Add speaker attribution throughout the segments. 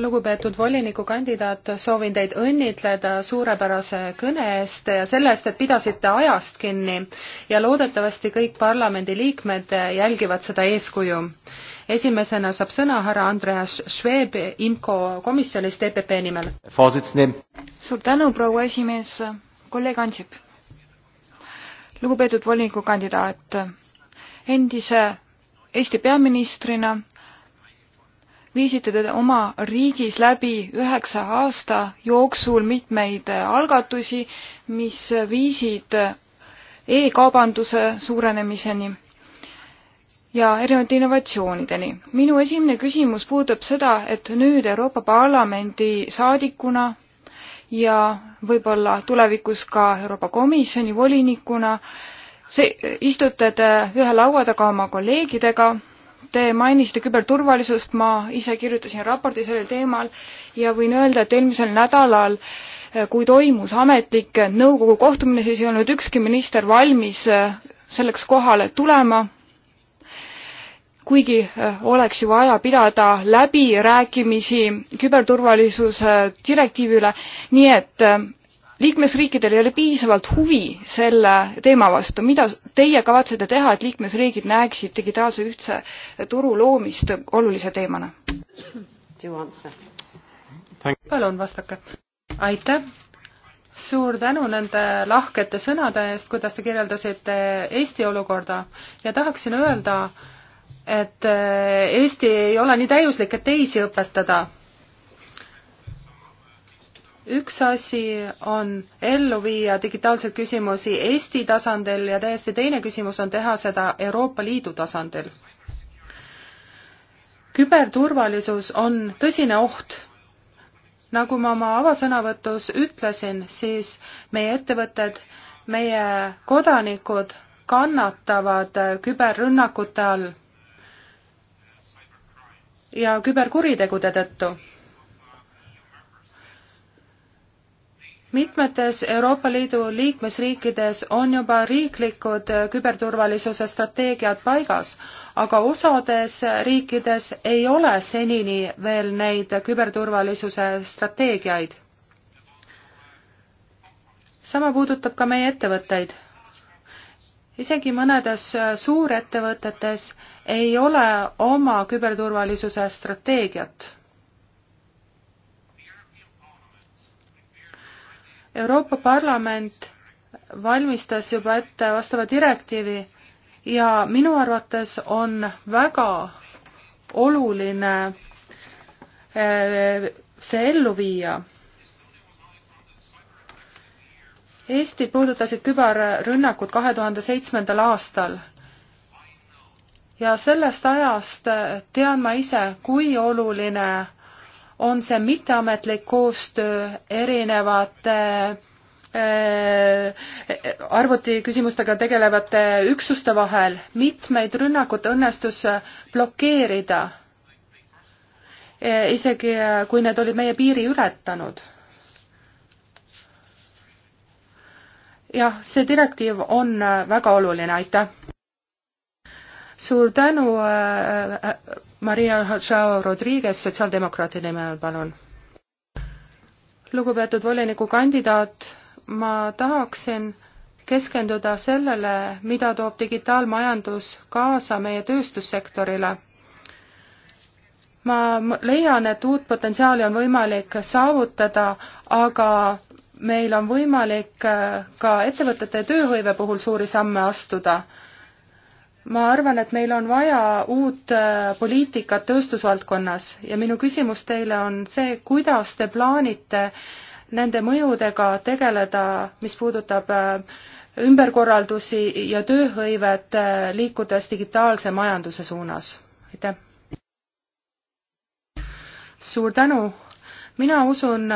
Speaker 1: lugupeetud volinikukandidaat, soovin teid õnnitleda suurepärase kõne eest ja selle eest, et pidasite ajast kinni ja loodetavasti kõik parlamendiliikmed jälgivad seda eeskuju. esimesena saab sõna härra Andreas Schweb IMCO komisjonist EPP nimel. suur
Speaker 2: tänu, proua esimees, kolleeg Ansip. lugupeetud volinikukandidaat, endise Eesti peaministrina viisite te oma riigis läbi üheksa aasta jooksul mitmeid algatusi, mis viisid e-kaubanduse suurenemiseni ja erinevate innovatsioonideni. minu esimene küsimus puudutab seda, et nüüd Euroopa Parlamendi saadikuna ja võib-olla tulevikus ka Euroopa Komisjoni volinikuna see, istute te ühe laua taga oma kolleegidega Te mainisite küberturvalisust, ma ise kirjutasin raporti sellel teemal ja võin öelda, et eelmisel nädalal eh, kui toimus ametlik nõukogu kohtumine, siis ei olnud ükski minister valmis eh, selleks kohale tulema kuigi eh, oleks ju vaja pidada läbirääkimisi küberturvalisuse direktiivi üle, nii et liikmesriikidel ei ole piisavalt huvi selle teema vastu, mida teie kavatsete teha, et liikmesriigid näeksid digitaalse
Speaker 1: ühtse turu loomist olulise teemana? palun vastake. aitäh, suur tänu nende lahkete sõnade eest, kuidas te kirjeldasite Eesti olukorda ja tahaksin öelda, et äh, Eesti ei ole nii täiuslik, et teisi õpetada üks asi on ellu viia digitaalseid küsimusi Eesti tasandil ja täiesti teine küsimus on teha seda Euroopa Liidu tasandil. küberturvalisus on tõsine oht. nagu ma oma avasõnavõtus ütlesin, siis meie ettevõtted, meie kodanikud kannatavad küberrünnakute all ja küberkuritegude tõttu mitmetes Euroopa Liidu liikmesriikides on juba riiklikud küberturvalisuse strateegiad paigas, aga osades riikides ei ole senini veel neid küberturvalisuse strateegiaid. sama puudutab ka meie ettevõtteid. isegi mõnedes suurettevõtetes ei ole oma küberturvalisuse strateegiat Euroopa Parlament valmistas juba ette vastava direktiivi ja minu arvates on väga oluline eh, see ellu viia. Eestit puudutasid küberrünnakud kahe tuhande seitsmendal aastal ja sellest ajast tean ma ise, kui oluline on see mitteametlik koostöö erinevate äh, arvutiküsimustega tegelevate üksuste vahel. mitmeid rünnakut õnnestus blokeerida, äh, isegi äh, kui need olid meie piiri ületanud. jah, see direktiiv on väga oluline, aitäh! suur tänu äh,, äh Maria Jao Rodriguez sotsiaaldemokraati nimel, palun. lugupeetud volinikukandidaat, ma tahaksin keskenduda sellele, mida toob digitaalmajandus kaasa meie tööstussektorile. ma leian, et uut potentsiaali on võimalik saavutada, aga meil on võimalik äh, ka ettevõtete tööhõive puhul suuri samme astuda ma arvan, et meil on vaja uut äh, poliitikat tööstusvaldkonnas ja minu küsimus teile on see, kuidas te plaanite nende mõjudega tegeleda, mis puudutab äh, ümberkorraldusi ja tööhõivet, äh, liikudes digitaalse majanduse suunas? aitäh! suur tänu! mina usun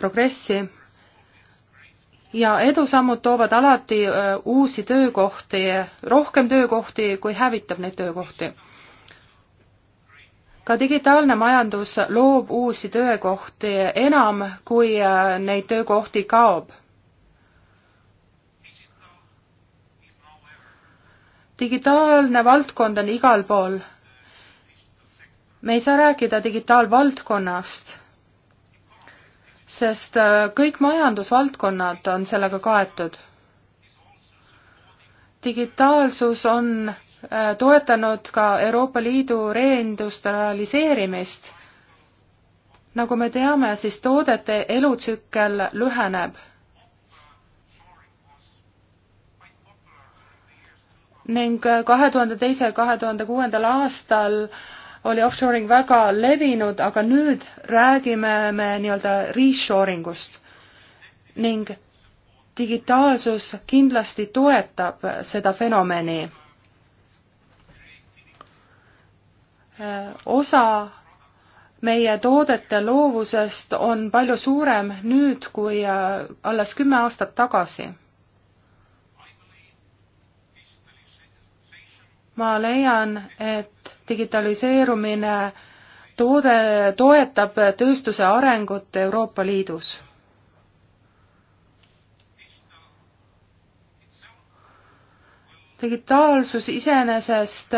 Speaker 1: progressi ja edusammud toovad alati äh, uusi töökohti, rohkem töökohti, kui hävitab neid töökohti. ka digitaalne majandus loob uusi töökohti enam, kui äh, neid töökohti kaob. digitaalne valdkond on igal pool. me ei saa rääkida digitaalvaldkonnast sest äh, kõik majandusvaldkonnad on sellega kaetud. digitaalsus on äh, toetanud ka Euroopa Liidu reindustrialiseerimist. nagu me teame, siis toodete elutsükkel lüheneb. ning äh, kahe tuhande teise, kahe tuhande kuuendal aastal äh, oli offshoring väga levinud, aga nüüd räägime me nii-öelda reshoring ust ning digitaalsus kindlasti toetab seda fenomeni. Äh, osa meie toodete loovusest on palju suurem nüüd kui äh, alles kümme aastat tagasi ma leian, et digitaliseerumine toode, toetab tööstuse arengut Euroopa Liidus. digitaalsus iseenesest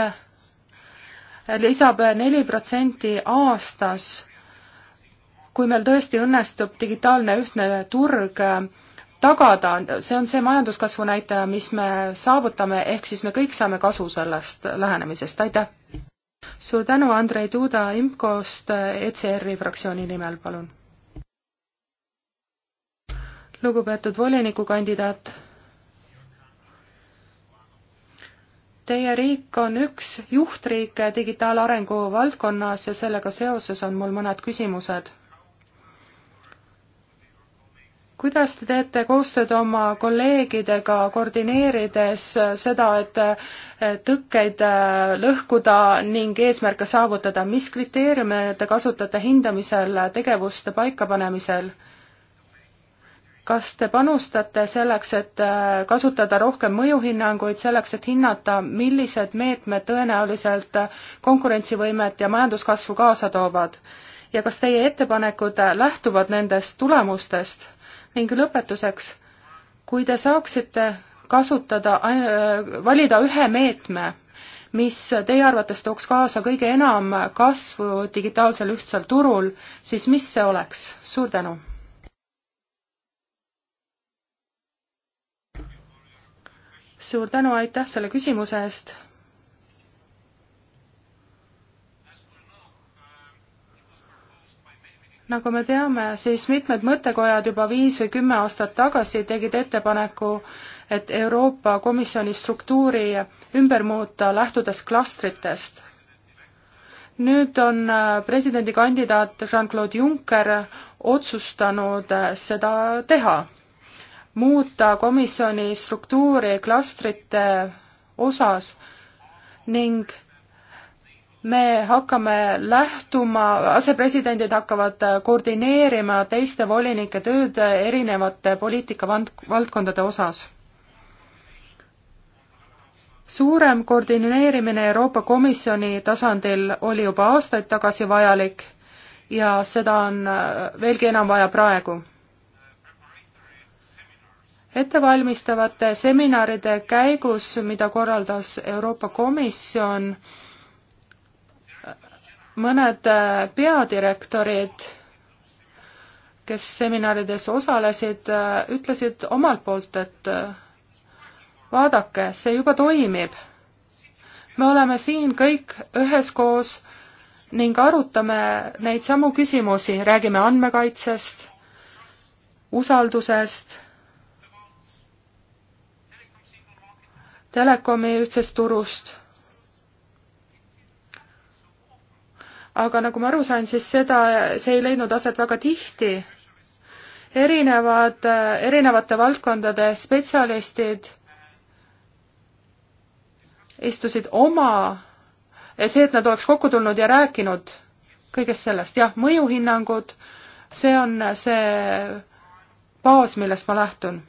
Speaker 1: lisab neli protsenti aastas. kui meil tõesti õnnestub digitaalne ühtne turg tagada, see on see majanduskasvu näitaja, mis me saavutame, ehk siis me kõik saame kasu sellest lähenemisest, aitäh! suur tänu, Andrei Tuuda IMCO-st ECR-i fraktsiooni nimel, palun! lugupeetud volinikukandidaat, teie riik on üks juhtriike digitaalarengu valdkonnas ja sellega seoses on mul mõned küsimused kuidas te teete koostööd oma kolleegidega, koordineerides seda, et tõkkeid äh, lõhkuda ning eesmärke saavutada, mis kriteeriume te kasutate hindamisel, tegevuste paikapanemisel? kas te panustate selleks, et äh, kasutada rohkem mõjuhinnanguid, selleks, et hinnata, millised meetmed tõenäoliselt äh, konkurentsivõimet ja majanduskasvu kaasa toovad? ja kas teie ettepanekud lähtuvad nendest tulemustest? ning lõpetuseks, kui te saaksite kasutada, äh, valida ühe meetme, mis teie arvates tooks kaasa kõige enam kasvu digitaalsel ühtsel turul, siis mis see oleks? suur tänu! suur tänu, aitäh selle küsimuse eest! nagu me teame, siis mitmed mõttekojad juba viis või kümme aastat tagasi tegid ettepaneku, et Euroopa Komisjoni struktuuri ümber muuta, lähtudes klastritest. nüüd on äh, presidendikandidaat Jean-Claude Juncker otsustanud äh, seda teha, muuta komisjoni struktuuri klastrite osas ning me hakkame lähtuma, asepresidendid hakkavad äh, koordineerima teiste volinike tööd äh, erinevate poliitikavaldkondade osas. suurem koordineerimine Euroopa Komisjoni tasandil oli juba aastaid tagasi vajalik ja seda on äh, veelgi enam vaja praegu ettevalmistavate seminaride käigus, mida korraldas Euroopa Komisjon, mõned äh, peadirektorid, kes seminarides osalesid, äh, ütlesid omalt poolt, et äh, vaadake, see juba toimib. me oleme siin kõik üheskoos ning arutame neid samu küsimusi, räägime andmekaitsest, usaldusest, telekomi ühtsest turust aga nagu ma aru sain, siis seda, see ei leidnud aset väga tihti. erinevad, äh, erinevate valdkondade spetsialistid istusid oma, see, et nad oleks kokku tulnud ja rääkinud kõigest sellest, jah, mõjuhinnangud, see on see baas, millest ma lähtun.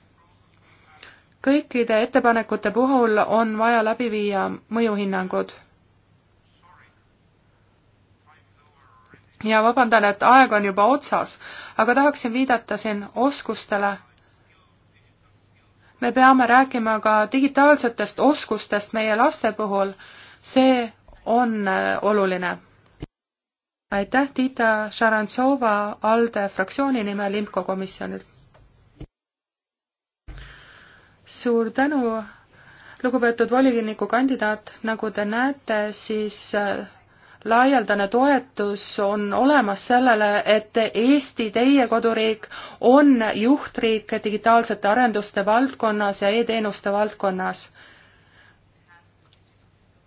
Speaker 1: kõikide ettepanekute puhul on vaja läbi viia mõjuhinnangud ja vabandan, et aeg on juba otsas, aga tahaksin viidata siin oskustele. me peame rääkima ka digitaalsetest oskustest meie laste puhul. see on äh, oluline. aitäh, Tiita Šarantsova ALDE fraktsiooni nimel IMCO komisjonilt. suur tänu, lugupeetud volinikukandidaat, nagu te näete, siis äh, laialdane toetus on olemas sellele, et Eesti, teie koduriik, on juhtriik digitaalsete arenduste valdkonnas ja e-teenuste valdkonnas.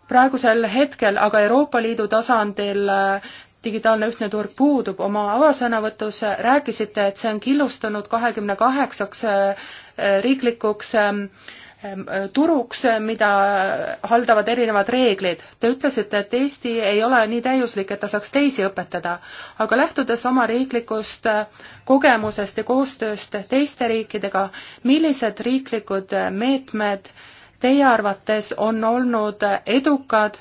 Speaker 1: praegusel hetkel aga Euroopa Liidu tasandil äh, digitaalne ühtne turg puudub, oma avasõnavõtus rääkisite, et see on killustunud kahekümne kaheksaks äh, äh, riiklikuks ähm, Ehm, äh, turuks, äh, mida haldavad erinevad reeglid. Te ütlesite, et Eesti ei ole nii täiuslik, et ta saaks teisi õpetada, aga lähtudes oma riiklikust äh, kogemusest ja koostööst teiste riikidega, millised riiklikud meetmed teie arvates on olnud edukad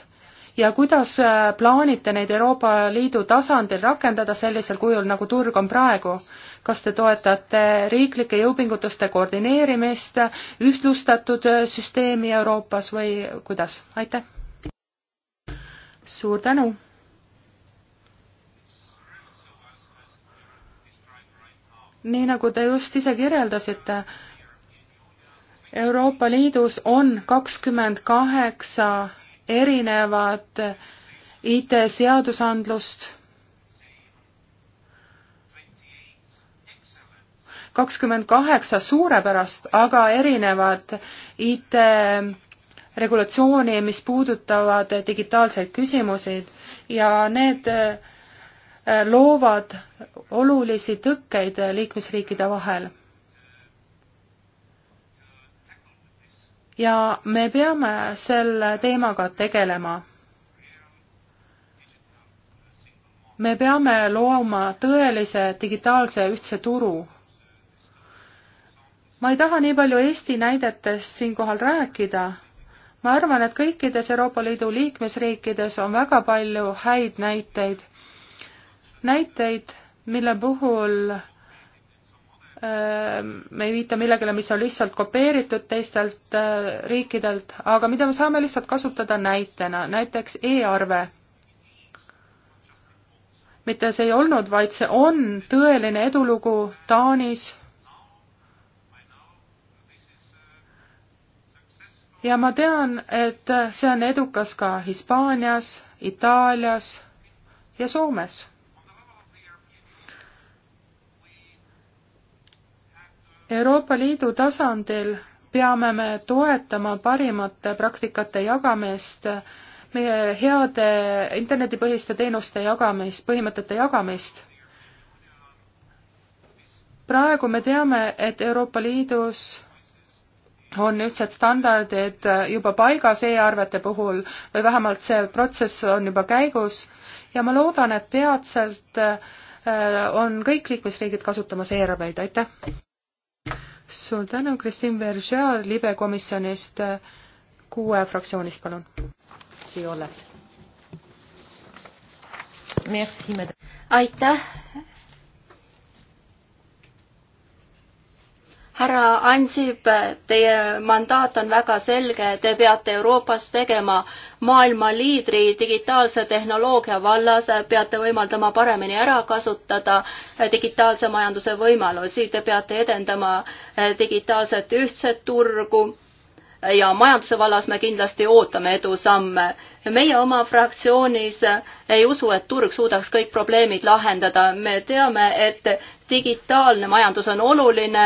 Speaker 1: ja kuidas plaanite neid Euroopa Liidu tasandil rakendada sellisel kujul, nagu turg on praegu? kas te toetate riiklike jõupingutuste koordineerimist, ühtlustatud süsteemi Euroopas või kuidas? aitäh! suur tänu! nii nagu te just ise kirjeldasite, Euroopa Liidus on kakskümmend kaheksa erinevat IT-seadusandlust kakskümmend kaheksa suurepärast, aga erinevad IT regulatsiooni, mis puudutavad digitaalseid küsimusi ja need äh, loovad olulisi tõkkeid liikmesriikide vahel. ja me peame selle teemaga tegelema. me peame looma tõelise digitaalse ühtse turu ma ei taha nii palju Eesti näidetest siinkohal rääkida. ma arvan, et kõikides Euroopa Liidu liikmesriikides on väga palju häid näiteid. näiteid, mille puhul äh, me ei viita millegile, mis on lihtsalt kopeeritud teistelt äh, riikidelt, aga mida me saame lihtsalt kasutada näitena, näiteks e-arve. mitte see ei olnud, vaid see on tõeline edulugu Taanis ja ma tean, et see on edukas ka Hispaanias, Itaalias ja Soomes Euroopa Liidu tasandil peame me toetama parimate praktikate jagamist, meie heade internetipõhiste teenuste jagamist, põhimõtete jagamist. praegu me teame, et Euroopa Liidus on ühtsed standardid juba paigas e-arvete puhul või vähemalt see protsess on juba käigus ja ma loodan, et peatselt äh, on kõik liikmesriigid kasutamas e-arveid, aitäh! suur tänu, Kristin Veržea libe komisjonist, kuue fraktsioonist, palun. siia oled.
Speaker 3: aitäh, härra Ansip, teie mandaat on väga selge, te peate Euroopas tegema maailma liidri digitaalse tehnoloogia vallas, peate võimaldama paremini ära kasutada digitaalse majanduse võimalusi, te peate edendama digitaalset ühtset turgu ja majanduse vallas me kindlasti ootame edusamme. meie oma fraktsioonis ei usu, et turg suudaks kõik probleemid lahendada, me teame, et digitaalne majandus on oluline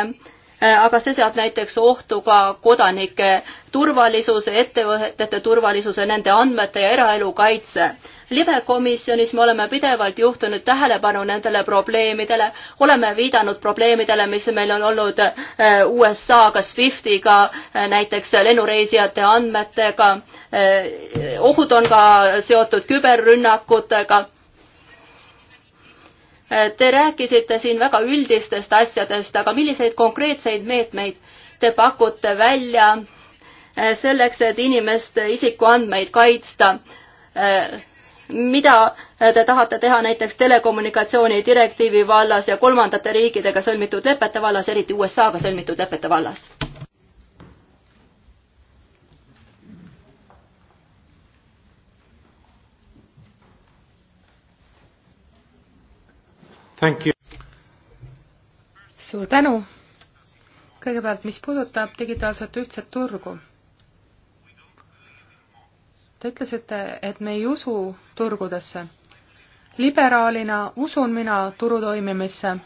Speaker 3: Äh, aga see seab näiteks ohtu ka kodanike turvalisuse, ettevõtete turvalisuse, nende andmete ja eraelu kaitse. libekomisjonis me oleme pidevalt juhtunud tähelepanu nendele probleemidele, oleme viidanud probleemidele, mis meil on olnud äh, USA-ga, SWIFT-iga, äh, näiteks lennureisijate andmetega, ohud on ka seotud küberrünnakutega Te rääkisite siin väga üldistest asjadest, aga milliseid konkreetseid meetmeid te pakute välja eh, selleks, et inimeste isikuandmeid kaitsta? Eh, mida eh, te tahate teha näiteks telekommunikatsiooni direktiivi vallas ja kolmandate riikidega sõlmitud lepete vallas, eriti USA-ga sõlmitud lepete vallas?
Speaker 1: suur tänu. kõigepealt, mis puudutab digitaalset ühtset turgu. Te ütlesite, et me ei usu turgudesse. liberaalina usun mina turu toimimisse.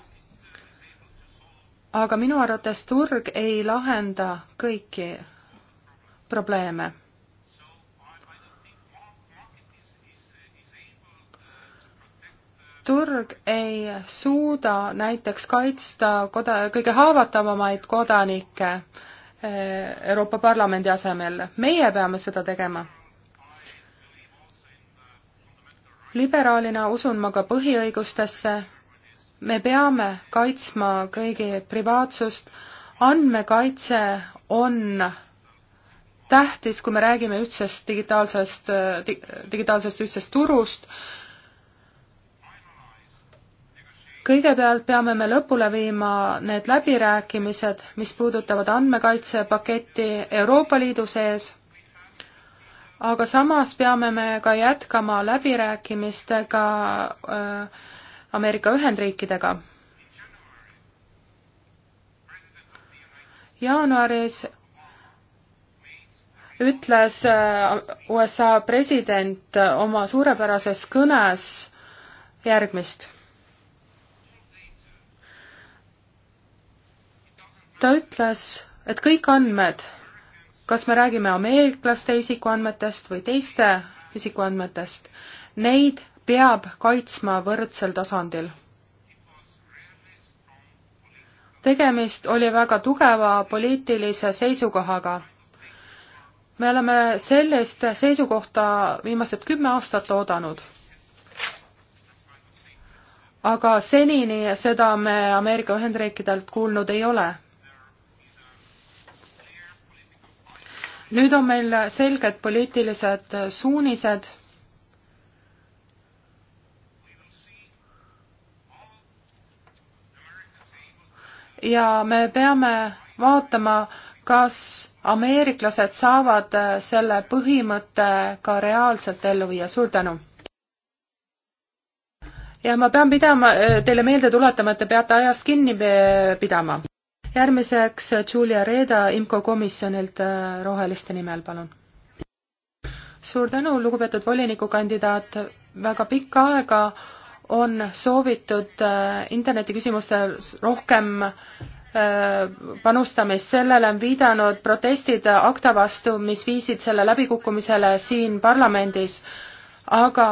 Speaker 1: aga minu arvates turg ei lahenda kõiki probleeme turg ei suuda näiteks kaitsta koda-, kõige haavatavamaid kodanikke eh, Euroopa Parlamendi asemel. meie peame seda tegema. liberaalina usun ma ka põhiõigustesse, me peame kaitsma kõigi privaatsust, andmekaitse on tähtis, kui me räägime ühtsest digitaalsest, digitaalsest ühtsest turust, kõigepealt peame me lõpule viima need läbirääkimised, mis puudutavad andmekaitsepaketti Euroopa Liidu sees, aga samas peame me ka jätkama läbirääkimistega äh, Ameerika Ühendriikidega. jaanuaris ütles äh, USA president oma suurepärases kõnes järgmist ta ütles, et kõik andmed, kas me räägime ameeriklaste isikuandmetest või teiste isikuandmetest, neid peab kaitsma võrdsel tasandil. tegemist oli väga tugeva poliitilise seisukohaga. me oleme sellist seisukohta viimased kümme aastat oodanud. aga senini seda me Ameerika Ühendriikidelt kuulnud ei ole nüüd on meil selged poliitilised suunised ja me peame vaatama, kas ameeriklased saavad selle põhimõtte ka reaalselt ellu viia. suur tänu! ja ma pean pidama, teile meelde tuletama, et te peate ajast kinni pidama järgmiseks Julia Reeda IMCO komisjonilt äh, Roheliste nimel, palun. suur tänu, lugupeetud volinikukandidaat, väga pikka aega on soovitud äh, internetiküsimustes rohkem äh, panustamist, sellele on viidanud protestid akta vastu, mis viisid selle läbikukkumisele siin parlamendis, aga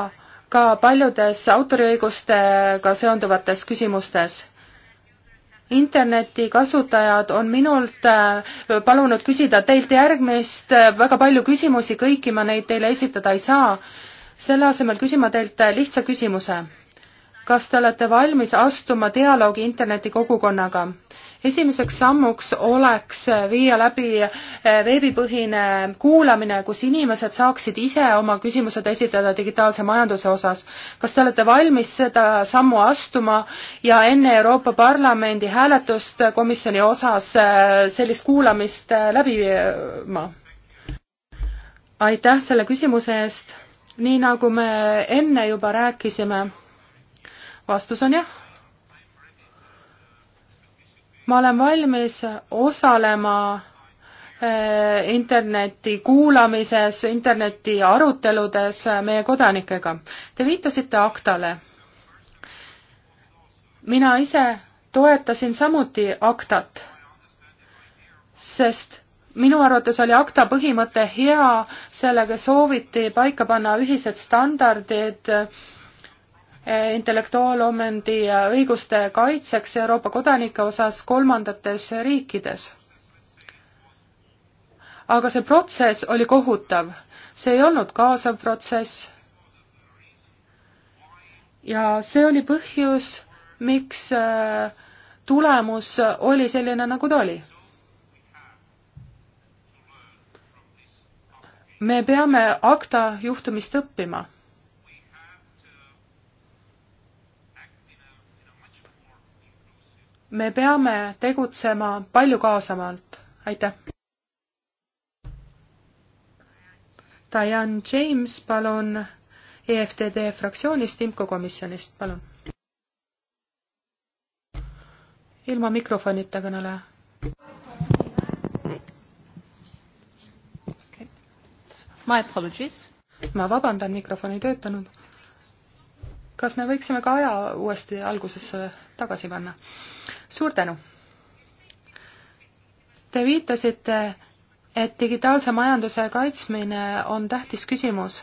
Speaker 1: ka paljudes autoriõigustega seonduvates küsimustes interneti kasutajad on minult äh, palunud küsida teilt järgmist, äh, väga palju küsimusi, kõiki ma neid teile esitada ei saa. selle asemel küsin ma teilt äh, lihtsa küsimuse. kas te olete valmis astuma dialoogi interneti kogukonnaga? esimeseks sammuks oleks viia läbi eh, veebipõhine kuulamine, kus inimesed saaksid ise oma küsimused esitada digitaalse majanduse osas. kas te olete valmis seda sammu astuma ja enne Euroopa Parlamendi hääletust komisjoni osas eh, sellist kuulamist eh, läbi viima? aitäh selle küsimuse eest. nii nagu me enne juba rääkisime, vastus on jah ma olen valmis osalema äh, interneti kuulamises, interneti aruteludes äh, meie kodanikega. Te viitasite aktale. mina ise toetasin samuti aktat, sest minu arvates oli akta põhimõte hea, sellega sooviti paika panna ühised standardid äh, intellektuaalomandi õiguste kaitseks Euroopa kodanike osas kolmandates riikides. aga see protsess oli kohutav, see ei olnud kaasav protsess. ja see oli põhjus, miks äh, tulemus oli selline, nagu ta oli me peame akta juhtumist õppima. me peame tegutsema palju kaasamalt. aitäh! Diane James, palun, EFTD fraktsioonist, IMCO komisjonist, palun. ilma mikrofonita kõneleja. My apologies. ma vabandan, mikrofon ei töötanud. kas me võiksime ka aja uuesti algusesse tagasi panna? suur tänu! Te viitasite, et digitaalse majanduse kaitsmine on tähtis küsimus,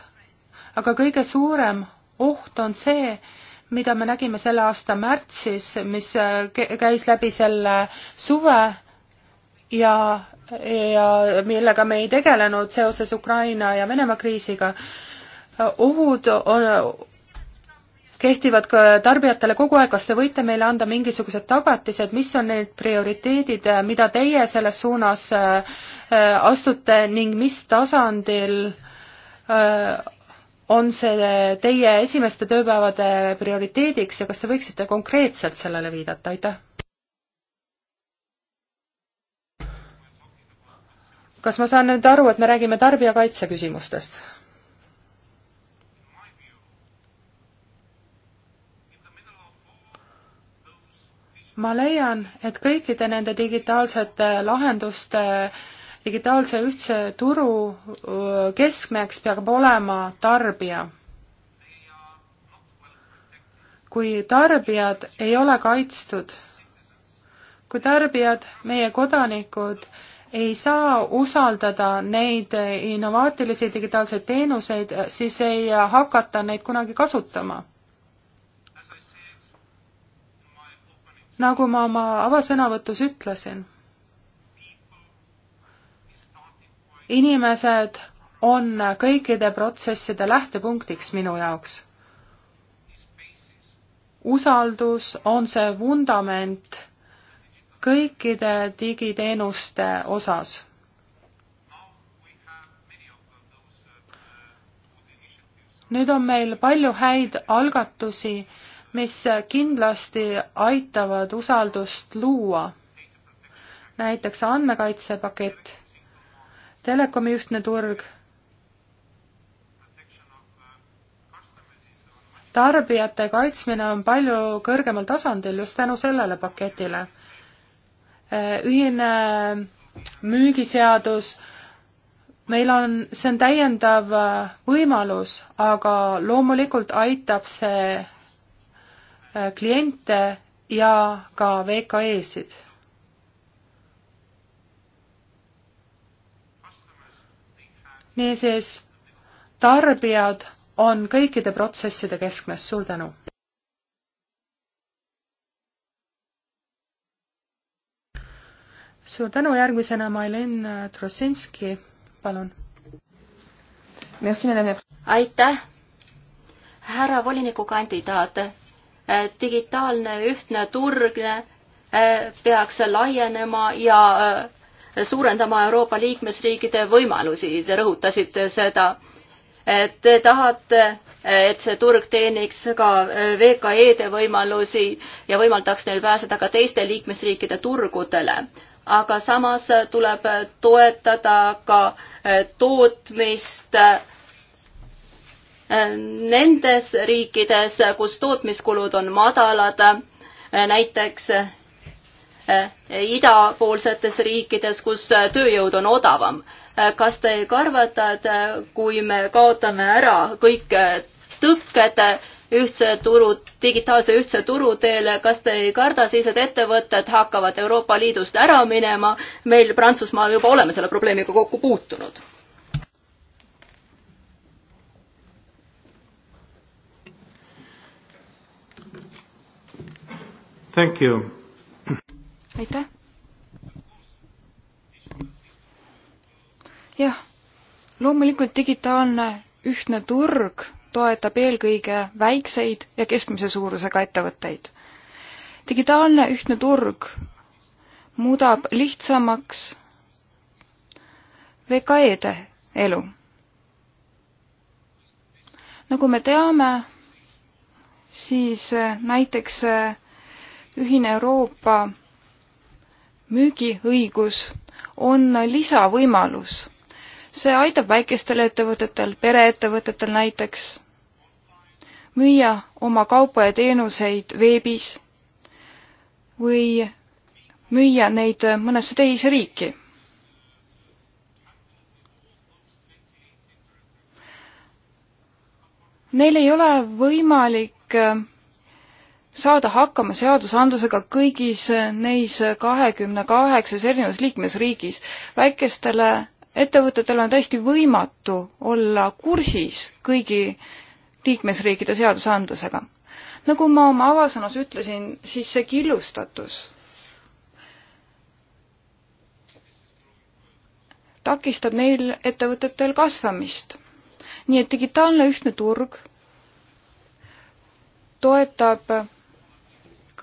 Speaker 1: aga kõige suurem oht on see, mida me nägime selle aasta märtsis, mis käis läbi selle suve ja, ja millega me ei tegelenud seoses Ukraina ja Venemaa kriisiga. ohud on, kehtivad ka tarbijatele kogu aeg, kas te võite meile anda mingisugused tagatised, mis on need prioriteedid, äh, mida teie selles suunas äh, äh, astute ning mis tasandil on see teie esimeste tööpäevade prioriteediks ja kas te võiksite konkreetselt sellele viidata, aitäh? kas ma saan nüüd aru, et me räägime tarbijakaitse küsimustest? ma leian, et kõikide nende digitaalsete lahenduste digitaalse ühtse turu keskmeks peab olema tarbija. kui tarbijad ei ole kaitstud, kui tarbijad, meie kodanikud, ei saa usaldada neid innovaatilisi digitaalseid teenuseid, siis ei hakata neid kunagi kasutama nagu ma oma avasõnavõtus ütlesin, inimesed on kõikide protsesside lähtepunktiks minu jaoks. usaldus on see vundament kõikide digiteenuste osas. nüüd on meil palju häid algatusi, mis kindlasti aitavad usaldust luua. näiteks andmekaitsepakett, telekomi ühtne turg, tarbijate kaitsmine on palju kõrgemal tasandil just tänu sellele paketile. ühine müügiseadus, meil on, see on täiendav võimalus, aga loomulikult aitab see Äh, kliente ja ka VKE-sid. niisiis, tarbijad on kõikide protsesside keskmes, suur tänu! suur tänu, järgmisena Mailin Trosinski, palun.
Speaker 3: aitäh, härra volinikukandidaat Äh, digitaalne ühtne turg äh, peaks laienema ja äh, suurendama Euroopa liikmesriikide võimalusi, te rõhutasite seda. Te tahate, et see turg teeniks ka VKE-de võimalusi ja võimaldaks neil pääseda ka teiste liikmesriikide turgudele. aga samas tuleb toetada ka tootmist äh, nendes riikides, kus tootmiskulud on madalad, näiteks eh, idapoolsetes riikides, kus tööjõud on odavam. kas te ei arvata, et kui me kaotame ära kõik tõkked ühtse turu, digitaalse ühtse turu teele, kas te ei karda siis, et ettevõtted hakkavad Euroopa Liidust ära minema? meil Prantsusmaal juba oleme selle probleemiga kokku puutunud
Speaker 4: Thank you. aitäh.
Speaker 2: jah, loomulikult digitaalne ühtne turg toetab eelkõige väikseid ja keskmise suurusega ettevõtteid. digitaalne ühtne turg muudab lihtsamaks VKE-de elu. nagu me teame, siis näiteks ühine Euroopa müügiõigus on lisavõimalus. see aitab väikestel ettevõtetel, pereettevõtetel näiteks müüa oma kaupa ja teenuseid veebis või müüa neid mõnesse teise riiki. Neil ei ole võimalik saada hakkama seadusandlusega kõigis neis kahekümne kaheksas erinevas liikmesriigis. väikestele ettevõtetele on täiesti võimatu olla kursis kõigi liikmesriikide seadusandlusega. nagu ma oma avasõnas ütlesin, siis see killustatus takistab neil ettevõtetel kasvamist. nii et digitaalne ühtne turg toetab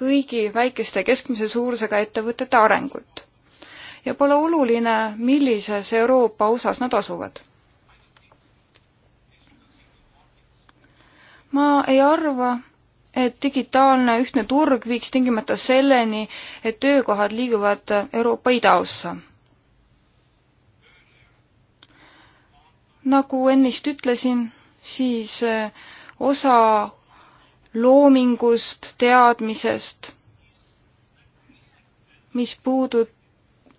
Speaker 2: kõigi väikeste keskmise suurusega ettevõtete arengut. ja pole oluline, millises Euroopa osas nad asuvad. ma ei arva, et digitaalne ühtne turg viiks tingimata selleni, et töökohad liiguvad Euroopa idaossa. nagu ennist ütlesin, siis eh, osa loomingust, teadmisest, mis puudut-,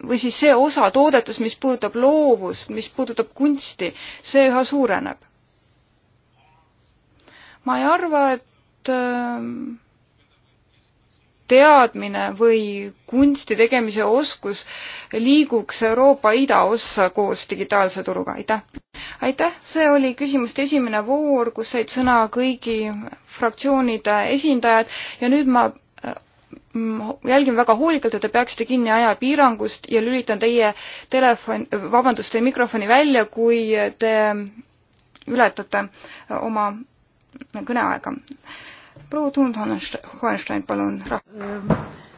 Speaker 2: või siis see osa toodetest, mis puudutab loovust, mis puudutab kunsti, see üha suureneb. ma ei arva, et äh, teadmine või kunsti tegemise oskus liiguks Euroopa idaossa koos digitaalse turuga, aitäh! aitäh, see oli küsimuste esimene voor, kus said sõna kõigi fraktsioonide esindajad ja nüüd ma äh, jälgin väga hoolikalt, et te peaksite kinni ajapiirangust ja lülitan teie telefon, vabandust, teie mikrofoni välja, kui te ületate oma kõneaega proua Tund Hohenstein, palun.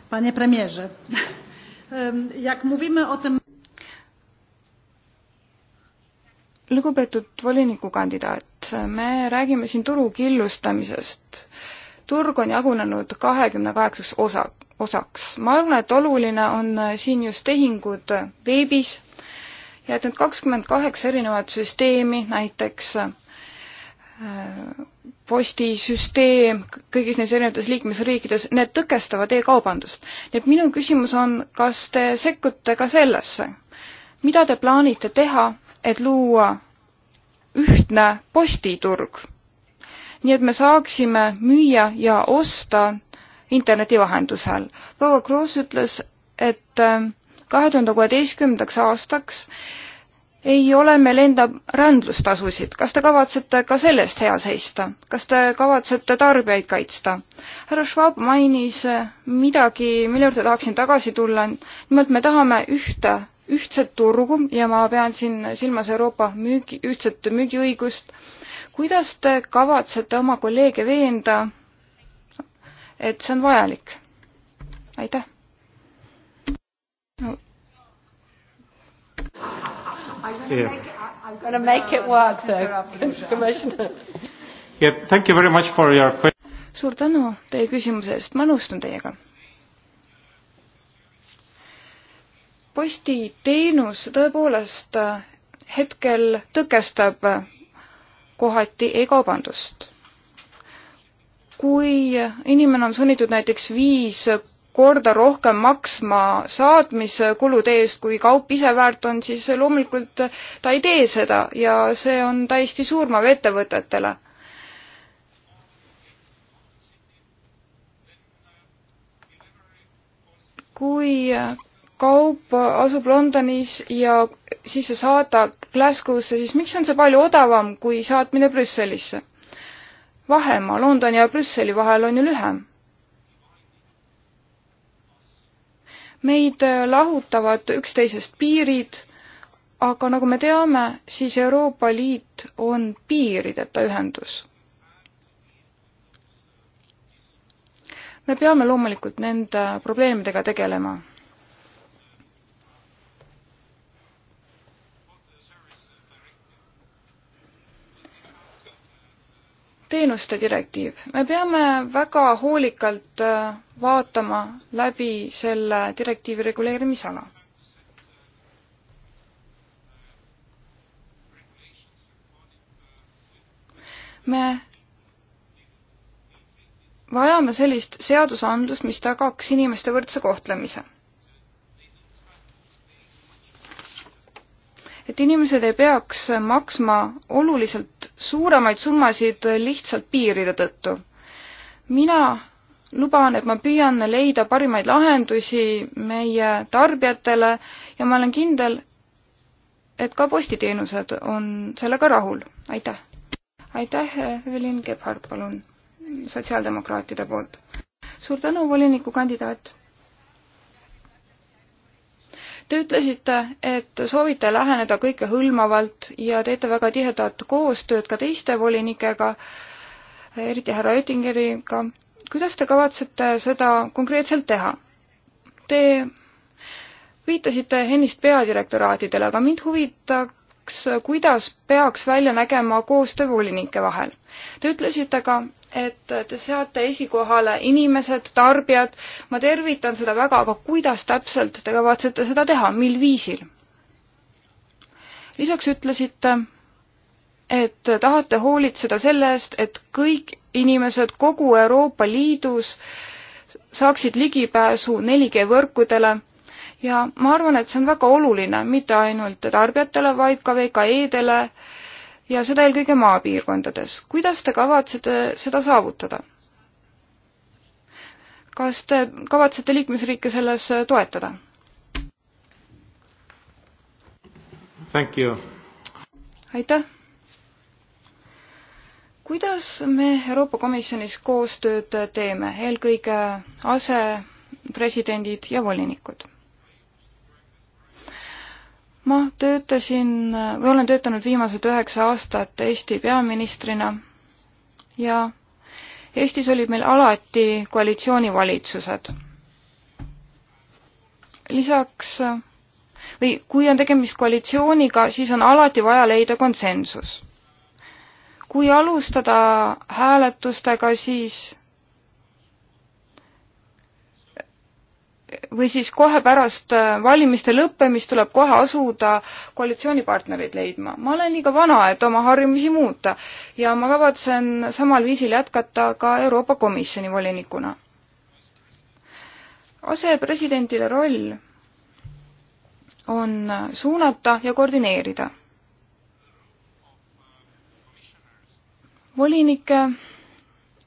Speaker 1: Panie premierze, jak mówimy o tym.
Speaker 2: lugupeetud volinikukandidaat, me räägime siin turu killustamisest. turg on jagunenud kahekümne kaheksaks osa, osaks. ma arvan, et oluline on siin just tehingud veebis ja et need kakskümmend kaheksa erinevat süsteemi näiteks postisüsteem kõigis neis erinevates liikmesriikides, need tõkestavad e-kaubandust. nii et minu küsimus on, kas te sekkute ka sellesse? mida te plaanite teha, et luua ühtne postiturg? nii et me saaksime müüa ja osta interneti vahendusel. proua Kroos ütles, et äh, kahe tuhande kuueteistkümnendaks aastaks äh, ei ole meil enda rändlustasusid, kas te kavatsete ka selle eest hea seista, kas te kavatsete tarbijaid kaitsta? härra Schwab mainis eh, midagi, mille juurde tahaksin tagasi tulla, nimelt me tahame ühte, ühtset turgu ja ma pean siin silmas Euroopa müügi, ühtset müügiõigust. kuidas te kavatsete oma kolleege veenda, et see on vajalik? aitäh
Speaker 1: no.! yeah. Make, I'm
Speaker 3: going to make it work though, Commissioner.
Speaker 4: Yeah, thank you very much for your question.
Speaker 2: suur tänu teie küsimuse eest, ma nõustun teiega. postiteenus tõepoolest äh, hetkel tõkestab äh, kohati e-kaubandust. kui inimene on sunnitud näiteks viis korda rohkem maksma saatmiskulude eest, kui kaup ise väärt on, siis loomulikult ta ei tee seda ja see on täiesti surmav ettevõtetele. kui kaup asub Londonis ja siis see saada Glasgow'sse, siis miks on see palju odavam kui saatmine Brüsselisse? vahemaa Londoni ja Brüsseli vahel on ju lühem meid lahutavad üksteisest piirid, aga nagu me teame, siis Euroopa Liit on piirideta ühendus. me peame loomulikult nende probleemidega tegelema teenuste direktiiv. me peame väga hoolikalt äh, vaatama läbi selle direktiivi reguleerimisala. me vajame sellist seadusandlust, mis tagaks inimeste võrdse kohtlemise. et inimesed ei peaks maksma oluliselt suuremaid summasid lihtsalt piiride tõttu. mina luban, et ma püüan leida parimaid lahendusi meie tarbijatele ja ma olen kindel, et ka postiteenused on sellega rahul. aitäh! aitäh, Evelyn Gebhard, palun, sotsiaaldemokraatide poolt. suur tänu, volinikukandidaat! Te ütlesite, et soovite läheneda kõikehõlmavalt ja teete väga tihedat koostööd ka teiste volinikega, eriti härra Oettingeriga. kuidas te kavatsete seda konkreetselt teha? Te viitasite ennist peadirektoraadidele, aga mind huvitaks, kuidas peaks välja nägema koostöö volinike vahel. Te ütlesite ka, et te seate esikohale inimesed, tarbijad, ma tervitan seda väga, aga kuidas täpselt te kavatsete seda teha, mil viisil? lisaks ütlesite, et tahate hoolitseda selle eest, et kõik inimesed kogu Euroopa Liidus saaksid ligipääsu 4G võrkudele ja ma arvan, et see on väga oluline mitte ainult tarbijatele, vaid ka VKE-dele äh, ja seda eelkõige maapiirkondades. kuidas te kavatsete seda saavutada? kas te kavatsete liikmesriike selles toetada? aitäh! kuidas me Euroopa Komisjonis koostööd teeme, eelkõige asepresidendid ja volinikud? ma töötasin või olen töötanud viimased üheksa aastat Eesti peaministrina ja Eestis olid meil alati koalitsioonivalitsused. lisaks või kui on tegemist koalitsiooniga, siis on alati vaja leida konsensus. kui alustada hääletustega, siis või siis kohe pärast äh, valimiste lõppemist tuleb kohe asuda koalitsioonipartnereid leidma. ma olen liiga vana, et oma harjumusi muuta ja ma kavatsen samal viisil jätkata ka Euroopa Komisjoni volinikuna. asepresidentide roll on suunata ja koordineerida. volinike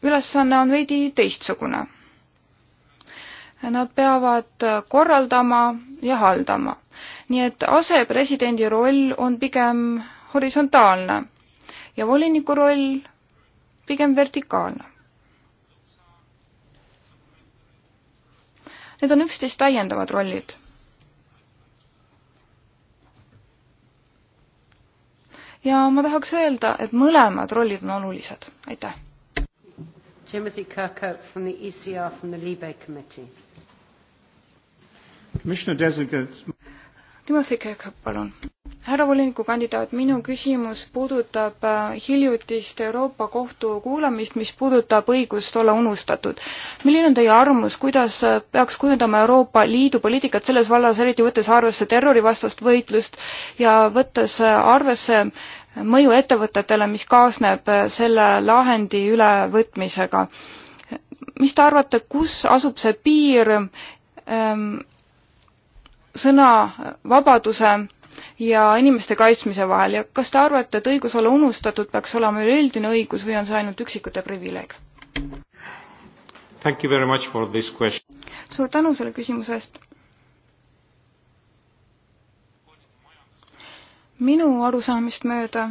Speaker 2: ülesanne on veidi teistsugune Nad peavad korraldama ja haldama. nii et asepresidendi roll on pigem horisontaalne ja voliniku roll pigem vertikaalne. Need on üksteist täiendavad rollid. ja ma tahaks öelda, et mõlemad rollid on olulised. aitäh.
Speaker 1: Timothy Kirkhope from the ECR from the Libe Committee. Timothy
Speaker 2: Kirkhope,
Speaker 4: palun.
Speaker 1: härra
Speaker 2: volinikukandidaat, minu küsimus puudutab äh, hiljutist Euroopa Kohtu kuulamist, mis puudutab õigust olla unustatud. milline on teie arvamus, kuidas äh, peaks kujundama Euroopa Liidu poliitikat selles vallas, eriti võttes arvesse terrorivastast võitlust ja võttes äh, arvesse mõju ettevõtetele, mis kaasneb selle lahendi ülevõtmisega? mis te arvate, kus asub see piir ähm, sõnavabaduse ja inimeste kaitsmise vahel ja kas te arvate, et õigus olla unustatud peaks olema üleüldine õigus või on see ainult üksikute privileeg? suur tänu selle küsimuse eest. minu arusaamist mööda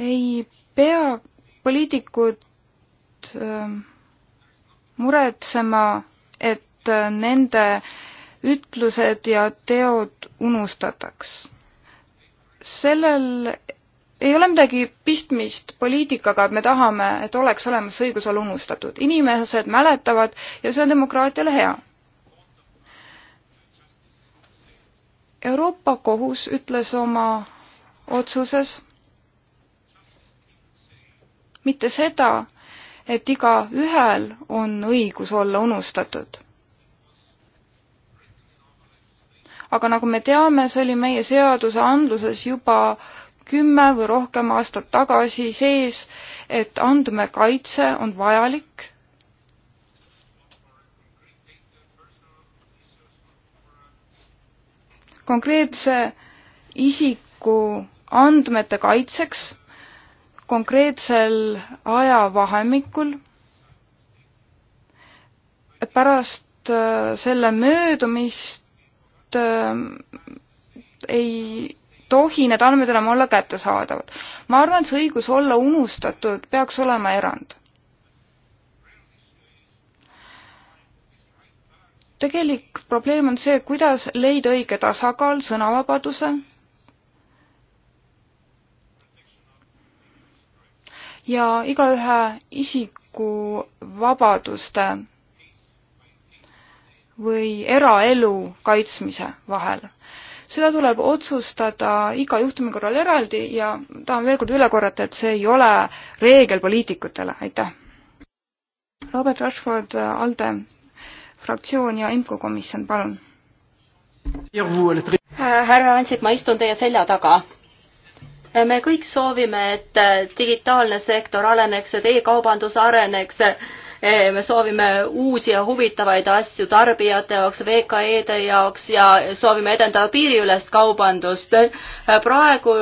Speaker 2: ei pea poliitikud peavad ähm, muretsema, et äh, nende ütlused ja teod unustataks. sellel ei ole midagi pistmist poliitikaga, et me tahame, et oleks olemas õigus olla unustatud. inimesed mäletavad ja see on demokraatiale hea. Euroopa Kohus ütles oma otsuses mitte seda, et igaühel on õigus olla unustatud. aga nagu me teame, see oli meie seadusandluses juba kümme või rohkem aastat tagasi sees, et andmekaitse on vajalik konkreetse isiku andmete kaitseks konkreetsel ajavahemikul pärast äh, selle möödumist äh, ei tohi need andmed enam olla kättesaadavad. ma arvan, et see õigus olla unustatud peaks olema erand. tegelik probleem on see, kuidas leida õige tasakaal sõnavabaduse ja igaühe isikuvabaduste või eraelu kaitsmise vahel. seda tuleb otsustada iga juhtumi korral eraldi ja tahan veel kord üle korrata, et see ei ole reegel poliitikutele, aitäh. Robert Rashford, ALDE fraktsioon ja IMCO
Speaker 3: komisjon, palun. Äh, härra Ansip, ma istun teie selja taga me kõik soovime, et äh, digitaalne sektor areneks, et e-kaubandus areneks. Äh, me soovime uusi ja huvitavaid asju tarbijate jaoks, VKE-de jaoks ja soovime edendada piiriülest kaubandust. Äh, praegu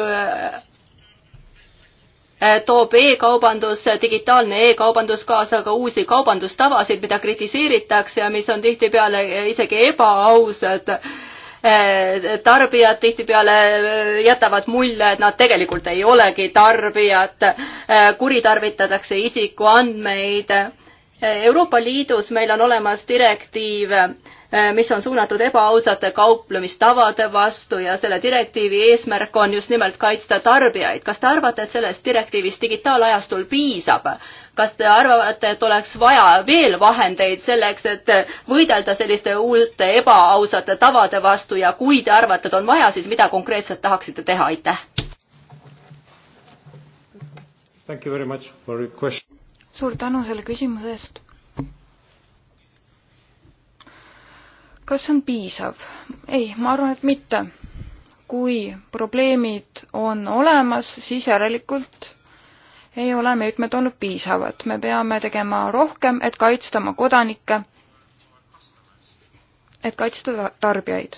Speaker 3: toob e-kaubandus, digitaalne e-kaubandus kaasa ka uusi kaubandustavasid, mida kritiseeritakse ja mis on tihtipeale isegi ebaausad Eh, tarbijad tihtipeale eh, jätavad mulje, et nad tegelikult ei olegi tarbijad, eh, kuritarvitatakse isikuandmeid. Euroopa Liidus meil on olemas direktiiv, mis on suunatud ebaausate kauplemistavade vastu ja selle direktiivi eesmärk on just nimelt kaitsta tarbijaid. kas te arvate, et sellest direktiivist digitaalajastul piisab? kas te arvate, et oleks vaja veel vahendeid selleks, et võidelda selliste uute ebaausate tavade vastu ja kui te arvate, et on vaja, siis mida konkreetselt tahaksite teha, aitäh!
Speaker 2: suur tänu selle küsimuse eest. kas see on piisav? ei, ma arvan, et mitte. kui probleemid on olemas, siis järelikult ei ole meetmed olnud piisavad. me peame tegema rohkem, et kaitsta oma kodanikke, et kaitsta tarbijaid.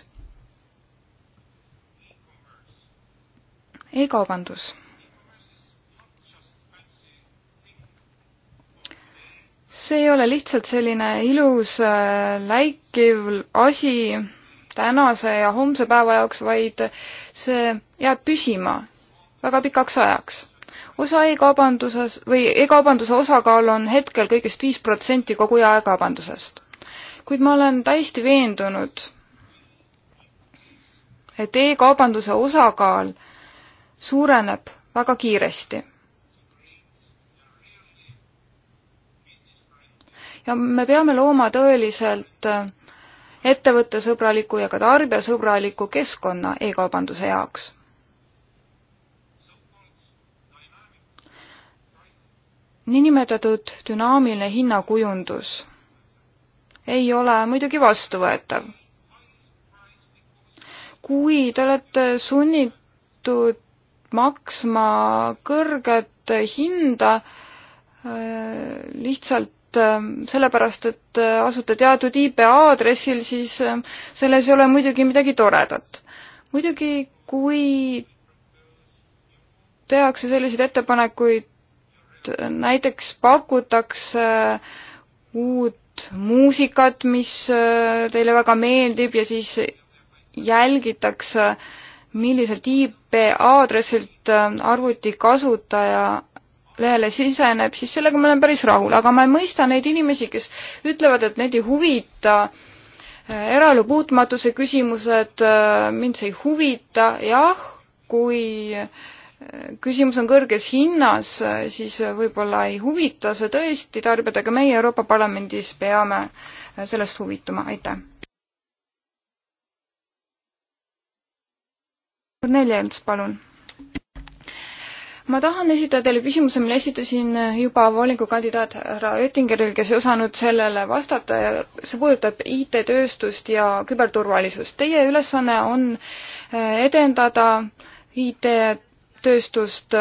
Speaker 2: e-kaubandus. see ei ole lihtsalt selline ilus äh, läikiv asi tänase ja homse päeva jaoks, vaid see jääb püsima väga pikaks ajaks USA e-kaubanduses või e-kaubanduse osakaal on hetkel kõigest viis protsenti kogu jaekaubandusest. kuid ma olen täiesti veendunud, et e-kaubanduse osakaal suureneb väga kiiresti. ja me peame looma tõeliselt ettevõttesõbraliku ja ka tarbijasõbraliku keskkonna e-kaubanduse jaoks niinimetatud dünaamiline hinnakujundus ei ole muidugi vastuvõetav. kui te olete sunnitud maksma kõrget hinda äh, lihtsalt äh, sellepärast, et äh, asute teatud IP aadressil, siis selles ei ole muidugi midagi toredat. muidugi, kui tehakse selliseid ettepanekuid tegevust, näiteks pakutakse uut muusikat, mis äh, teile väga meeldib ja siis jälgitakse, milliselt IP aadressilt äh, arvuti kasutaja lehele siseneb, siis sellega ma olen päris rahul, aga ma ei mõista neid inimesi, kes ütlevad, et neid ei huvita äh, eraelu puutumatuse küsimused, mind see ei huvita, jah, kui äh, küsimus on kõrges hinnas, siis võib-olla ei huvita see tõesti tarbijad, aga meie Euroopa Parlamendis peame sellest huvituma, aitäh. Kornelia Elts, palun. ma tahan esitada teile küsimuse, mille esitasin juba volikogu kandidaat härra Oettingeril, kes ei osanud sellele vastata ja see puudutab IT-tööstust ja küberturvalisust. Teie ülesanne on edendada IT tööstust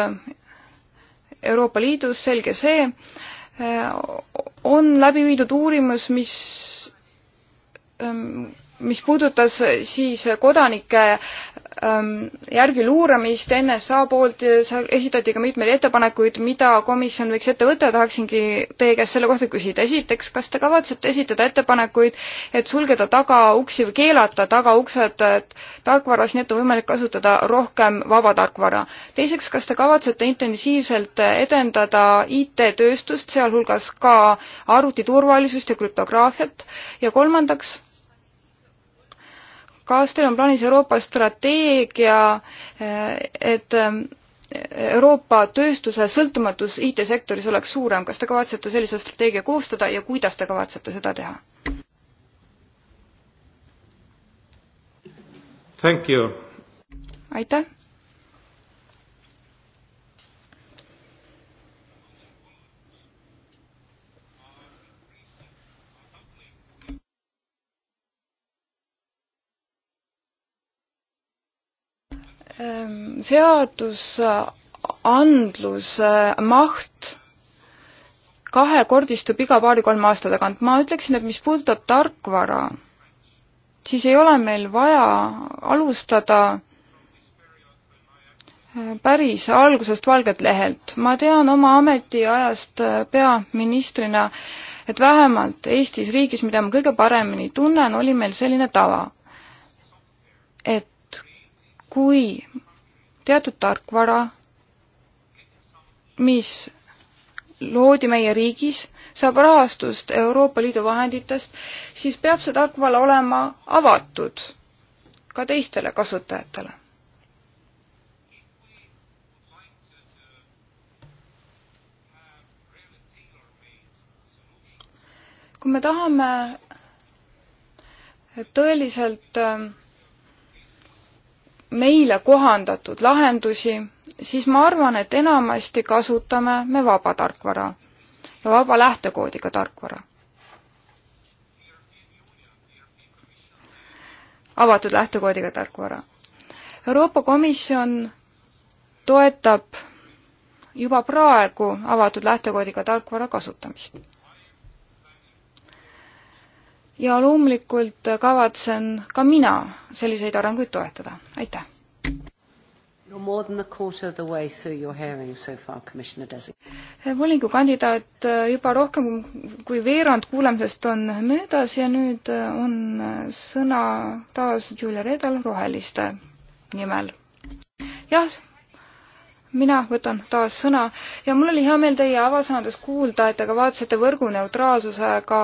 Speaker 2: Euroopa Liidus, selge see, on läbi viidud uurimus, mis, mis puudutas siis kodanike Ähm, järgi luuramist NSA poolt, äh, esitati ka mitmeid ettepanekuid, mida komisjon võiks ette võtta ja tahaksingi teie käest selle kohta küsida. esiteks, kas te kavatsete esitada ettepanekuid, et sulgeda tagauksi või keelata tagauksed tarkvaras, nii et on võimalik kasutada rohkem vaba tarkvara? teiseks, kas te kavatsete intensiivselt edendada IT-tööstust, sealhulgas ka arvutiturvalisust ja krüptograafiat? ja kolmandaks, kas teil on plaanis Euroopa strateegia, eh, et eh, Euroopa tööstuse sõltumatus IT-sektoris oleks suurem, kas te kavatsete sellise strateegia koostada ja kuidas te kavatsete seda teha? aitäh!
Speaker 1: Ähm,
Speaker 2: seadusandluse maht kahekordistub iga paari-kolme aasta tagant. ma ütleksin, et mis puudutab tarkvara, siis ei ole meil vaja alustada äh, päris algusest valgelt lehelt. ma tean oma ametiajast äh, peaministrina, et vähemalt Eestis, riigis, mida ma kõige paremini tunnen, oli meil selline tava, et kui teatud tarkvara, mis loodi meie riigis, saab rahastust Euroopa Liidu vahenditest, siis peab see tarkvara olema avatud ka teistele kasutajatele. kui me tahame tõeliselt äh, meile kohandatud lahendusi, siis ma arvan, et enamasti kasutame me vaba tarkvara ja vaba lähtekoodiga tarkvara. avatud lähtekoodiga tarkvara. Euroopa Komisjon toetab juba praegu avatud lähtekoodiga tarkvara kasutamist ja loomulikult kavatsen ka mina selliseid arenguid toetada, aitäh!
Speaker 1: Eh,
Speaker 2: volikogu kandidaat eh, juba rohkem kui veerand kuulamisest on möödas ja nüüd eh, on sõna taas Julia Reedal Roheliste nimel. jah, mina võtan taas sõna ja mul oli hea meel teie avasõnades kuulda, et te kavatsete võrguneutraalsusega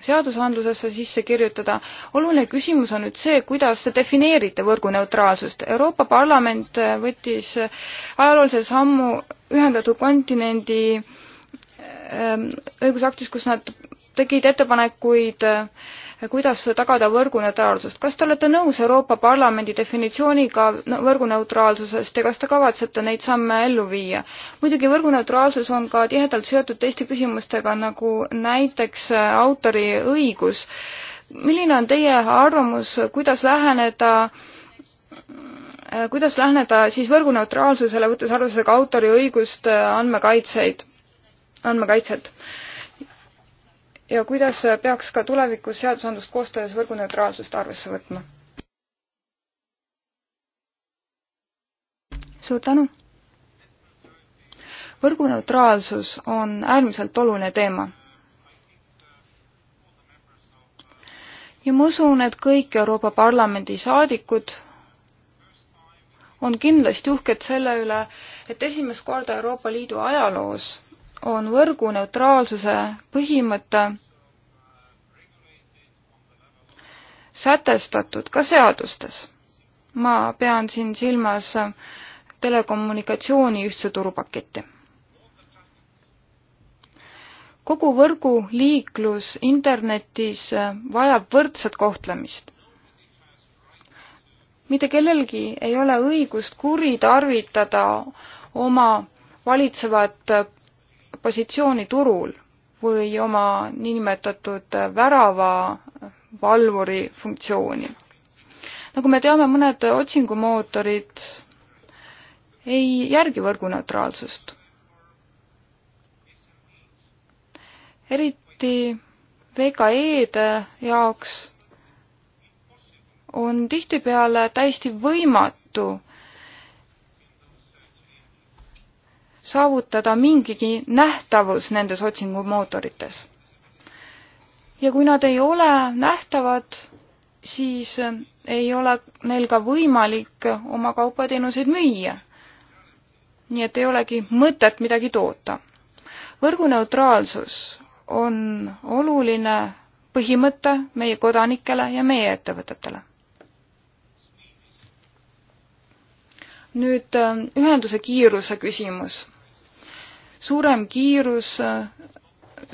Speaker 2: seadusandlusesse sisse kirjutada. oluline küsimus on nüüd see, kuidas te defineerite võrguneutraalsust. Euroopa Parlament äh, võttis äh, ajaloolise sammu ühendatud kontinendi äh, õigusaktis, kus nad tegid ettepanekuid äh, kuidas tagada võrguneutraalsust. kas te olete nõus Euroopa Parlamendi definitsiooniga võrguneutraalsusest ja kas te kavatsete neid samme ellu viia? muidugi võrguneutraalsus on ka tihedalt seotud teiste küsimustega, nagu näiteks äh, autoriõigus. milline on teie arvamus, kuidas läheneda äh, kuidas läheneda siis võrguneutraalsusele, võttes arvesse ka autoriõigust, äh, andmekaitseid, andmekaitset? ja kuidas peaks ka tulevikus seadusandlust koostades võrguneutraalsust arvesse võtma? suur tänu! võrguneutraalsus on äärmiselt oluline teema. ja ma usun, et kõik Euroopa Parlamendi saadikud on kindlasti uhked selle üle, et esimest korda Euroopa Liidu ajaloos on võrgu neutraalsuse põhimõte sätestatud ka seadustes. ma pean siin silmas telekommunikatsiooni ühtse turupaketti. kogu võrgu liiklus internetis vajab võrdset kohtlemist. mitte kellelgi ei ole õigust kuritarvitada oma valitsevat positsiooni turul või oma niinimetatud väravavalvuri funktsiooni. nagu me teame, mõned otsingumootorid ei järgi võrguneutraalsust. eriti VKE-de jaoks on tihtipeale täiesti võimatu saavutada mingigi nähtavus nendes otsingumootorites. ja kui nad ei ole nähtavad, siis ei ole neil ka võimalik oma kaubateenuseid müüa. nii et ei olegi mõtet midagi toota. võrguneutraalsus on oluline põhimõte meie kodanikele ja meie ettevõtetele. nüüd äh, ühenduse kiiruse küsimus suurem kiirus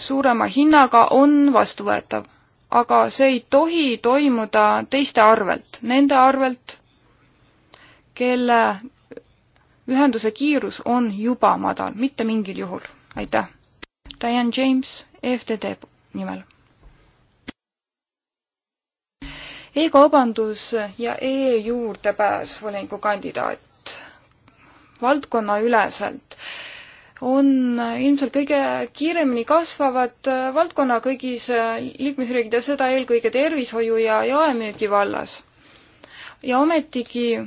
Speaker 2: suurema hinnaga on vastuvõetav, aga see ei tohi toimuda teiste arvelt, nende arvelt, kelle ühenduse kiirus on juba madal, mitte mingil juhul. aitäh. Diane James EFTD nimel e. E-kaubandus ja e-juurdepääs volinikukandidaat valdkonnaüleselt on ilmselt kõige kiiremini kasvavad äh, valdkonna kõigis äh, liikmesriikides, seda eelkõige tervishoiu ja jaemüügi vallas. ja ometigi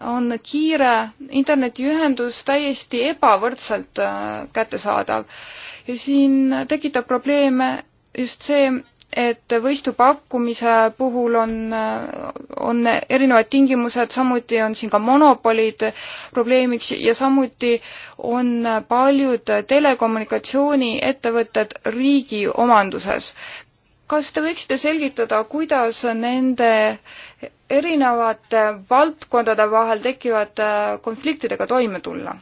Speaker 2: on kiire internetiühendus täiesti ebavõrdselt äh, kättesaadav ja siin tekitab probleeme just see, et võistu pakkumise puhul on, on erinevad tingimused, samuti on siin ka monopolid probleemiks ja samuti on paljud telekommunikatsiooniettevõtted riigi omanduses. kas te võiksite selgitada, kuidas nende erinevate valdkondade vahel tekkivate konfliktidega toime tulla?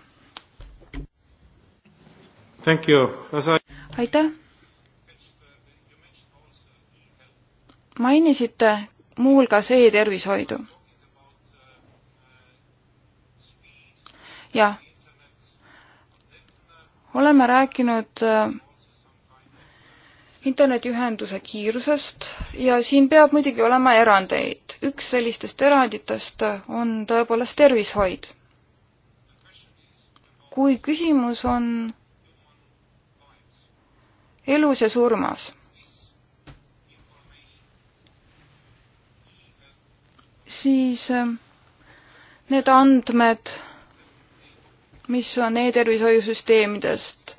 Speaker 2: aitäh! mainisite muuhulgas e-tervishoidu. jah, oleme rääkinud äh, internetiühenduse kiirusest ja siin peab muidugi olema erandeid. üks sellistest eranditest on tõepoolest tervishoid. kui küsimus on elus ja surmas siis ähm, need andmed, mis on e-tervishoiusüsteemidest,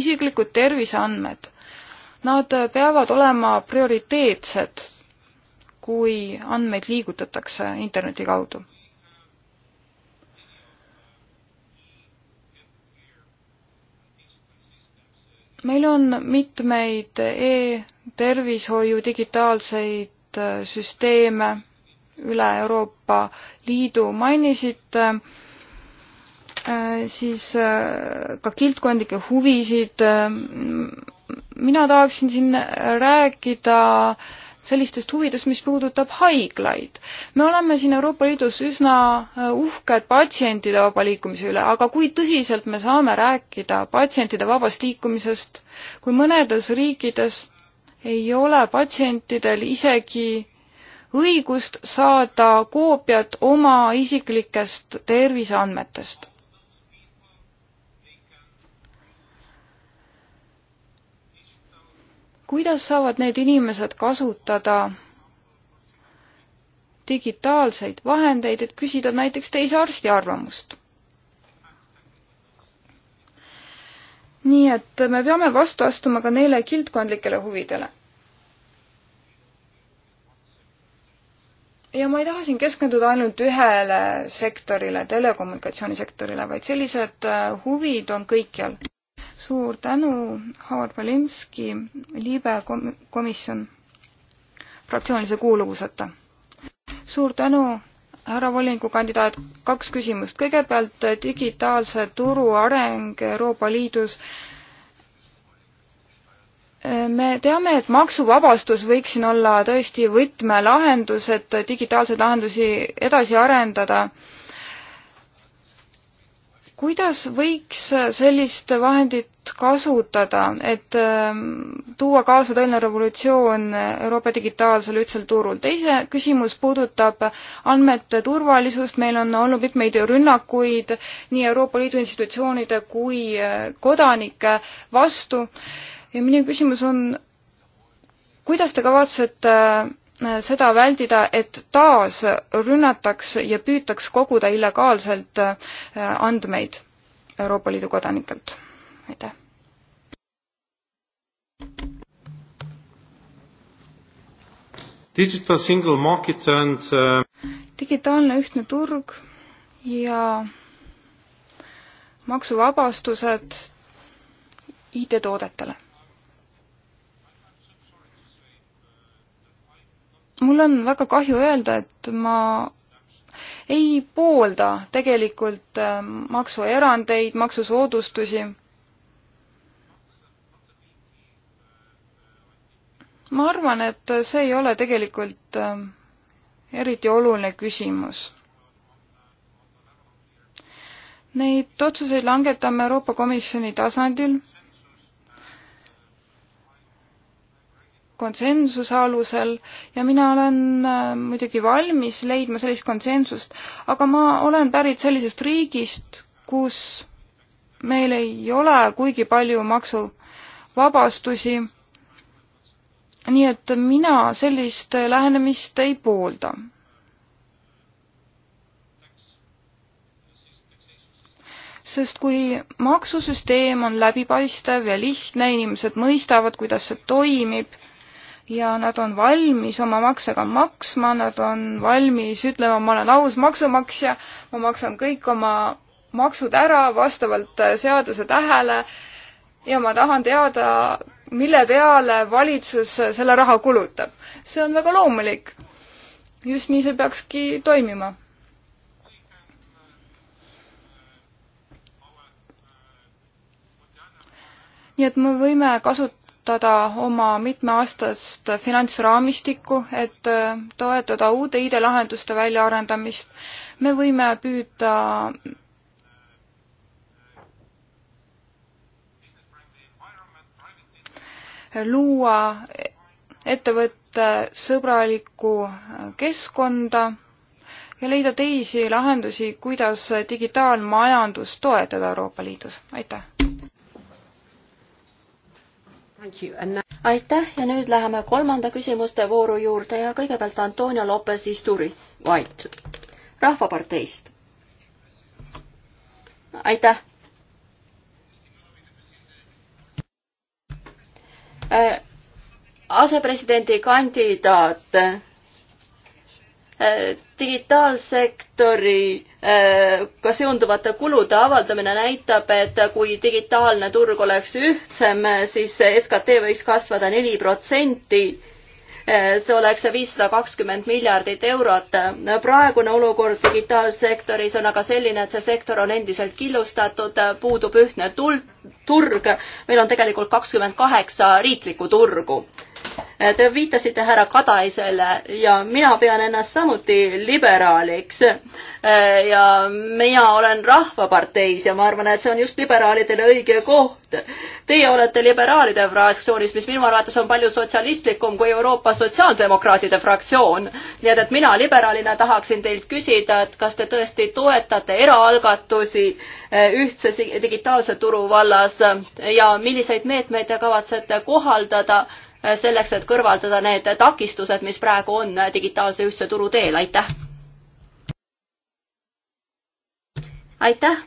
Speaker 2: isiklikud terviseandmed, nad äh, peavad olema prioriteetsed, kui andmeid liigutatakse interneti kaudu. meil on mitmeid e-tervishoiu digitaalseid äh, süsteeme üle Euroopa Liidu mainisite, äh, siis äh, ka kildkondlikke huvisid. Äh, mina tahaksin siin rääkida sellistest huvidest, mis puudutab haiglaid. me oleme siin Euroopa Liidus üsna uhked patsientide vaba liikumise üle, aga kui tõsiselt me saame rääkida patsientide vabast liikumisest, kui mõnedes riikides ei ole patsientidel isegi õigust saada koopiat oma isiklikest terviseandmetest. kuidas saavad need inimesed kasutada digitaalseid vahendeid, et küsida näiteks teise arsti arvamust? nii et me peame vastu astuma ka neile kildkondlikele huvidele ja ma ei taha siin keskenduda ainult ühele sektorile, telekommunikatsioonisektorile, vaid sellised äh, huvid on kõikjal. suur tänu, Howard Palimski, Liibe kom-, komisjon, fraktsioonilise kuuluvuseta. suur tänu, härra volinikukandidaat, kaks küsimust. kõigepealt digitaalse turu areng Euroopa Liidus äh, me teame, et maksuvabastus võiks siin olla tõesti võtmelahendus, et digitaalseid lahendusi edasi arendada. kuidas võiks sellist vahendit kasutada, et ähm, tuua kaasa tõeline revolutsioon Euroopa digitaalsel ühtsel turul? teise küsimus puudutab andmete turvalisust, meil on olnud mitmeid rünnakuid nii Euroopa Liidu institutsioonide kui äh, kodanike vastu ja minu küsimus on, kuidas te kavatsete äh, seda väldida, et taas rünnataks ja püütaks koguda illegaalselt äh, andmeid Euroopa Liidu kodanikelt? aitäh.
Speaker 4: Digital single market and uh...
Speaker 2: digitaalne ühtne turg ja maksuvabastused IT-toodetele mul on väga kahju öelda, et ma ei poolda tegelikult äh, maksuerandeid, maksusoodustusi. ma arvan, et see ei ole tegelikult äh, eriti oluline küsimus Neid otsuseid langetame Euroopa Komisjoni tasandil konsensuse alusel ja mina olen äh, muidugi valmis leidma sellist konsensust, aga ma olen pärit sellisest riigist, kus meil ei ole kuigi palju maksuvabastusi. nii et mina sellist lähenemist ei poolda. sest kui maksusüsteem on läbipaistev ja lihtne, inimesed mõistavad, kuidas see toimib ja nad on valmis oma makse ka maksma, nad on valmis ütlema, ma olen aus maksumaksja, ma maksan kõik oma maksud ära vastavalt äh, seaduse tähele ja ma tahan teada, mille peale valitsus äh, selle raha kulutab. see on väga loomulik. just nii see peakski toimima nii et me võime kasu-, kasutada oma mitmeaastast finantsraamistikku, et äh, toetada uude ID-lahenduste väljaarendamist. me võime püüda luua ettevõtte sõbralikku keskkonda ja leida teisi lahendusi, kuidas digitaalmajandust toetada Euroopa Liidus. aitäh!
Speaker 3: aitäh ja nüüd läheme kolmanda küsimuste vooru juurde ja kõigepealt Antonia Lopez Isturiz White Rahvaparteist. aitäh. Äh, asepresidendi kandidaat digitaalsektoriga äh, seonduvate kulude avaldamine näitab, et kui digitaalne turg oleks ühtsem, siis SKT võiks kasvada neli protsenti äh, see oleks viissada kakskümmend miljardit eurot. praegune olukord digitaalsektoris on aga selline, et see sektor on endiselt killustatud, puudub ühtne tul-, turg. meil on tegelikult kakskümmend kaheksa riiklikku turgu Te viitasite härra Kadaisele ja mina pean ennast samuti liberaaliks. ja mina olen Rahvaparteis ja ma arvan, et see on just liberaalidele õige koht. Teie olete liberaalide fraktsioonis, mis minu arvates on palju sotsialistlikum kui Euroopa Sotsiaaldemokraatide fraktsioon. nii et, et mina liberaalina tahaksin teilt küsida, et kas te tõesti toetate eraalgatusi eh, ühtse digitaalse turu vallas eh, ja milliseid meetmeid te kavatsete kohaldada Äh, selleks, et kõrvaldada need takistused, mis praegu on digitaalse ühtse turu teel, aitäh! aitäh!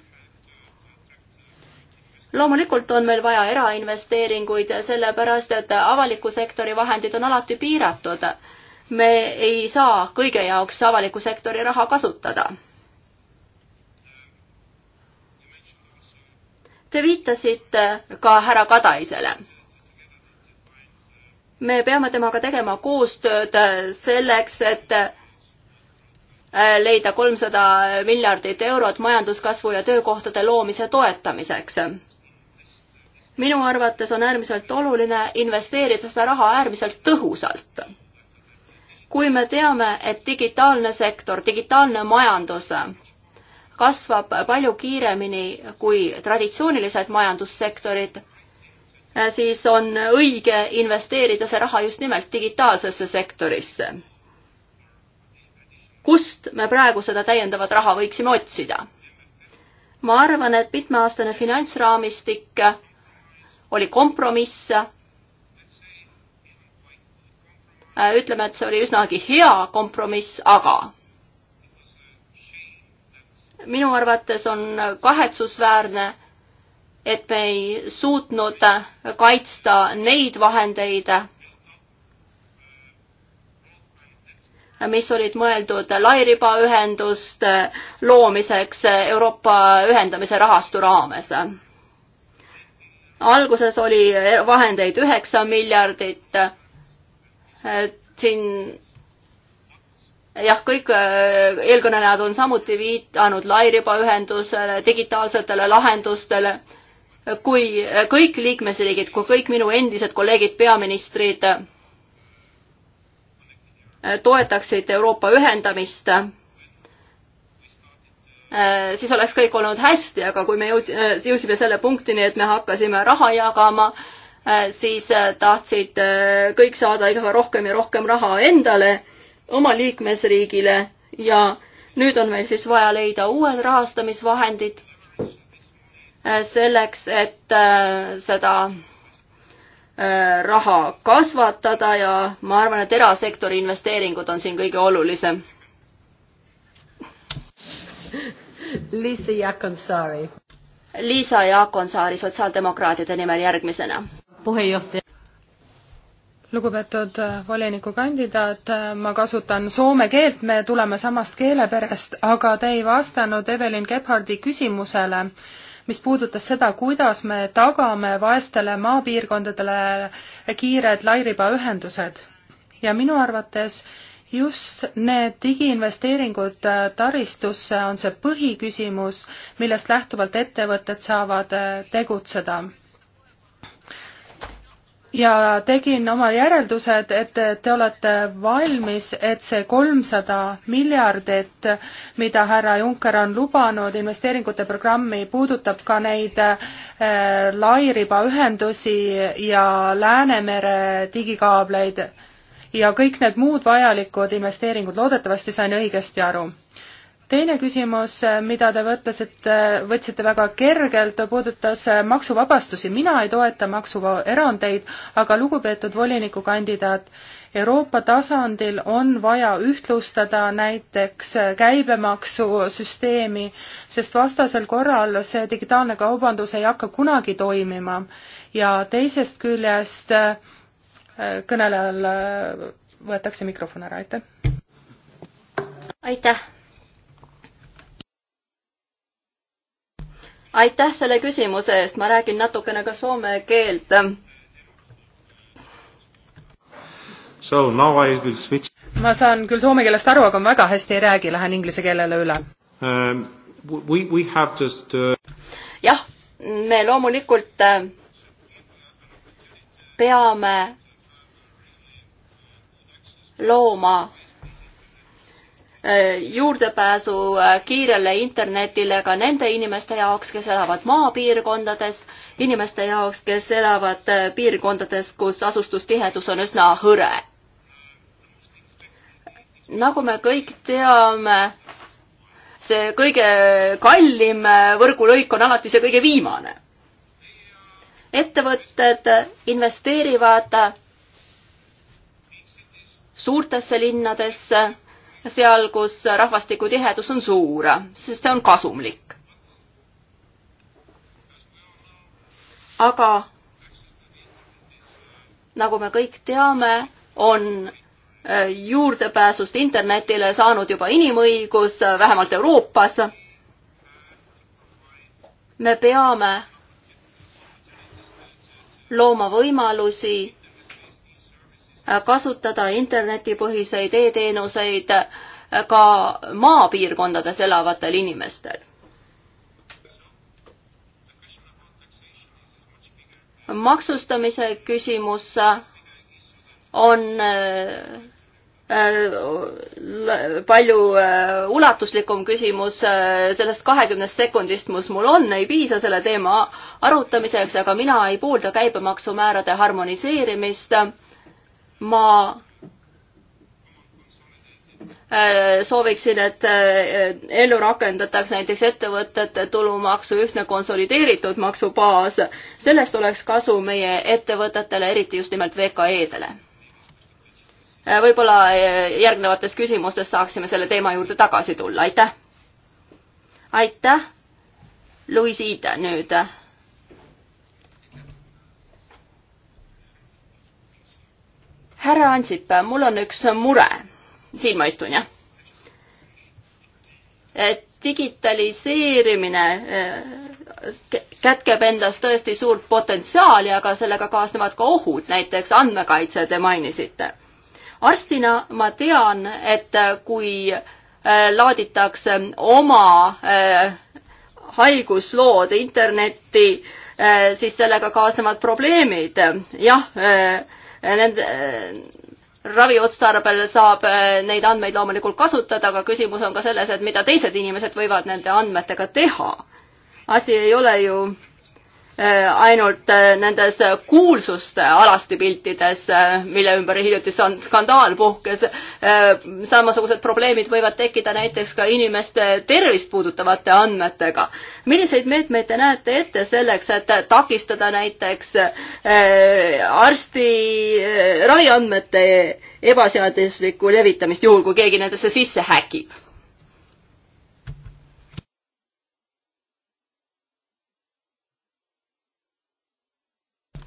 Speaker 3: loomulikult on meil vaja erainvesteeringuid, sellepärast et avaliku sektori vahendid on alati piiratud. me ei saa kõige jaoks avaliku sektori raha kasutada. Te viitasite ka härra Kadaisele me peame temaga tegema koostööd selleks, et äh, leida kolmsada miljardit eurot majanduskasvu ja töökohtade loomise toetamiseks. minu arvates on äärmiselt oluline investeerida seda raha äärmiselt tõhusalt. kui me teame, et digitaalne sektor, digitaalne majandus kasvab palju kiiremini kui traditsioonilised majandussektorid Äh, siis on õige investeerida see raha just nimelt digitaalsesse sektorisse. kust me praegu seda täiendavat raha võiksime otsida? ma arvan, et mitmeaastane finantsraamistik oli kompromiss. Äh, ütleme, et see oli üsnagi hea kompromiss, aga minu arvates on kahetsusväärne, et me ei suutnud kaitsta neid vahendeid, mis olid mõeldud lairibaühenduste loomiseks Euroopa ühendamise rahastu raames. alguses oli vahendeid üheksa miljardit, siin jah, kõik eelkõnelejad on samuti viitanud lairibaühendusele, digitaalsetele lahendustele kui kõik liikmesriigid, kui kõik minu endised kolleegid peaministrid toetaksid Euroopa ühendamist, siis oleks kõik olnud hästi, aga kui me jõudsime selle punktini, et me hakkasime raha jagama, siis tahtsid kõik saada ikka rohkem ja rohkem raha endale, oma liikmesriigile ja nüüd on meil siis vaja leida uued rahastamisvahendid Äh, selleks, et äh, seda äh, raha kasvatada ja ma arvan, et erasektori investeeringud on siin kõige olulisem. Liisa Jaakonsaari. Liisa Jaakonsaari sotsiaaldemokraatide nimel järgmisena.
Speaker 1: puhejuht lugupeetud volinikukandidaat, ma kasutan soome keelt, me tuleme samast keeleperest, aga te ei vastanud Evelyn Gebhardi küsimusele äh, mis puudutas seda, kuidas me tagame vaestele maapiirkondadele kiired lairibaühendused. ja minu arvates just need digiinvesteeringud äh, taristusse on see põhiküsimus, millest lähtuvalt ettevõtted saavad äh, tegutseda ja tegin oma järeldused, et te olete valmis, et see kolmsada miljardit, mida härra Juncker on lubanud investeeringute programmi, puudutab ka neid eh, lairibaühendusi ja Läänemere digikaableid ja kõik need muud vajalikud investeeringud, loodetavasti sain õigesti aru teine küsimus, mida te võtlesite, võtsite väga kergelt, puudutas maksuvabastusi. mina ei toeta maksuerandeid, aga lugupeetud volinikukandidaat, Euroopa tasandil on vaja ühtlustada näiteks käibemaksusüsteemi, sest vastasel korral see digitaalne kaubandus ei hakka kunagi toimima ja teisest küljest äh, kõnelejal äh, võetakse mikrofon ära, aitäh.
Speaker 3: aitäh aitäh selle küsimuse eest, ma räägin natukene ka soome keelt.
Speaker 4: So now I will switch.
Speaker 1: ma saan küll soome keelest aru, aga ma väga hästi ei räägi, lähen inglise keelele üle
Speaker 4: um,. We, we have just uh...
Speaker 3: jah, me loomulikult äh, peame looma Eh, juurdepääsu eh, kiirele internetile ka nende inimeste jaoks, kes elavad maapiirkondades, inimeste jaoks, kes elavad eh, piirkondades, kus asustustihedus on üsna hõre. nagu me kõik teame, see kõige kallim võrgulõik on alati see kõige viimane. ettevõtted investeerivad suurtesse linnadesse seal, kus rahvastiku tihedus on suur, sest see on kasumlik. aga nagu me kõik teame, on äh, juurdepääsust internetile saanud juba inimõigus, äh, vähemalt Euroopas. me peame looma võimalusi kasutada internetipõhiseid e-teenuseid ka maapiirkondades elavatel inimestel. maksustamise küsimus on äh, äh, palju äh, ulatuslikum küsimus sellest kahekümnest sekundist, mis mul on, ei piisa selle teema arutamiseks, aga mina ei poolda käibemaksumäärade harmoniseerimist ma äh, sooviksin, et äh, ellu rakendataks näiteks ettevõtete tulumaksu ühtne konsolideeritud maksubaas. sellest oleks kasu meie ettevõtetele, eriti just nimelt VKE-dele. Äh, võib-olla järgnevates küsimustes saaksime selle teema juurde tagasi tulla, aitäh! aitäh, Louis Ida nüüd härra Ansip, mul on üks mure. siin ma istun, jah? et eh, digitaliseerimine eh, kätkeb endas tõesti suurt potentsiaali, aga sellega kaasnevad ka ohud, näiteks andmekaitse te mainisite. arstina ma tean, et kui eh, laaditakse oma haiguslood internetti, siis sellega kaasnevad probleemid. jah nende äh, raviotstarbel saab äh, neid andmeid loomulikult kasutada, aga küsimus on ka selles, et mida teised inimesed võivad nende andmetega teha. asi ei ole ju Äh, ainult äh, nendes äh, kuulsuste alastipiltides, mille ümber hiljuti skandaal puhkes. samasugused probleemid võivad tekkida näiteks ka inimeste tervist puudutavate andmetega. milliseid meetmeid te näete ette selleks, et takistada näiteks arsti raviandmete ebaseaduslikku levitamist, juhul kui keegi nendesse sisse häkib?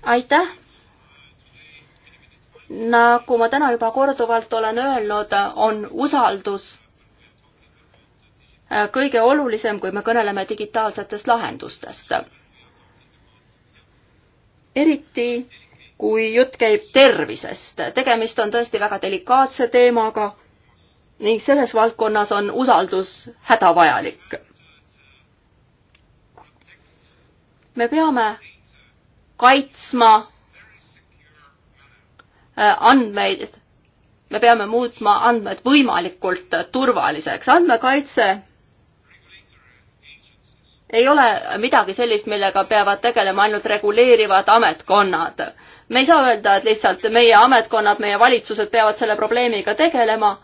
Speaker 3: aitäh! nagu ma täna juba korduvalt olen öelnud, on usaldus kõige olulisem, kui me kõneleme digitaalsetest lahendustest. eriti kui jutt käib tervisest, tegemist on tõesti väga delikaatse teemaga ning selles valdkonnas on usaldus hädavajalik. me peame kaitsma äh, andmeid, me peame muutma andmed võimalikult turvaliseks. andmekaitse ei ole midagi sellist, millega peavad tegelema ainult reguleerivad ametkonnad. me ei saa öelda, et lihtsalt meie ametkonnad, meie valitsused peavad selle probleemiga tegelema,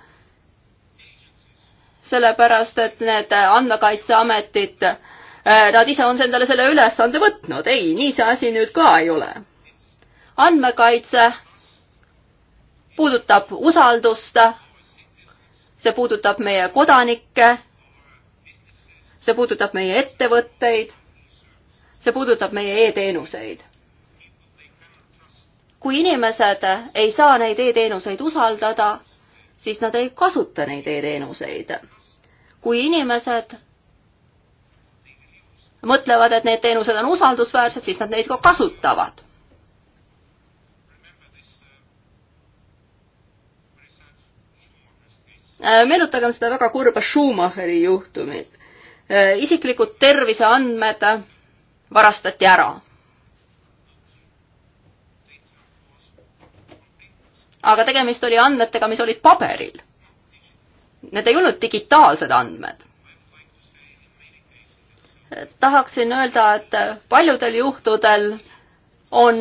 Speaker 3: sellepärast et need andmekaitseametid äh, Äh, nad ise on endale selle ülesande võtnud. ei, nii see asi nüüd ka ei ole. andmekaitse puudutab usaldust, see puudutab meie kodanikke, see puudutab meie ettevõtteid, see puudutab meie e-teenuseid. kui inimesed ei saa neid e-teenuseid usaldada, siis nad ei kasuta neid e-teenuseid. kui inimesed mõtlevad, et need teenused on usaldusväärsed, siis nad neid ka kasutavad. Äh, meenutagem seda väga kurba Schumacheri juhtumit. Äh, isiklikud terviseandmed varastati ära. aga tegemist oli andmetega, mis olid paberil. Need ei olnud digitaalsed andmed tahaksin öelda, et paljudel juhtudel on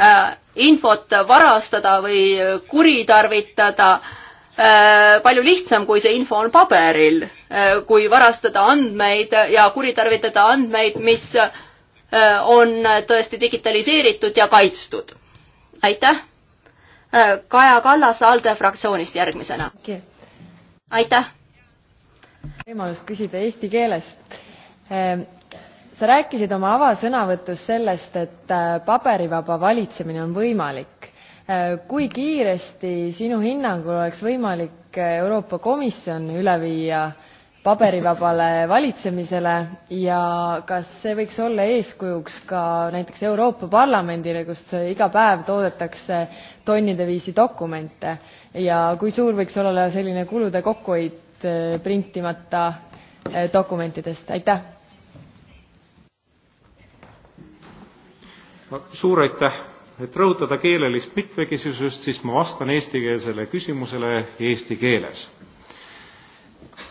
Speaker 3: äh, infot varastada või kuritarvitada äh, palju lihtsam, kui see info on paberil, äh, kui varastada andmeid ja kuritarvitada andmeid, mis on tõesti digitaliseeritud ja kaitstud. aitäh. Kaja Kallas ALDE fraktsioonist järgmisena. aitäh.
Speaker 2: võimalust küsida eesti keeles
Speaker 1: Ehm, sa rääkisid oma avasõnavõtus sellest, et äh, paberivaba valitsemine on võimalik. Ehm, kui kiiresti sinu hinnangul oleks võimalik äh, Euroopa Komisjon üle viia paberivabale valitsemisele ja kas see võiks olla eeskujuks ka näiteks Euroopa Parlamendile, kus iga päev toodetakse tonnide viisi dokumente ja kui suur võiks olla selline kulude kokkuhoid äh, printimata dokumentidest, aitäh!
Speaker 4: suur aitäh! et rõhutada keelelist mitmekesisust siis ma vastan eestikeelsele küsimusele eesti keeles.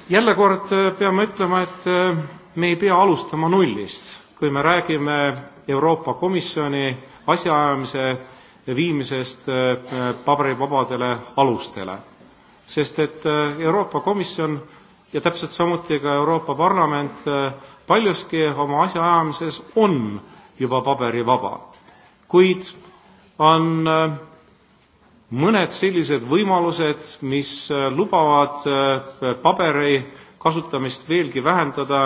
Speaker 4: jälle kord äh, peame ütlema et äh, me ei pea alustama nullist kui me räägime euroopa komisjoni asjaajamise viimisest äh, paberivabadele alustele sest et euroopa komisjon ja täpselt samuti ka euroopa parlament paljuski oma asjaajamises on juba paberivaba. kuid on äh, mõned sellised võimalused, mis äh, lubavad äh, paberi kasutamist veelgi vähendada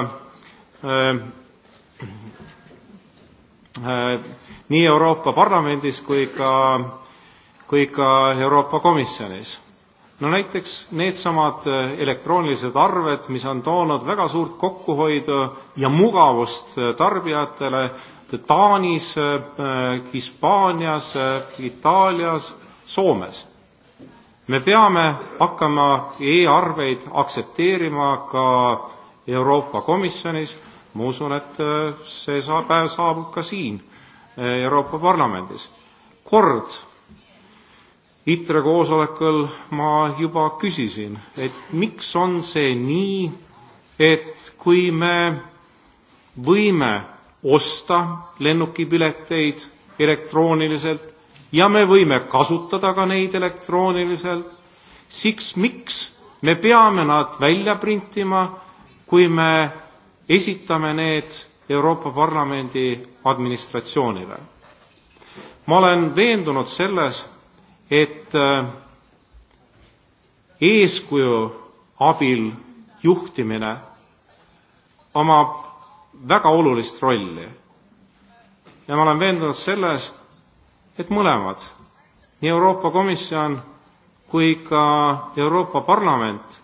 Speaker 4: nii Euroopa Parlamendis kui ka, kui ka Euroopa Komisjonis. no näiteks needsamad elektroonilised arved, mis on toonud väga suurt kokkuhoidu ja mugavust tarbijatele Taanis, äh, Hispaanias, äh, Itaalias, Soomes. me peame hakkama e-arveid aktsepteerima ka Euroopa Komisjonis, ma usun, et äh, see saab, päev saabub ka siin Euroopa Parlamendis. kord ITRE koosolekul ma juba küsisin, et miks on see nii, et kui me võime osta lennukipileteid elektrooniliselt ja me võime kasutada ka neid elektrooniliselt. siks miks me peame nad välja printima, kui me esitame need Euroopa Parlamendi administratsioonile. ma olen veendunud selles, et äh, eeskuju abil juhtimine omab väga olulist rolli. ja ma olen veendunud selles, et mõlemad, nii Euroopa Komisjon kui ka Euroopa Parlament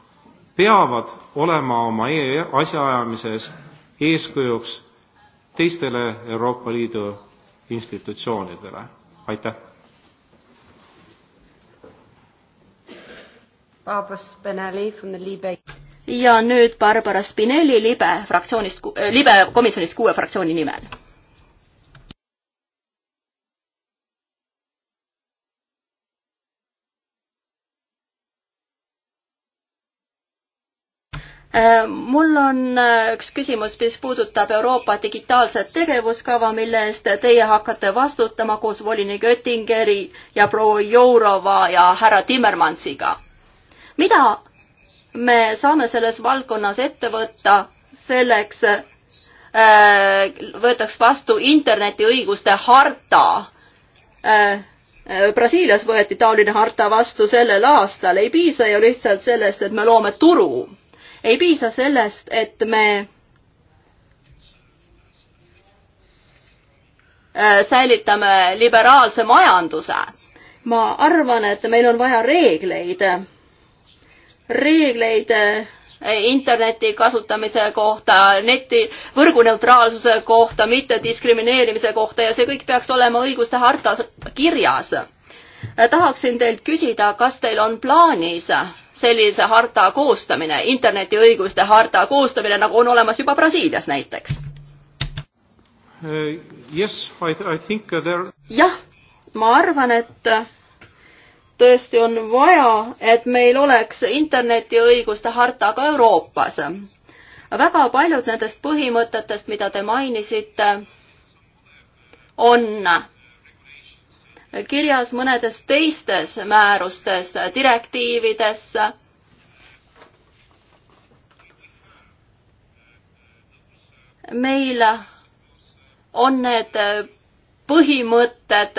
Speaker 4: peavad olema oma e asjaajamises eeskujuks teistele Euroopa Liidu institutsioonidele. aitäh!
Speaker 3: Barbara Spinelli from the Libe ja nüüd Barbara Spinelli libe fraktsioonist, äh, libe komisjonist kuue fraktsiooni nimel. Äh, mul on äh, üks küsimus, mis puudutab Euroopa digitaalset tegevuskava, mille eest teie hakkate vastutama koos volinik Oettingeri ja proua Jourova ja härra Timmermansiga. mida me saame selles valdkonnas ette võtta selleks äh, võetaks vastu internetiõiguste harta äh,. Brasiilias võeti taoline harta vastu sellel aastal, ei piisa ju lihtsalt sellest, et me loome turu. ei piisa sellest, et me äh, säilitame liberaalse majanduse. ma arvan, et meil on vaja reegleid reegleid äh, interneti kasutamise kohta, neti, võrguneutraalsuse kohta, mittediskrimineerimise kohta ja see kõik peaks olema õiguste hartas kirjas. Äh, tahaksin teilt küsida, kas teil on plaanis sellise harta koostamine, internetiõiguste harta koostamine, nagu on olemas juba Brasiilias näiteks?
Speaker 4: Äh, uh,
Speaker 3: jah, ma arvan, et tõesti on vaja, et meil oleks internetiõiguste harta ka Euroopas. väga paljud nendest põhimõtetest, mida te mainisite, on kirjas mõnedes teistes määrustes, direktiivides. meil on need põhimõtted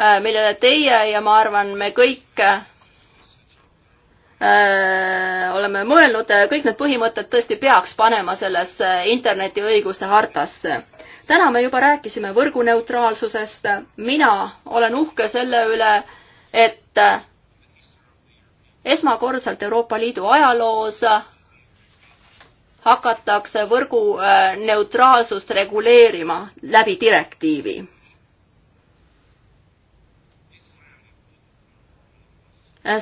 Speaker 3: Äh, millele teie ja ma arvan, me kõik äh, oleme mõelnud, äh, kõik need põhimõtted tõesti peaks panema sellesse internetiõiguste hartasse. täna me juba rääkisime võrguneutraalsusest, mina olen uhke selle üle, et esmakordselt Euroopa Liidu ajaloos hakatakse võrguneutraalsust reguleerima läbi direktiivi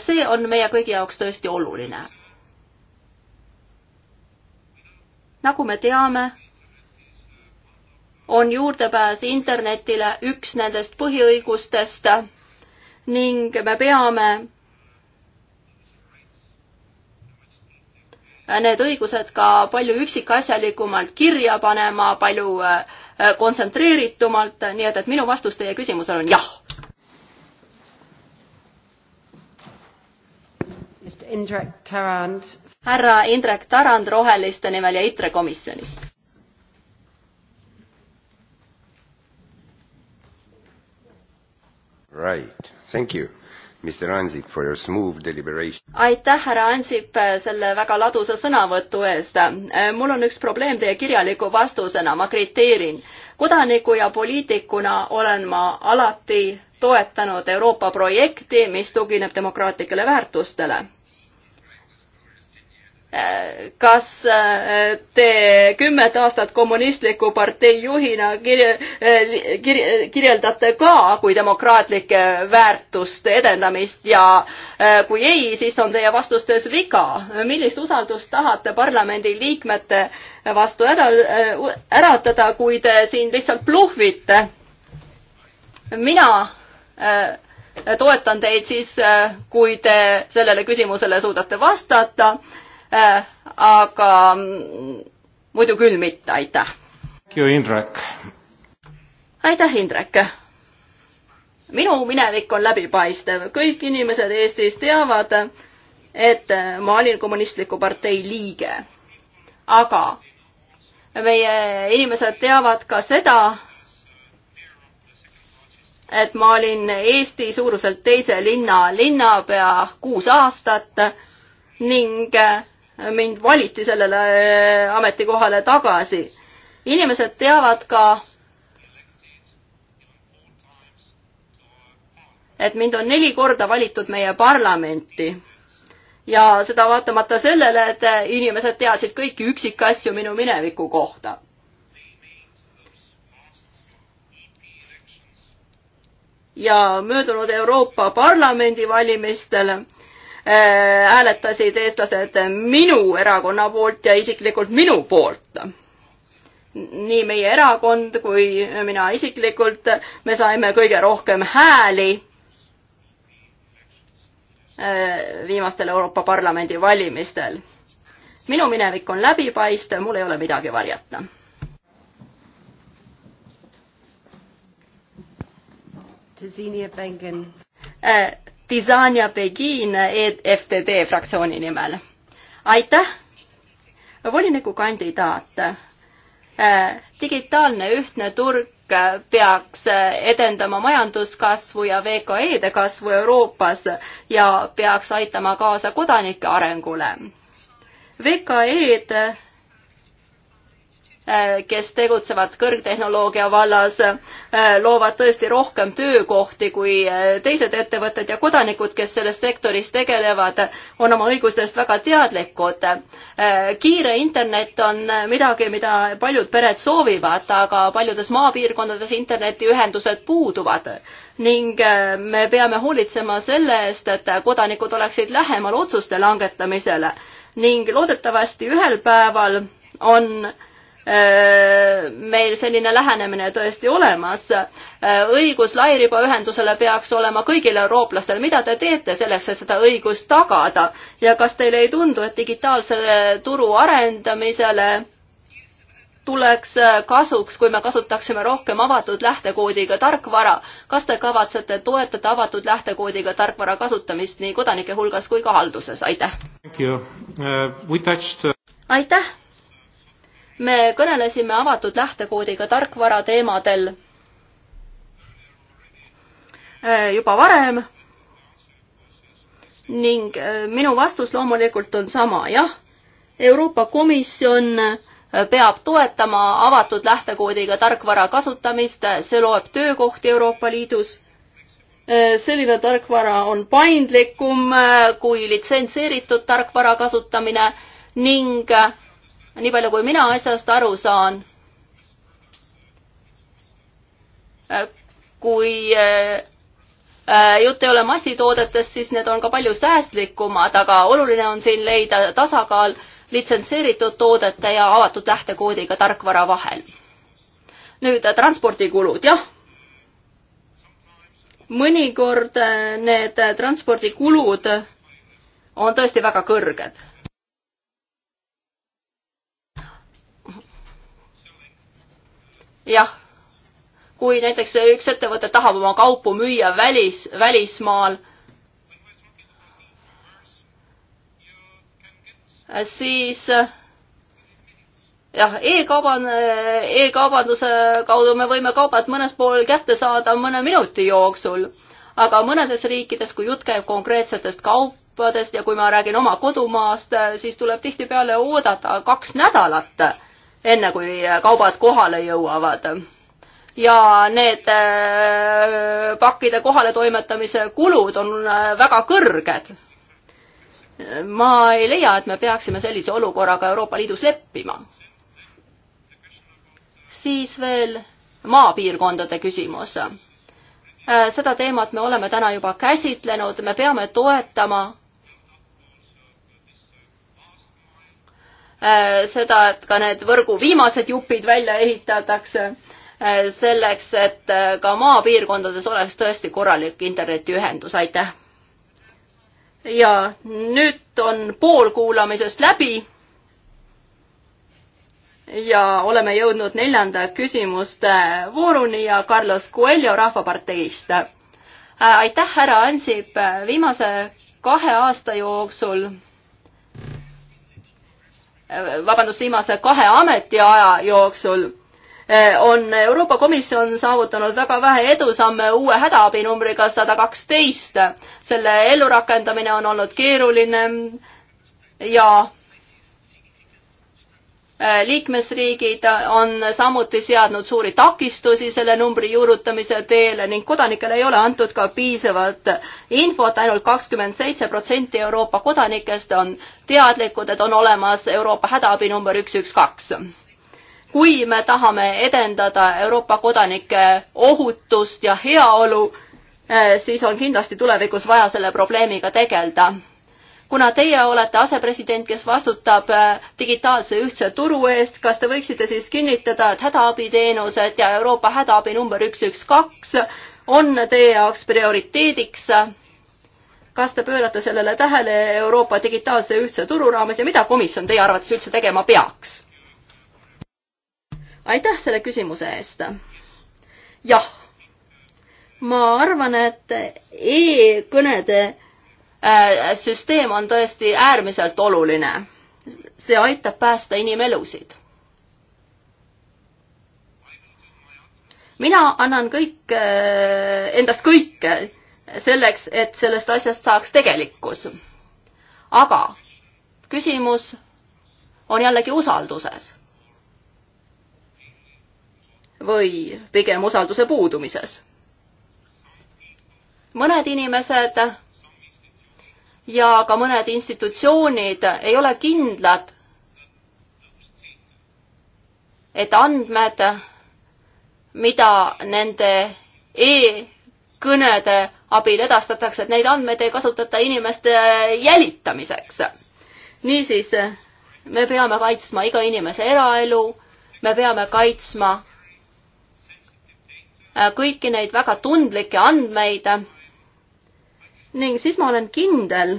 Speaker 3: see on meie kõigi jaoks tõesti oluline. nagu me teame, on juurdepääs internetile üks nendest põhiõigustest ning me peame need õigused ka palju üksikasjalikumalt kirja panema, palju äh, kontsentreeritumalt, nii et, et minu vastus teie küsimusele on jah Indrek Tarand. härra Indrek Tarand Roheliste nimel ja ITRE komisjonist.
Speaker 4: Right, thank you. Mr Ansip for your smooth deliberation.
Speaker 3: aitäh, härra Ansip, selle väga ladusa sõnavõtu eest. mul on üks probleem teie kirjaliku vastusena, ma kriteerin. kodaniku ja poliitikuna olen ma alati toetanud Euroopa projekti, mis tugineb demokraatlikele väärtustele kas äh, te kümmet aastat kommunistliku partei juhina kirje, äh, kirje, kirjeldate ka kui demokraatlike väärtuste edendamist ja äh, kui ei, siis on teie vastustes viga. millist usaldust tahate parlamendi liikmete vastu ära, äratada, kui te siin lihtsalt bluffite? mina toetan teid siis, kui te sellele küsimusele suudate vastata Äh, aga mm, muidu küll mitte, aitäh.
Speaker 4: Indrek.
Speaker 3: aitäh, Indrek. minu minevik on läbipaistev, kõik inimesed Eestis teavad, et ma olin kommunistliku partei liige. aga meie inimesed teavad ka seda, et ma olin Eesti suuruselt teise linna linnapea kuus aastat ning mind valiti sellele äh, ametikohale tagasi. inimesed teavad ka, et mind on neli korda valitud meie parlamenti. ja seda vaatamata sellele, et äh, inimesed teadsid kõiki üksikasju minu mineviku kohta. ja möödunud Euroopa Parlamendi valimistel Äh, hääletasid eestlased minu erakonna poolt ja isiklikult minu poolt. nii meie erakond kui mina isiklikult, me saime kõige rohkem hääli äh, viimastel Euroopa Parlamendi valimistel. minu minevik on läbipaistev, mul ei ole midagi varjata Tazinia Bengen. Äh, Tisania Begin e- FTD fraktsiooni nimel. aitäh, volinikukandidaat. Äh, digitaalne ühtne turg peaks edendama majanduskasvu ja VKE-de kasvu Euroopas ja peaks aitama kaasa kodanike arengule. VKE-d Äh, kes tegutsevad kõrgtehnoloogia vallas, äh, loovad tõesti rohkem töökohti kui äh, teised ettevõtted ja kodanikud, kes selles sektoris tegelevad, on oma õigustest väga teadlikud. kiire internet on midagi, mida paljud pered soovivad, aga paljudes maapiirkondades internetiühendused puuduvad ning me peame hoolitsema selle eest, et kodanikud oleksid lähemal otsuste langetamisele ning loodetavasti ühel päeval on Äh, meil selline lähenemine tõesti olemas. Äh, õigus lairibaühendusele peaks olema kõigil eurooplastel. mida te teete selleks, et seda õigust tagada ja kas teile ei tundu, et digitaalse turu arendamisele tuleks äh, kasuks, kui me kasutaksime rohkem avatud lähtekoodiga tarkvara. kas te kavatsete toetada avatud lähtekoodiga tarkvara kasutamist nii kodanike hulgas kui ka halduses? aitäh!
Speaker 4: Uh, touched... Uh,
Speaker 3: aitäh! me kõnelesime avatud lähtekoodiga tarkvara teemadel äh, juba varem ning äh, minu vastus loomulikult on sama, jah, Euroopa Komisjon äh, peab toetama avatud lähtekoodiga tarkvara kasutamist, see loob töökohti Euroopa Liidus. selline tarkvara on paindlikum kui litsenseeritud tarkvara kasutamine ning nii palju kui mina asjast aru saan, äh, kui äh, äh, jutt ei ole massitoodetest, siis need on ka palju säästlikumad, aga oluline on siin leida tasakaal litsenseeritud toodete ja avatud lähtekoodiga tarkvara vahel. nüüd transpordikulud, jah. mõnikord need transpordikulud on tõesti väga kõrged jah, kui näiteks üks ettevõte tahab oma kaupu müüa välis, välismaal, siis jah e, e-kauban-, e-kaubanduse kaudu me võime kaubad mõnes pool kätte saada mõne minuti jooksul, aga mõnedes riikides, kui jutt käib konkreetsetest kaupadest ja kui ma räägin oma kodumaast, siis tuleb tihtipeale oodata kaks nädalat enne kui kaubad kohale jõuavad. ja need äh, pakkide kohaletoimetamise kulud on äh, väga kõrged. ma ei leia, et me peaksime sellise olukorraga Euroopa Liidus leppima. siis veel maapiirkondade küsimus äh, seda teemat me oleme täna juba käsitlenud, me peame toetama Äh, seda, et ka need võrgu viimased jupid välja ehitatakse äh, selleks, et äh, ka maapiirkondades oleks tõesti korralik internetiühendus, aitäh! ja nüüd on pool kuulamisest läbi ja oleme jõudnud neljanda küsimuste vooruni ja Carlos Coelho Rahvaparteist. aitäh, härra Ansip, viimase kahe aasta jooksul vabandust, viimase kahe ametiaja jooksul eh, on Euroopa Komisjon saavutanud väga vähe edusamme uue hädaabinumbriga sada kaksteist. selle ellurakendamine on olnud keeruline ja Äh, liikmesriigid on samuti seadnud suuri takistusi selle numbri juurutamise teele ning kodanikele ei ole antud ka piisavalt infot ainult, ainult kakskümmend seitse protsenti Euroopa kodanikest on teadlikud, et on olemas Euroopa hädaabinumber üks, üks, kaks. kui me tahame edendada Euroopa kodanike ohutust ja heaolu, äh, siis on kindlasti tulevikus vaja selle probleemiga tegeleda kuna teie olete asepresident, kes vastutab äh, digitaalse ühtse turu eest, kas te võiksite siis kinnitada, et hädaabiteenused ja Euroopa hädaabi number üks, üks, kaks on teie jaoks prioriteediks? kas te pöörate sellele tähele Euroopa digitaalse ühtse turu raames ja mida komisjon teie arvates üldse tegema peaks? aitäh selle küsimuse eest. jah, ma arvan, et e-kõnede Äh, süsteem on tõesti äärmiselt oluline. see aitab päästa inimelusid. mina annan kõik, äh, endast kõike selleks, et sellest asjast saaks tegelikkus. aga küsimus on jällegi usalduses. või pigem usalduse puudumises. mõned inimesed ja ka mõned institutsioonid ei ole kindlad, et andmed, mida nende e-kõnede abil edastatakse, et neid andmeid ei kasutata inimeste jälitamiseks. niisiis, me peame kaitsma iga inimese eraelu, me peame kaitsma kõiki neid väga tundlikke andmeid ning siis ma olen kindel,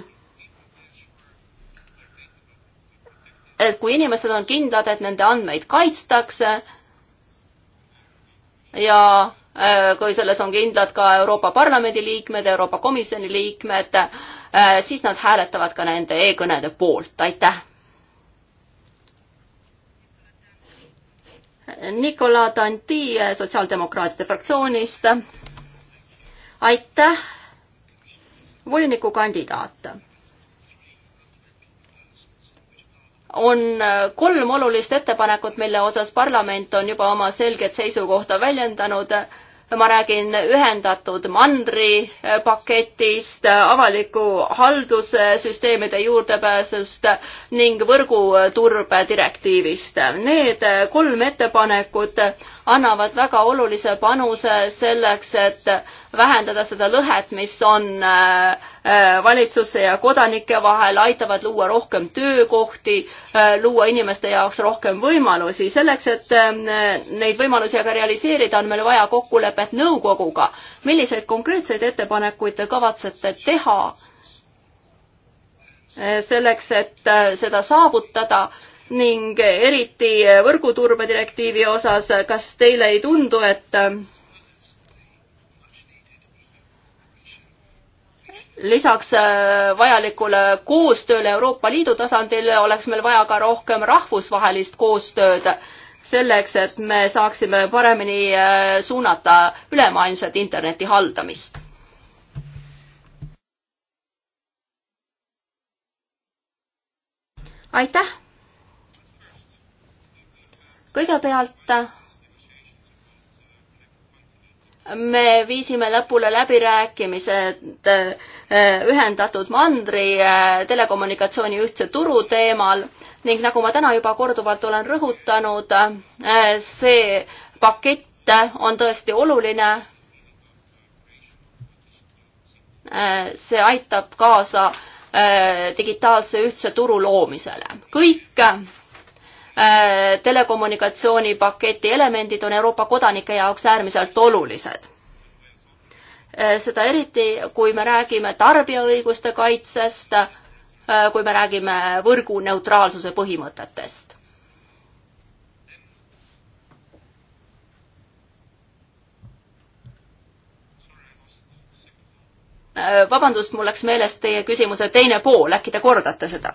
Speaker 3: et kui inimesed on kindlad, et nende andmeid kaitstakse ja äh, kui selles on kindlad ka Euroopa Parlamendi liikmed, Euroopa Komisjoni liikmed, äh, siis nad hääletavad ka nende e-kõnede poolt, aitäh. Nicola Tanti äh, sotsiaaldemokraatide fraktsioonist. aitäh volinikukandidaat. on kolm olulist ettepanekut, mille osas parlament on juba oma selget seisukohta väljendanud ma räägin ühendatud mandri eh, paketist, eh, avaliku haldussüsteemide juurdepääsust ning võrguturbe eh, direktiivist. Need kolm ettepanekut annavad väga olulise panuse selleks, et vähendada seda lõhet, mis on äh, Äh, valitsuse ja kodanike vahel, aitavad luua rohkem töökohti, äh, luua inimeste jaoks rohkem võimalusi. selleks, et äh, neid võimalusi aga realiseerida, on meil vaja kokkulepet nõukoguga. milliseid konkreetseid ettepanekuid te kavatsete teha selleks, et seda saavutada? ning eriti võrguturbedirektiivi osas, kas teile ei tundu, et lisaks äh, vajalikule koostööle Euroopa Liidu tasandil oleks meil vaja ka rohkem rahvusvahelist koostööd selleks, et me saaksime paremini äh, suunata ülemaailmset interneti haldamist. aitäh! kõigepealt me viisime lõpule läbirääkimised äh, ühendatud mandri äh, telekommunikatsiooni ühtse turu teemal ning nagu ma täna juba korduvalt olen rõhutanud, äh, see pakett on tõesti oluline. see aitab kaasa digitaalse ühtse turu loomisele. kõik Äh, telekommunikatsioonipaketi elemendid on Euroopa kodanike jaoks äärmiselt olulised. Äh, seda eriti, kui me räägime tarbijaõiguste kaitsest, äh, kui me räägime võrgu neutraalsuse põhimõtetest. vabandust, mul läks meelest teie küsimuse teine pool, äkki te kordate seda?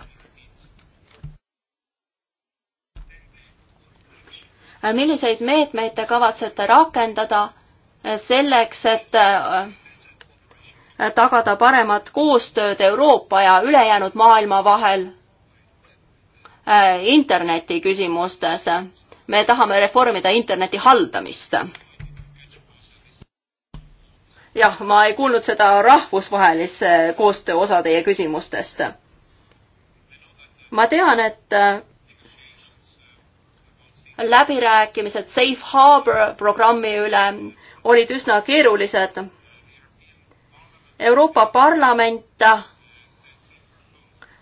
Speaker 3: Äh, milliseid meetmeid te kavatsete rakendada äh, selleks, et äh, tagada paremat koostööd Euroopa ja ülejäänud maailma vahel interneti küsimustes? me tahame reformida interneti haldamist. jah, ma ei kuulnud seda rahvusvahelise koostöö osa teie küsimustest. ma tean, et läbirääkimised Safe Harbor programmi üle olid üsna keerulised. Euroopa Parlament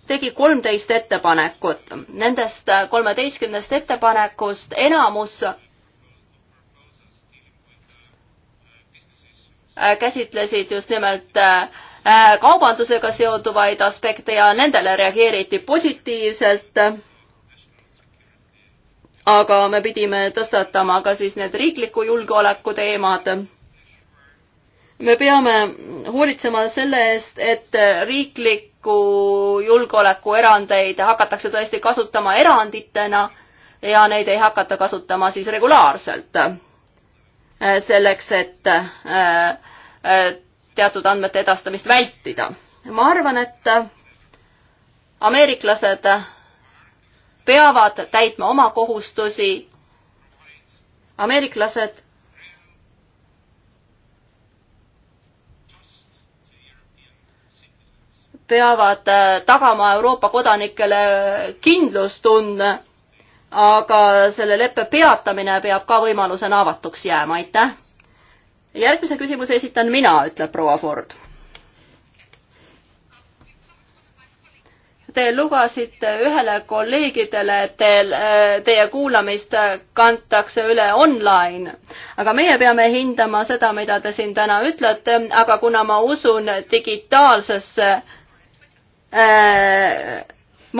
Speaker 3: tegi kolmteist ettepanekut. Nendest kolmeteistkümnest ettepanekust enamus käsitlesid just nimelt äh, kaubandusega seonduvaid aspekte ja nendele reageeriti positiivselt aga me pidime tõstatama ka siis need riikliku julgeoleku teemad. me peame hoolitsema selle eest, et riikliku julgeoleku erandeid hakatakse tõesti kasutama eranditena ja neid ei hakata kasutama siis regulaarselt. selleks, et äh, teatud andmete edastamist vältida. ma arvan, et ameeriklased peavad täitma oma kohustusi.
Speaker 1: ameeriklased
Speaker 3: peavad äh, tagama Euroopa kodanikele kindlustunne, aga selle leppe peatamine peab ka võimalusena avatuks jääma, aitäh. järgmise küsimuse esitan mina, ütleb proua Ford Te lubasite ühele kolleegidele, et teil, äh, teie kuulamist kantakse üle online. aga meie peame hindama seda, mida te siin täna ütlete, aga kuna ma usun digitaalsesse äh,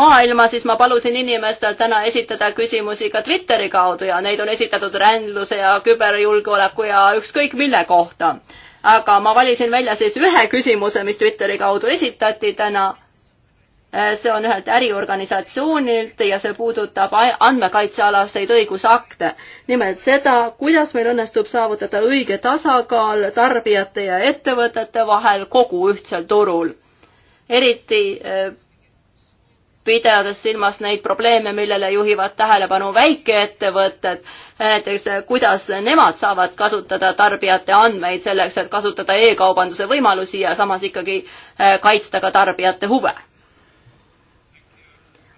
Speaker 3: maailma, siis ma palusin inimestel täna esitada küsimusi ka Twitteri kaudu ja neid on esitatud rändluse ja küberjulgeoleku ja ükskõik mille kohta. aga ma valisin välja siis ühe küsimuse, mis Twitteri kaudu esitati täna Äh, see on ühelt äriorganisatsioonilt ja see puudutab andmekaitsealaseid õigusakte. nimelt seda, kuidas meil õnnestub saavutada õige tasakaal tarbijate ja ettevõtete vahel kogu ühtsel turul. eriti äh, pidades silmas neid probleeme, millele juhivad tähelepanu väikeettevõtted, näiteks äh, kuidas nemad saavad kasutada tarbijate andmeid selleks, et kasutada e-kaubanduse võimalusi ja samas ikkagi kaitsta ka tarbijate huve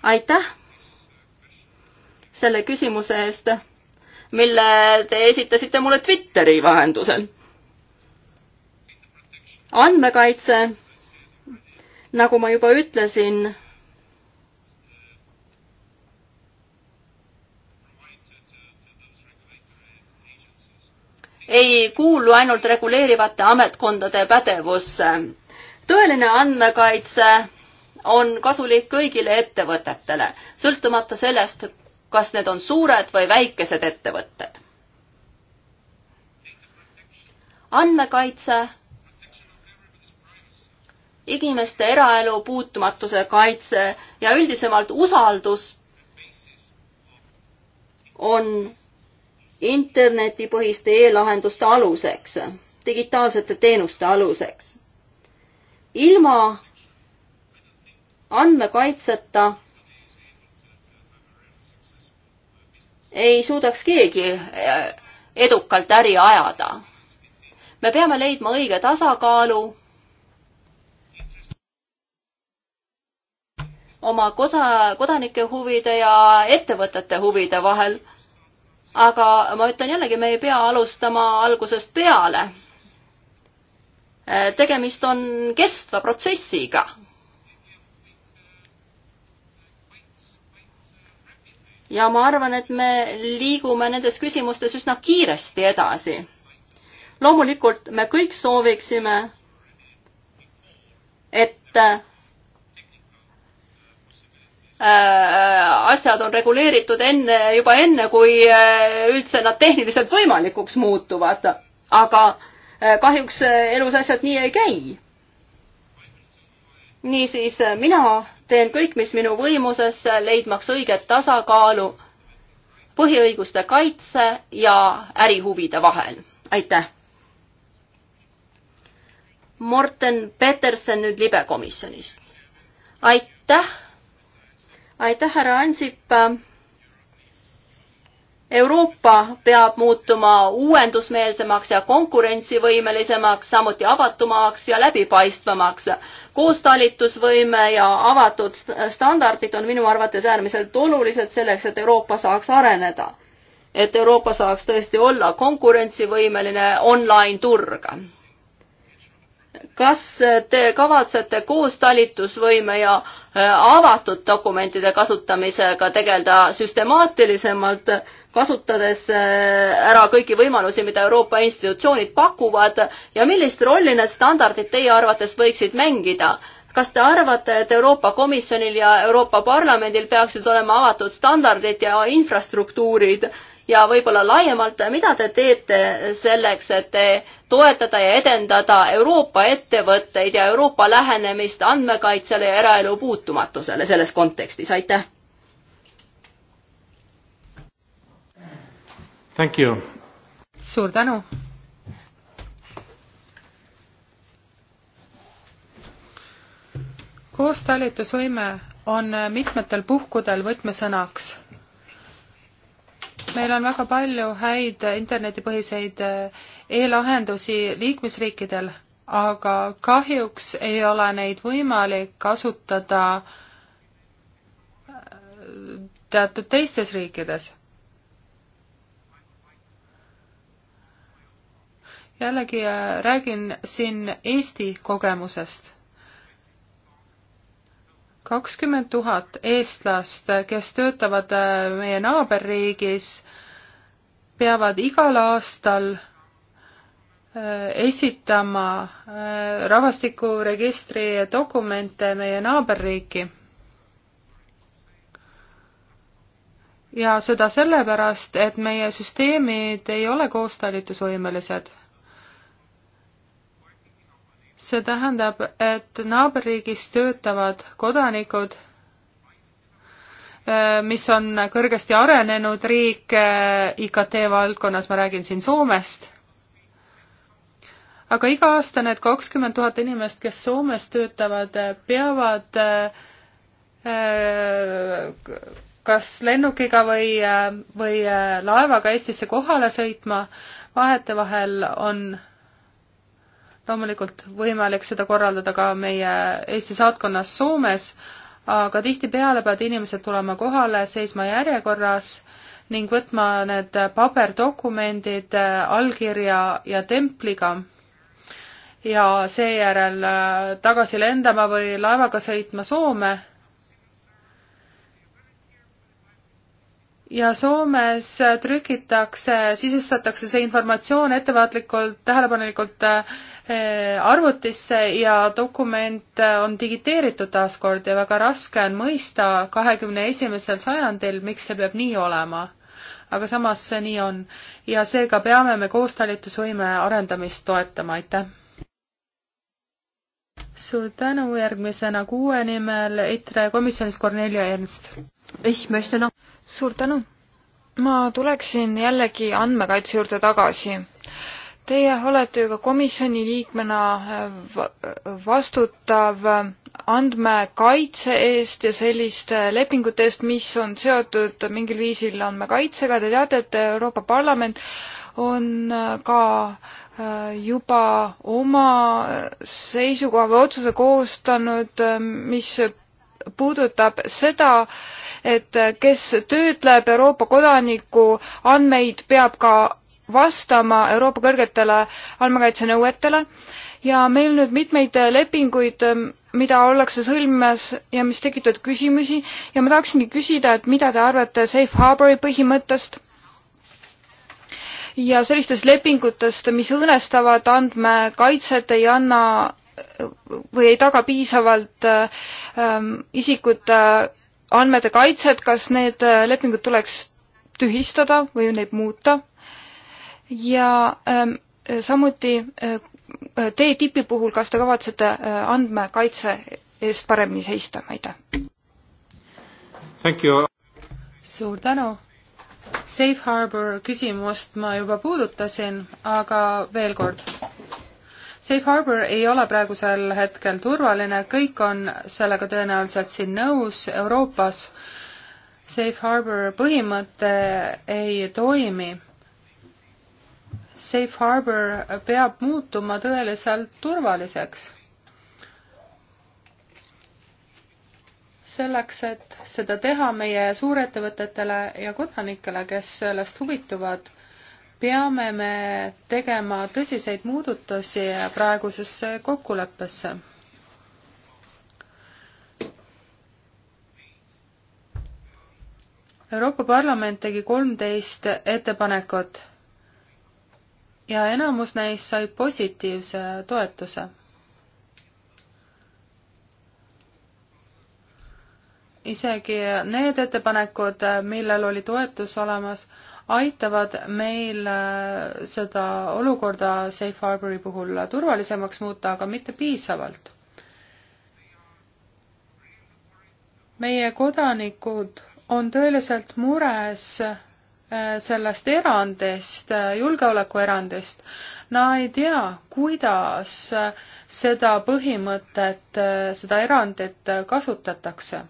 Speaker 3: aitäh selle küsimuse eest, mille te esitasite mulle Twitteri vahendusel. andmekaitse, nagu ma juba ütlesin, ei kuulu ainult reguleerivate ametkondade pädevusse. tõeline andmekaitse on kasulik kõigile ettevõtetele, sõltumata sellest, kas need on suured või väikesed ettevõtted. andmekaitse, inimeste eraelu puutumatuse kaitse ja üldisemalt usaldus on internetipõhiste e-lahenduste aluseks, digitaalsete teenuste aluseks. ilma andmekaitseta ei suudaks keegi eh, edukalt äri ajada. me peame leidma õige tasakaalu oma kosa, kodanike huvide ja ettevõtete huvide vahel. aga ma ütlen jällegi, me ei pea alustama algusest peale. Eh, tegemist on kestva protsessiga ja ma arvan, et me liigume nendes küsimustes üsna kiiresti edasi. loomulikult me kõik sooviksime, et äh, äh, asjad on reguleeritud enne, juba enne, kui äh, üldse nad tehniliselt võimalikuks muutuvad. aga kahjuks elus asjad nii ei käi. niisiis mina teen kõik, mis minu võimuses, leidmaks õiget tasakaalu põhiõiguste kaitse ja ärihuvide vahel. aitäh! Morten Peterson nüüd libekomisjonist. aitäh, aitäh, härra Ansip Euroopa peab muutuma uuendusmeelsemaks ja konkurentsivõimelisemaks, samuti avatumaks ja läbipaistvamaks. koostalitusvõime ja avatud standardid on minu arvates äärmiselt olulised selleks, et Euroopa saaks areneda. et Euroopa saaks tõesti olla konkurentsivõimeline online turg kas te kavatsete koos talitusvõime ja äh, avatud dokumentide kasutamisega tegeleda süstemaatilisemalt, kasutades äh, ära kõiki võimalusi, mida Euroopa institutsioonid pakuvad ja millist rolli need standardid teie arvates võiksid mängida? kas te arvate, et Euroopa Komisjonil ja Euroopa Parlamendil peaksid olema avatud standardid ja infrastruktuurid, ja võib-olla laiemalt, mida te teete selleks, et toetada ja edendada Euroopa ettevõtteid ja Euroopa lähenemist andmekaitsele ja eraelu puutumatusele selles kontekstis, aitäh! suur tänu!
Speaker 1: koostalitusvõime on mitmetel puhkudel võtmesõnaks meil on väga palju häid internetipõhiseid eh, e-lahendusi liikmesriikidel, aga kahjuks ei ole neid võimalik kasutada eh, teatud teistes riikides. jällegi eh, räägin siin Eesti kogemusest kakskümmend tuhat eestlast, kes töötavad äh, meie naaberriigis, peavad igal aastal äh, esitama äh, rahvastikuregistri dokumente meie naaberriiki. ja seda sellepärast, et meie süsteemid ei ole koostalitusvõimelised see tähendab, et naaberriigis töötavad kodanikud, eh, mis on kõrgesti arenenud riik eh, IKT valdkonnas, ma räägin siin Soomest, aga iga aasta need kakskümmend tuhat inimest, kes Soomes töötavad, eh, peavad kas lennukiga või, või laevaga Eestisse kohale sõitma, vahetevahel on loomulikult võimalik seda korraldada ka meie Eesti saatkonnas Soomes, aga tihtipeale peavad inimesed tulema kohale, seisma järjekorras ning võtma need paberdokumendid äh, allkirja ja templiga ja seejärel äh, tagasi lendama või laevaga sõitma Soome ja Soomes äh, trükitakse, sisestatakse see informatsioon ettevaatlikult, tähelepanelikult Äh, arvutisse ja dokument äh, on digiteeritud taaskord ja väga raske on mõista kahekümne esimesel sajandil, miks see peab nii olema. aga samas see nii on ja seega peame me koostalitusvõime arendamist toetama, aitäh! suur tänu, järgmisena kuue nimel EITRE komisjonis Kornelia Ernst. suur tänu! ma tuleksin jällegi
Speaker 2: andmekaitse juurde tagasi Teie olete ju ka komisjoni liikmena äh, äh, vastutav äh, andmekaitse eest ja selliste lepingute eest, mis on seotud mingil viisil andmekaitsega. Te teate, et Euroopa Parlament on ka juba oma seisukoha või otsuse koostanud, mis puudutab seda, et kes töötleb Euroopa kodaniku andmeid, peab ka vastama Euroopa kõrgetele andmekaitsenõuetele ja meil nüüd mitmeid lepinguid, mida ollakse sõlmimas ja mis tekitavad küsimusi ja ma tahaksingi küsida, et mida te arvate safe harbori põhimõttest ja sellistest lepingutest, mis õõnestavad andmekaitset, ei anna või ei taga piisavalt ähm, isikute andmete kaitset, kas need lepingud tuleks tühistada või neid muuta? ja ähm, samuti äh, teetipi puhul, kas te kavatsete äh, andmekaitse eest paremini seista, aitäh!
Speaker 1: suur tänu! Safe Harbor küsimust ma juba puudutasin, aga veel kord. Safe Harbor ei ole praegusel hetkel turvaline, kõik on sellega tõenäoliselt siin nõus Euroopas. Safe Harbor põhimõte ei toimi safe harbor peab muutuma tõeliselt turvaliseks. selleks, et seda teha meie suurettevõtetele ja kodanikele, kes sellest huvituvad, peame me tegema tõsiseid muudatusi praegusesse kokkuleppesse Euroopa Parlament tegi kolmteist ettepanekut ja enamus neist sai positiivse toetuse. isegi need ettepanekud, millel oli toetus olemas, aitavad meil äh, seda olukorda Safe Harbori puhul turvalisemaks muuta, aga mitte piisavalt. meie kodanikud on tõeliselt mures Äh, sellest erandist, äh, julgeolekuerandist. no ei tea, kuidas äh, seda põhimõtet, seda erandit kasutatakse.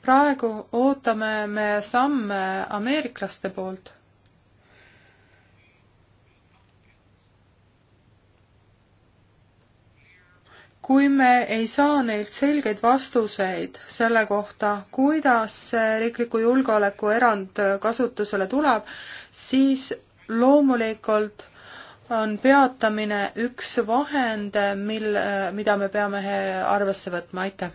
Speaker 1: praegu ootame me samme ameeriklaste poolt kui me ei saa neilt selgeid vastuseid selle kohta, kuidas see riikliku julgeoleku erand kasutusele tuleb, siis loomulikult on peatamine üks vahend, mil, mida me peame arvesse võtma, aitäh.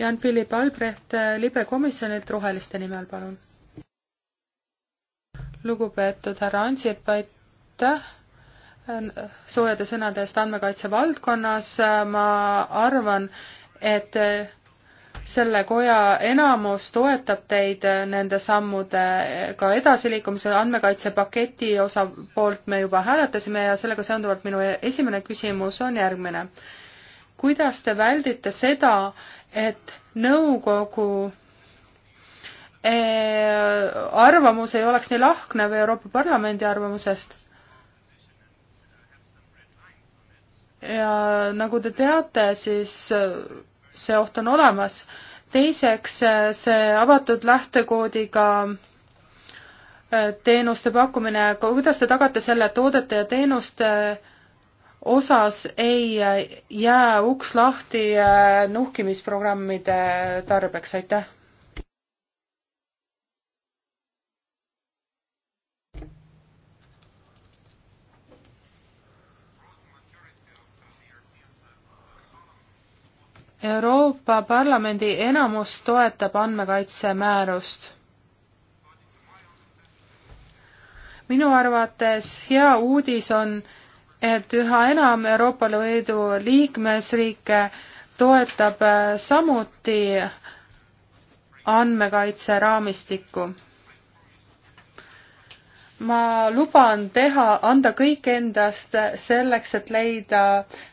Speaker 1: Jan-Philipp Albrecht libe komisjonilt Roheliste nimel, palun. lugupeetud härra Ansip, aitäh soojade sõnade eest andmekaitse valdkonnas, äh, ma arvan, et äh, selle koja enamus toetab teid äh, nende sammudega edasiliikumisel, andmekaitsepaketi osa poolt me juba hääletasime ja sellega seonduvalt minu e-, esimene küsimus on järgmine. kuidas te väldite seda, et nõukogu arvamus ei oleks nii lahknev Euroopa Parlamendi arvamusest? ja nagu te teate, siis äh, see oht on olemas. teiseks, äh, see avatud lähtekoodiga äh, teenuste pakkumine, kuidas te tagate selle, et toodete ja teenuste osas ei jää uks lahti nuhkimisprogrammide tarbeks, aitäh! Euroopa Parlamendi enamus toetab andmekaitse määrust. minu arvates hea uudis on, et üha enam Euroopa Liidu liikmesriike toetab samuti andmekaitse raamistikku ma luban teha, anda kõik endast selleks, et leida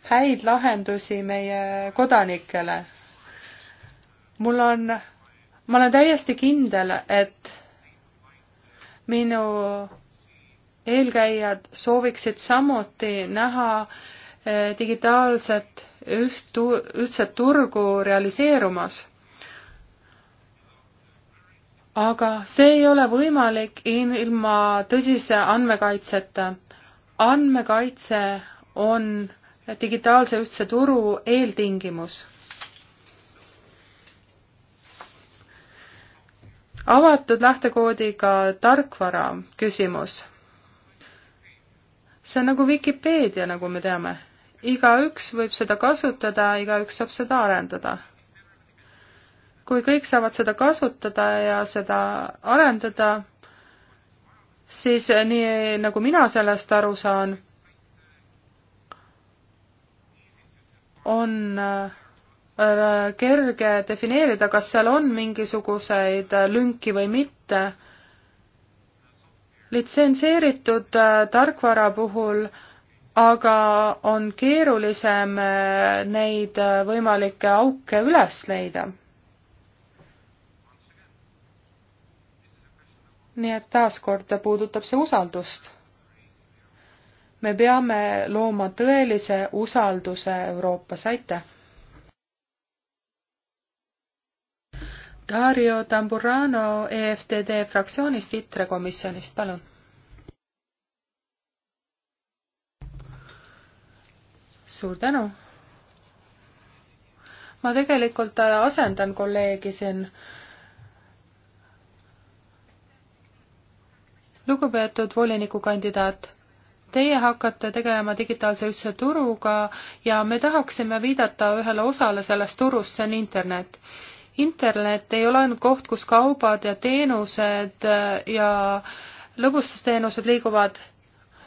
Speaker 1: häid lahendusi meie kodanikele. mul on, ma olen täiesti kindel, et minu eelkäijad sooviksid samuti näha eh, digitaalset üht, ühtset turgu realiseerumas aga see ei ole võimalik ilma tõsise andmekaitseta. andmekaitse on digitaalse ühtse turu eeltingimus. avatud lähtekoodiga tarkvara küsimus. see on nagu Vikipeedia, nagu me teame. igaüks võib seda kasutada, igaüks saab seda arendada kui kõik saavad seda kasutada ja seda arendada, siis nii nagu mina sellest aru saan, on äh, kerge defineerida, kas seal on mingisuguseid lünki või mitte. litsenseeritud äh, tarkvara puhul aga on keerulisem äh, neid võimalikke auke üles leida nii et taaskord puudutab see usaldust. me peame looma tõelise usalduse Euroopas, aitäh! Dario Tamburano EFTD fraktsioonist, ITRE komisjonist, palun! suur tänu! ma tegelikult asendan kolleegi siin lugupeetud volinikukandidaat, teie hakkate tegelema digitaalse ühtse turuga ja me tahaksime viidata ühele osale sellest turust, see on internet. internet ei ole ainult koht, kus kaubad ja teenused äh, ja lõbustusteenused liiguvad,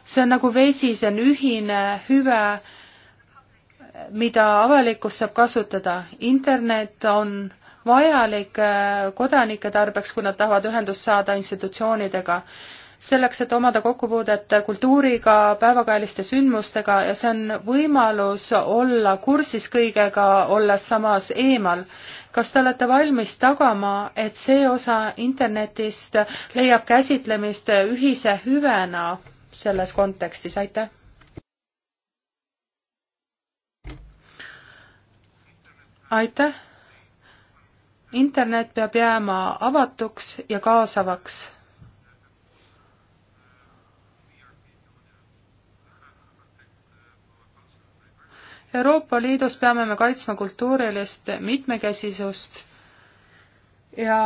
Speaker 1: see on nagu vesi, see on ühine hüve, mida avalikkus saab kasutada. internet on vajalik äh, kodanike tarbeks, kui nad tahavad ühendust saada institutsioonidega selleks, et omada kokkupuudet kultuuriga, päevakajaliste sündmustega ja see on võimalus olla kursis kõigega, olles samas eemal. kas te olete valmis tagama, et see osa internetist leiab käsitlemist ühise hüvena selles kontekstis, aitäh? aitäh! internet peab jääma avatuks ja kaasavaks Euroopa Liidus peame me kaitsma kultuurilist mitmekesisust ja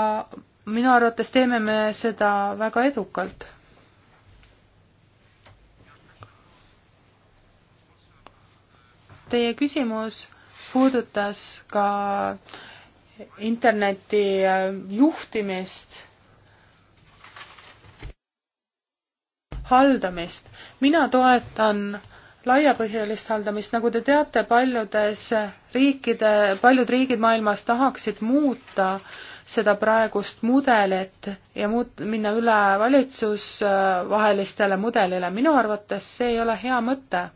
Speaker 1: minu arvates teeme me seda väga edukalt. Teie küsimus puudutas ka interneti äh, juhtimist haldamist. mina toetan laiapõhjalist haldamist, nagu te teate, paljudes riikide, paljud riigid maailmas tahaksid muuta seda praegust mudelit ja muut-, minna üle valitsusvahelistele mudelile, minu arvates see ei ole hea mõte.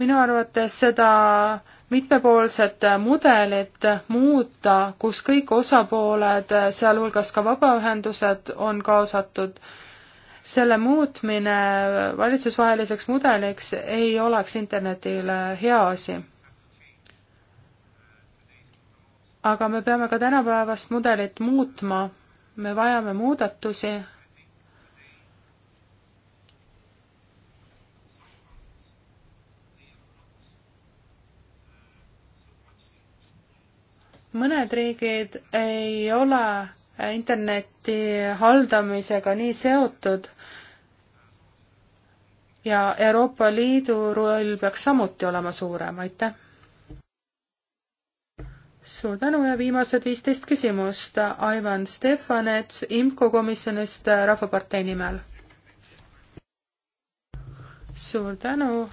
Speaker 1: minu arvates seda mitmepoolset mudelit muuta, kus kõik osapooled, sealhulgas ka vabaühendused, on kaasatud, selle muutmine valitsusvaheliseks mudeliks ei oleks internetile hea asi. aga me peame ka tänapäevast mudelit muutma, me vajame muudatusi mõned riigid ei ole interneti haldamisega nii seotud ja Euroopa Liidu roll peaks samuti olema suurem, aitäh! suur tänu ja viimased viisteist küsimust. Aivan Stefanets IMCO komisjonist Rahvapartei nimel. suur tänu,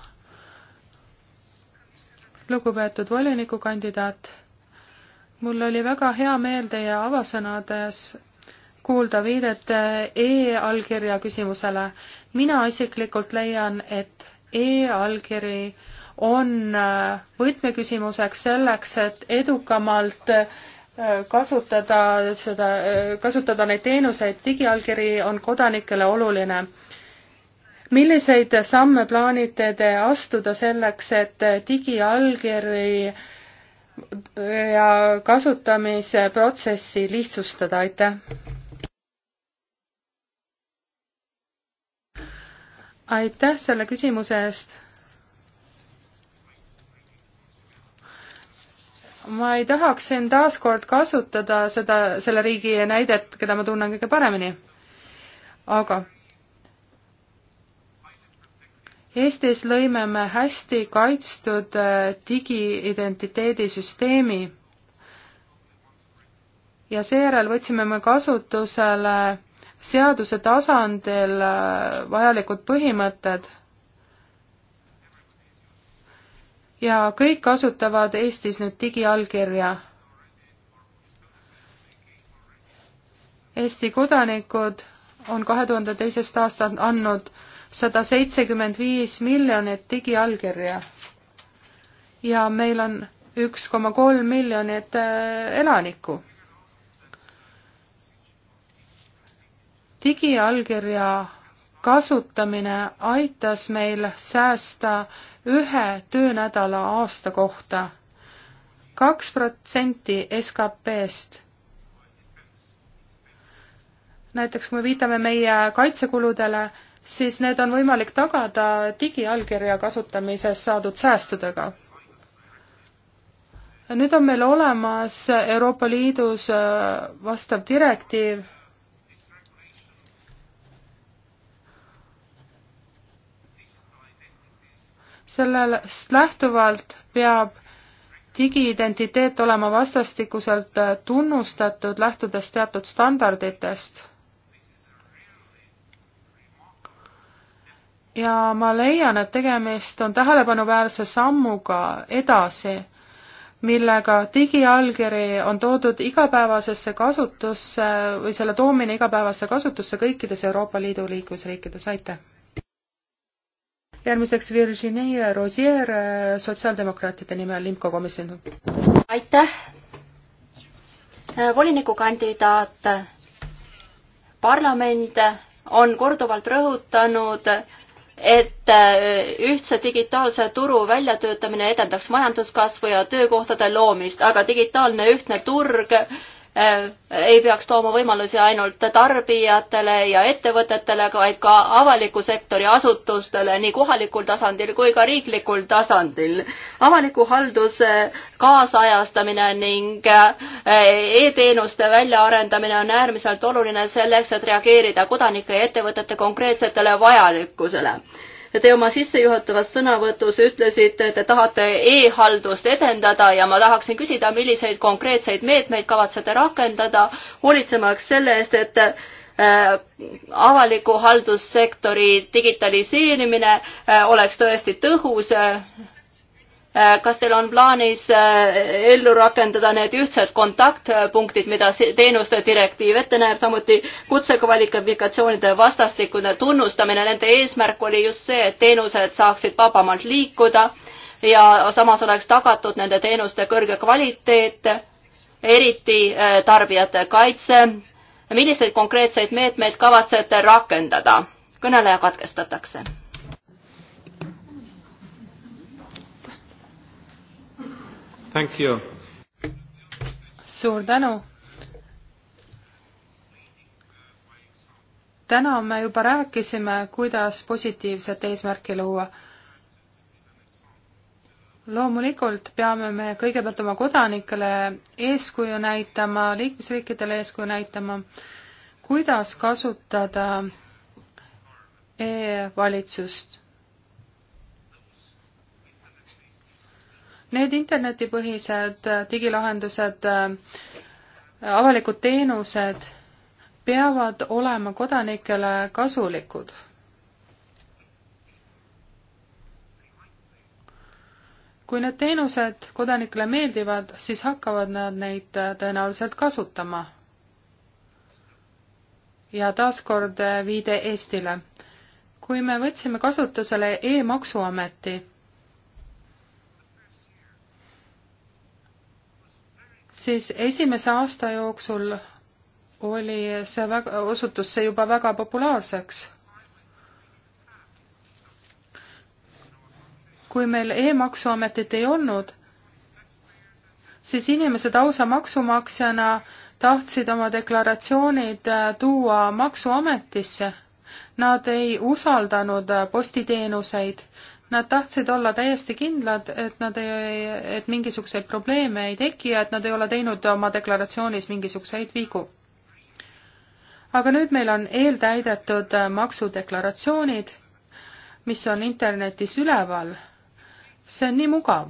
Speaker 1: lugupeetud volinikukandidaat mul oli väga hea meel teie avasõnades kuulda viidet e-allkirja küsimusele. mina isiklikult leian, et e-allkiri on äh, võtmeküsimuseks selleks, et edukamalt äh, kasutada seda, äh, kasutada neid teenuseid, digiallkiri on kodanikele oluline. milliseid samme plaanite te astuda selleks, et digiallkiri ja kasutamise protsessi lihtsustada, aitäh! aitäh selle küsimuse eest! ma ei tahaks siin taaskord kasutada seda, selle riigi näidet, keda ma tunnen kõige paremini. aga Eestis lõime me hästi kaitstud äh, digiidentiteedi süsteemi ja seejärel võtsime me kasutusele seaduse tasandil äh, vajalikud põhimõtted ja kõik kasutavad Eestis nüüd digiallkirja. Eesti kodanikud on kahe tuhande teisest aastast andnud sada seitsekümmend viis miljonit digiallkirja. ja meil on üks koma kolm miljonit äh, elanikku. digiallkirja kasutamine aitas meil säästa ühe töönädala aasta kohta kaks protsenti SKP-st. näiteks kui me viitame meie kaitsekuludele, siis need on võimalik tagada digiallkirja kasutamises saadud säästudega. nüüd on meil olemas Euroopa Liidus äh, vastav direktiiv, sellest lähtuvalt peab digiidentiteet olema vastastikuselt tunnustatud, lähtudes teatud standarditest ja ma leian, et tegemist on tähelepanuväärse sammuga edasi, millega digiallkiri on toodud igapäevasesse kasutusse või selle toomine igapäevasse kasutusse kõikides Euroopa Liidu liikmesriikides, aitäh! järgmiseks Virginie Rosier sotsiaaldemokraatide nimel IMCO komisjoni.
Speaker 3: aitäh! volinikukandidaat, parlament on korduvalt rõhutanud, et äh, ühtse digitaalse turu väljatöötamine edendaks majanduskasvu ja töökohtade loomist, aga digitaalne ühtne turg Äh, ei peaks tooma võimalusi ainult tarbijatele ja ettevõtetele, vaid ka avaliku sektori asutustele nii kohalikul tasandil kui ka riiklikul tasandil. avaliku halduse kaasajastamine ning äh, e-teenuste väljaarendamine on äärmiselt oluline selleks, et reageerida kodanike ja ettevõtete konkreetsetele vajalikkusele Te oma sissejuhatavas sõnavõtus ütlesite, et te tahate e-haldust edendada ja ma tahaksin küsida, milliseid konkreetseid meetmeid kavatsete rakendada, hoolitsemaks selle eest, et äh, avaliku haldussektori digitaliseerimine äh, oleks tõesti tõhus äh, Äh, kas teil on plaanis äh, ellu rakendada need ühtsed kontaktpunktid, mida teenuste direktiiv ette näeb, samuti kutsekvalifikatsioonide vastastikune tunnustamine, nende eesmärk oli just see, et teenused saaksid vabamalt liikuda ja samas oleks tagatud nende teenuste kõrge kvaliteet, eriti äh, tarbijate kaitse. milliseid konkreetseid meetmeid kavatsete rakendada? kõneleja katkestatakse
Speaker 1: suur tänu. täna me juba rääkisime, kuidas positiivset eesmärki luua. loomulikult peame me kõigepealt oma kodanikele eeskuju näitama, liikmesriikidele eeskuju näitama, kuidas kasutada e-valitsust Need internetipõhised äh, digilahendused, äh, avalikud teenused peavad olema kodanikele kasulikud. kui need teenused kodanikele meeldivad, siis hakkavad nad neid äh, tõenäoliselt kasutama. ja taaskord viide Eestile. kui me võtsime kasutusele e-maksuameti, siis esimese aasta jooksul oli see väga, osutus see juba väga populaarseks. kui meil e-maksuametit ei olnud, siis inimesed ausa maksumaksjana tahtsid oma deklaratsioonid äh, tuua Maksuametisse. Nad ei usaldanud postiteenuseid, Nad tahtsid olla täiesti kindlad, et nad ei, et mingisuguseid probleeme ei teki ja et nad ei ole teinud oma deklaratsioonis mingisuguseid vigu. aga nüüd meil on eeltäidetud maksudeklaratsioonid, mis on internetis üleval. see on nii mugav.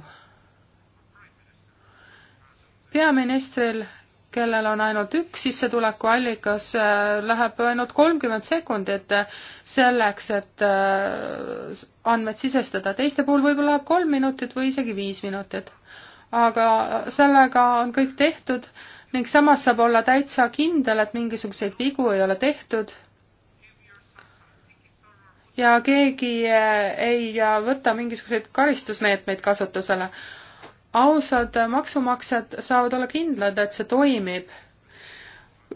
Speaker 1: peaministril kellel on ainult üks sissetulekuallikas, äh, läheb ainult kolmkümmend sekundit selleks, et äh, andmed sisestada, teiste puhul võib-olla läheb kolm minutit või isegi viis minutit. aga sellega on kõik tehtud ning samas saab olla täitsa kindel, et mingisuguseid vigu ei ole tehtud. ja keegi äh, ei võta mingisuguseid karistusmeetmeid kasutusele ausad maksumaksjad saavad olla kindlad, et see toimib.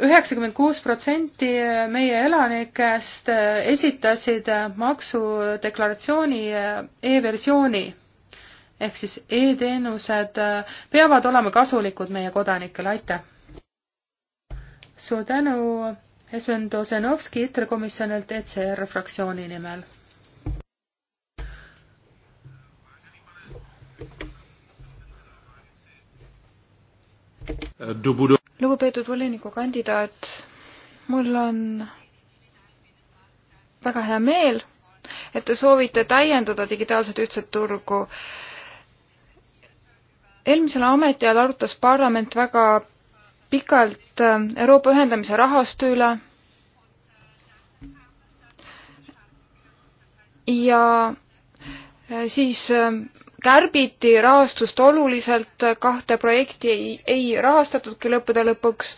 Speaker 1: üheksakümmend kuus protsenti meie elanikest esitasid maksudeklaratsiooni e-versiooni ehk siis e-teenused peavad olema kasulikud meie kodanikele, aitäh! suur tänu, Sven Dozenovski, ITRE komisjonilt ECR fraktsiooni nimel
Speaker 2: lugupeetud volinikukandidaat, mul on väga hea meel, et te soovite täiendada digitaalset ühtset turgu. eelmisel ametiajal arutas parlament väga pikalt ähm, Euroopa ühendamise rahastu üle ja äh, siis ähm, kärbiti rahastust oluliselt, kahte projekti ei, ei rahastatudki lõppude lõpuks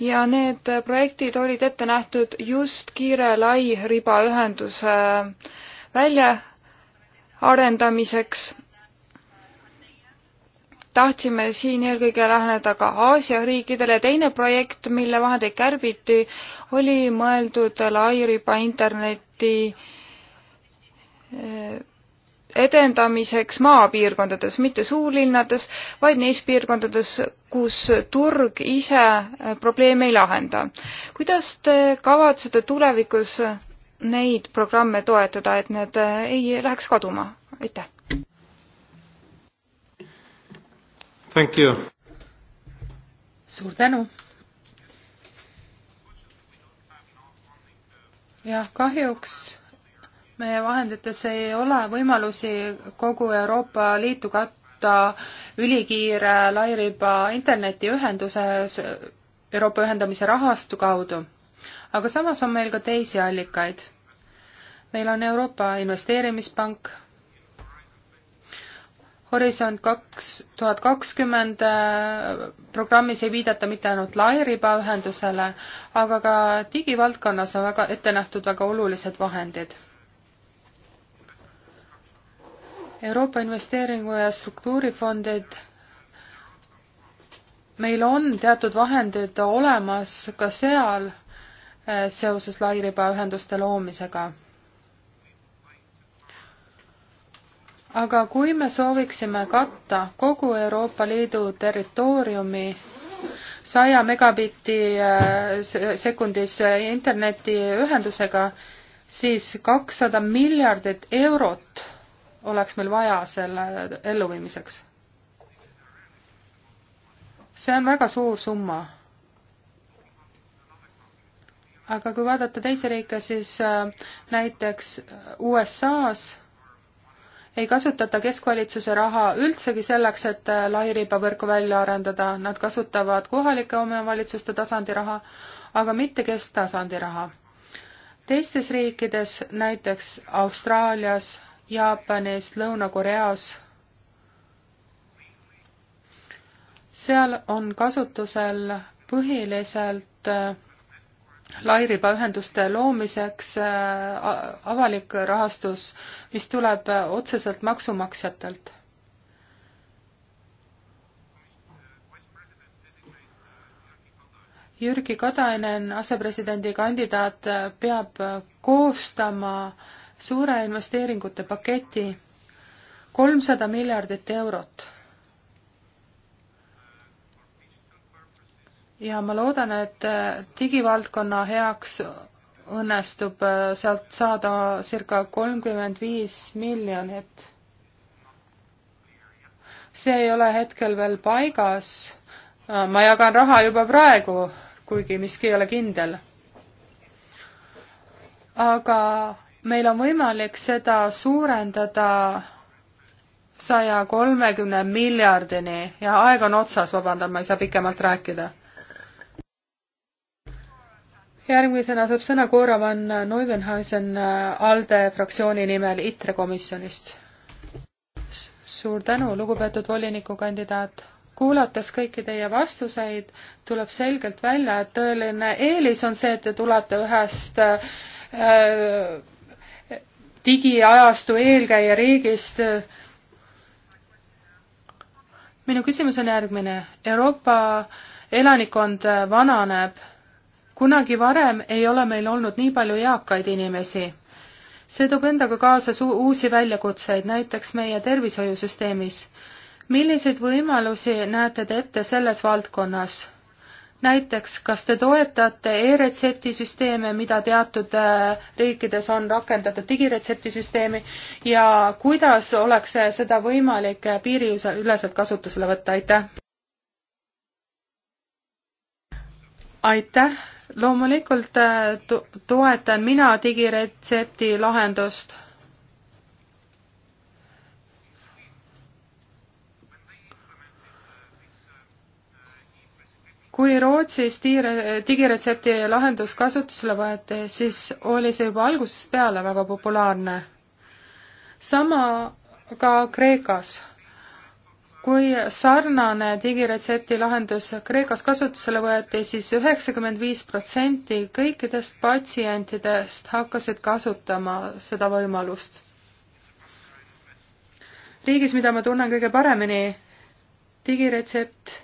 Speaker 2: ja need projektid olid ette nähtud just kiire lai ribaühenduse väljaarendamiseks. tahtsime siin eelkõige läheneda ka Aasia riikidele. teine projekt, mille vahendeid kärbiti, oli mõeldud lairiba interneti eh, edendamiseks maapiirkondades, mitte suurlinnades, vaid neis piirkondades, kus turg ise äh, probleeme ei lahenda. kuidas te kavatsete tulevikus neid programme toetada, et need äh, ei läheks kaduma? aitäh!
Speaker 1: suur tänu! jah, kahjuks meie vahendites ei ole võimalusi kogu Euroopa Liitu katta ülikiire lairiba internetiühenduses Euroopa ühendamise rahastu kaudu. aga samas on meil ka teisi allikaid. meil on Euroopa Investeerimispank, Horisont kaks tuhat kakskümmend programmis ei viidata mitte ainult lairibaühendusele, aga ka digivaldkonnas on väga ette nähtud väga olulised vahendid Euroopa Investeeringu- ja Struktuurifondid, meil on teatud vahendid olemas ka seal eh, seoses lairibaühenduste loomisega. aga kui me sooviksime katta kogu Euroopa Liidu territooriumi saja megabitti eh, sekundis internetiühendusega, siis kakssada miljardit eurot oleks meil vaja selle elluviimiseks? see on väga suur summa. aga kui vaadata teisi riike, siis äh, näiteks äh, USA-s ei kasutata keskvalitsuse raha üldsegi selleks, et äh, lairibavõrku välja arendada, nad kasutavad kohalike omavalitsuste tasandi raha, aga mitte kesktasandi raha. teistes riikides, näiteks Austraalias, Jaapanis, Lõuna-Koreas. seal on kasutusel põhiliselt äh, lairibaühenduste loomiseks äh, avalik rahastus, mis tuleb äh, otseselt maksumaksjatelt. Jürgi Katainen, asepresidendi kandidaat, peab koostama äh, suure investeeringute paketi kolmsada miljardit eurot. ja ma loodan, et äh, digivaldkonna heaks õnnestub äh, sealt saada circa kolmkümmend viis miljonit. see ei ole hetkel veel paigas. Äh, ma jagan raha juba praegu, kuigi miski ei ole kindel. aga meil on võimalik seda suurendada saja kolmekümne miljardini ja aeg on otsas, vabandan, ma ei saa pikemalt rääkida. järgmisena saab sõna Cora van Neuvenhuisen äh, ALDE fraktsiooni nimel ITRE komisjonist. suur tänu, lugupeetud volinikukandidaat. kuulates kõiki teie vastuseid, tuleb selgelt välja, et tõeline eelis on see, et te tulete ühest äh, digiajastu eelkäija riigist. minu küsimus on järgmine. Euroopa elanikkond vananeb. kunagi varem ei ole meil olnud nii palju eakaid inimesi. see toob endaga kaasa uusi väljakutseid, näiteks meie tervishoiusüsteemis. milliseid võimalusi näete te ette selles valdkonnas? näiteks, kas te toetate e-retsepti süsteeme, mida teatud äh, riikides on rakendatud digiretsepti süsteemi ja kuidas oleks äh, seda võimalik äh, piiriüleselt kasutusele võtta, aitäh! aitäh, loomulikult toetan mina digiretsepti lahendust kui Rootsis digiretsepti lahendus kasutusele võeti, siis oli see juba algusest peale väga populaarne. sama ka Kreekas. kui sarnane digiretsepti lahendus Kreekas kasutusele võeti siis, siis üheksakümmend viis protsenti kõikidest patsientidest hakkasid kasutama seda võimalust. riigis, mida ma tunnen kõige paremini, digiretsept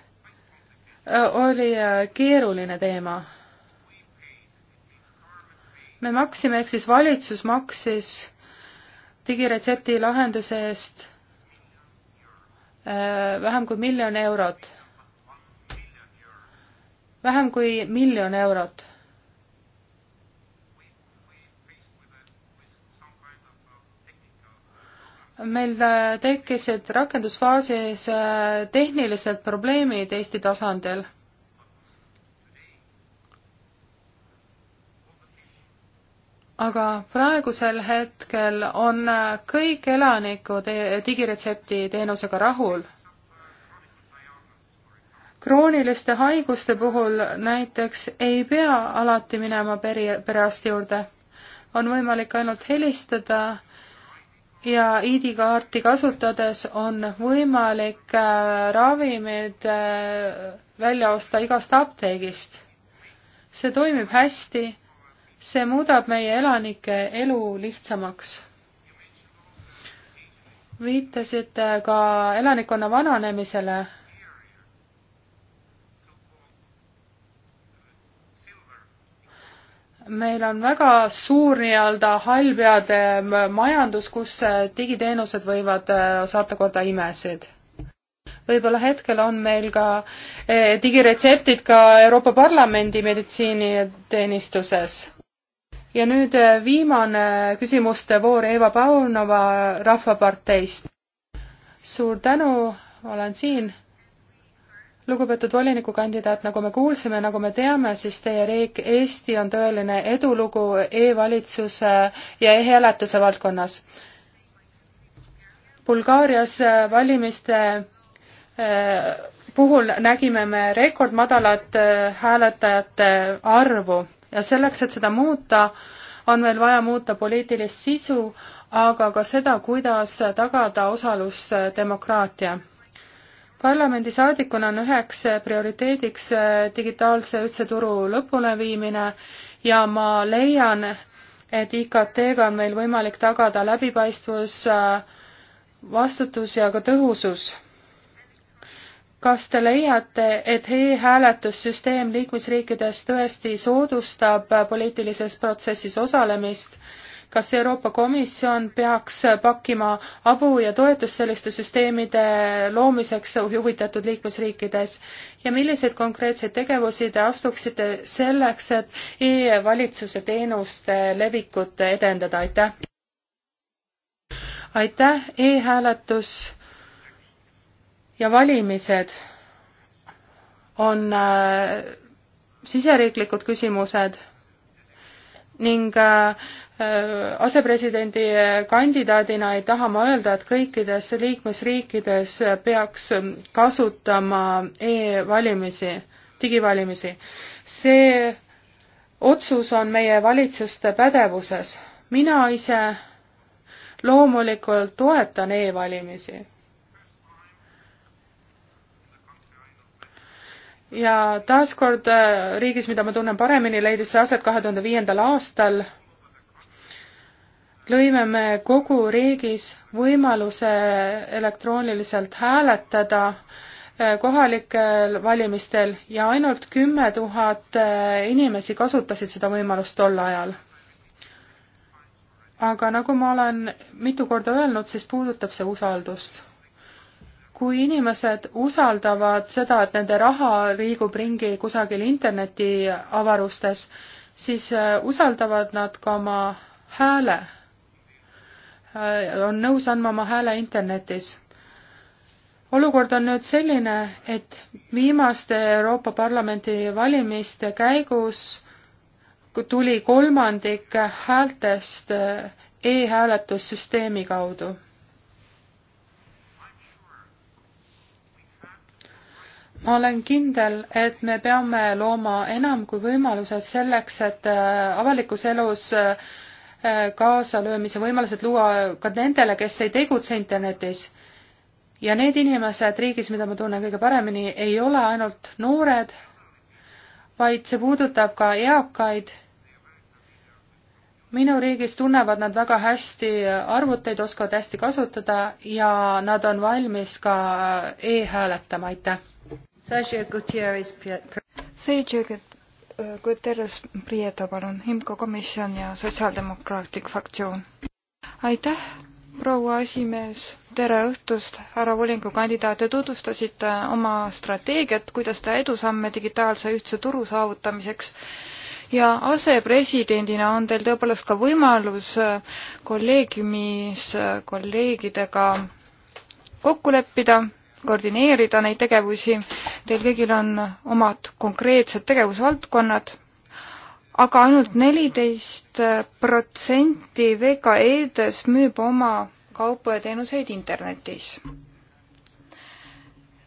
Speaker 1: oli äh, keeruline teema. me maksime, ehk siis valitsus maksis digiretsepti lahenduse eest äh, vähem kui miljon eurot. vähem kui miljon eurot meil äh, tekkisid rakendusfaasis äh, tehnilised probleemid Eesti tasandil. aga praegusel hetkel on äh, kõik elanikud digiretsepti teenusega rahul. krooniliste haiguste puhul näiteks ei pea alati minema peri, perearsti juurde. on võimalik ainult helistada ja ID-kaarti kasutades on võimalik äh, ravimid äh, välja osta igast apteegist. see toimib hästi, see muudab meie elanike elu lihtsamaks. viitasite ka elanikkonna vananemisele meil on väga suur nii-öelda hallpeade majandus, kus äh, digiteenused võivad äh, saata korda imesid. võib-olla hetkel on meil ka äh, digiretseptid ka Euroopa Parlamendi meditsiiniteenistuses. ja nüüd viimane küsimuste voor Eva Paunova Rahvaparteist. suur tänu, olen siin lugupeetud volinikukandidaat, nagu me kuulsime, nagu me teame, siis teie riik Eesti on tõeline edulugu e-valitsuse ja e-hääletuse valdkonnas. Bulgaarias äh, valimiste äh, puhul nägime me rekordmadalat äh, hääletajate arvu ja selleks, et seda muuta, on meil vaja muuta poliitilist sisu, aga ka seda, kuidas tagada osalus demokraatia parlamendisaadikuna on üheks prioriteediks äh, digitaalse ühtse turu lõpuleviimine ja ma leian, et IKT-ga on meil võimalik tagada läbipaistvus, äh, vastutus ja ka tõhusus. kas te leiate, et e-hääletussüsteem liikmesriikides tõesti soodustab äh, poliitilises protsessis osalemist kas Euroopa Komisjon peaks pakkima abu ja toetust selliste süsteemide loomiseks huvitatud liikmesriikides ja milliseid konkreetseid tegevusi te astuksite selleks, et e-valitsuse teenuste levikut edendada, aitäh! aitäh e, e-hääletus ja valimised on äh, siseriiklikud küsimused ning äh, Äh, asepresidendi äh, kandidaadina ei taha ma öelda, et kõikides liikmesriikides äh, peaks ähm, kasutama e-valimisi, digivalimisi. see otsus on meie valitsuste pädevuses. mina ise loomulikult toetan e-valimisi ja taaskord riigis, mida ma tunnen paremini, leidis see aset kahe tuhande viiendal aastal lõime me kogu riigis võimaluse elektrooniliselt hääletada eh, kohalikel valimistel ja ainult kümme tuhat eh, inimesi kasutasid seda võimalust tol ajal. aga nagu ma olen mitu korda öelnud, siis puudutab see usaldust. kui inimesed usaldavad seda, et nende raha liigub ringi kusagil interneti avarustes, siis eh, usaldavad nad ka oma hääle Äh, on nõus andma oma hääle internetis. olukord on nüüd selline, et viimaste Euroopa Parlamendi valimiste käigus tuli kolmandik häältest äh, e-hääletussüsteemi kaudu ma olen kindel, et me peame looma enam kui võimalused selleks, et äh, avalikus elus Äh, kaasalöömise võimalused luua ka nendele, kes ei tegutse internetis. ja need inimesed riigis, mida ma tunnen kõige paremini, ei ole ainult noored, vaid see puudutab ka eakaid. minu riigis tunnevad nad väga hästi arvuteid, oskavad hästi kasutada ja nad on valmis ka äh, e-hääletama, aitäh. Sergio Gutierrez.
Speaker 2: Sergio Guterres Prieto, palun, IMCO komisjon ja Sotsiaaldemokraatlik fraktsioon. aitäh, proua esimees, tere õhtust, härra volinikukandidaat, te tutvustasite oma strateegiat, kuidas teha edusamme digitaalse ühtse turu saavutamiseks ja asepresidendina on teil tõepoolest ka võimalus äh, kolleegiumis äh, kolleegidega kokku leppida koordineerida neid tegevusi. Teil kõigil on omad konkreetsed tegevusvaldkonnad, aga ainult neliteist protsenti VKE-dest müüb oma kaupu ja teenuseid internetis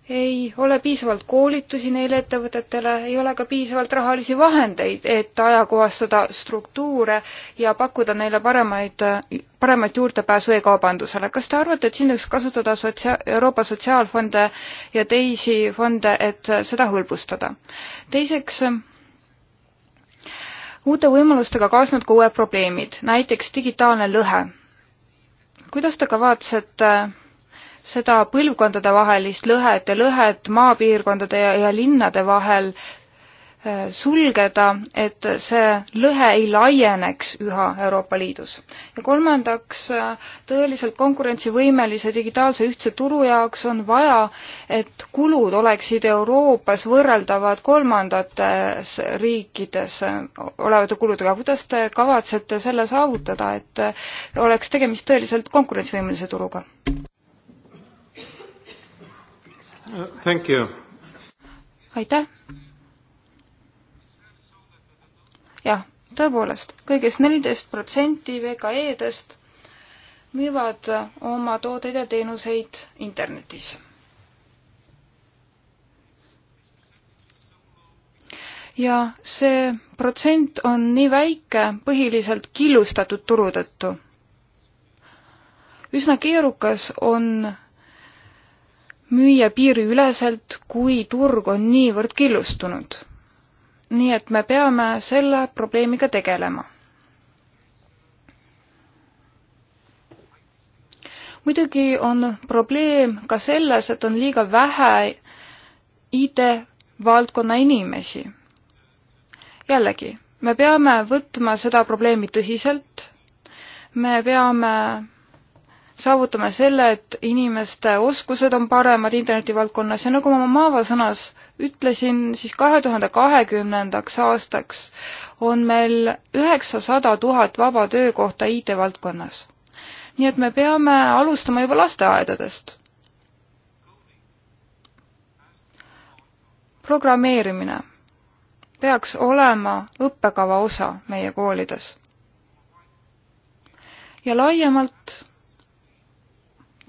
Speaker 2: ei ole piisavalt koolitusi neile ettevõtetele, ei ole ka piisavalt rahalisi vahendeid, et ajakohastada struktuure ja pakkuda neile paremaid, paremat juurdepääsu e-kaubandusele. kas te arvate, et siin võiks kasutada sotsia-, Euroopa Sotsiaalfonde ja teisi fonde, et seda hõlbustada? teiseks, uute võimalustega kaasnevad ka uued probleemid, näiteks digitaalne lõhe. kuidas te kavatsete seda põlvkondadevahelist lõhet ja lõhet maapiirkondade ja, ja linnade vahel äh, sulgeda, et see lõhe ei laieneks üha Euroopa Liidus. ja kolmandaks, äh, tõeliselt konkurentsivõimelise digitaalse ühtse turu jaoks on vaja, et kulud oleksid Euroopas võrreldavad kolmandates riikides äh, olevate kuludega. kuidas te kavatsete selle saavutada, et oleks tegemist tõeliselt konkurentsivõimelise turuga? aitäh! jah, tõepoolest kõigest, kõigest neliteist protsenti VKE-dest müüvad oma tooteid ja teenuseid internetis. ja see protsent on nii väike põhiliselt killustatud turu tõttu. üsna keerukas on müüa piiriüleselt, kui turg on niivõrd killustunud. nii et me peame selle probleemiga tegelema. muidugi on probleem ka selles, et on liiga vähe IT-valdkonna inimesi. jällegi, me peame võtma seda probleemi tõsiselt, me peame saavutame selle, et inimeste oskused on paremad interneti valdkonnas ja nagu ma oma maavasõnas ütlesin, siis kahe tuhande kahekümnendaks aastaks on meil üheksasada tuhat vaba töökohta IT-valdkonnas. nii et me peame alustama juba lasteaedadest. programmeerimine peaks olema õppekava osa meie koolides. ja laiemalt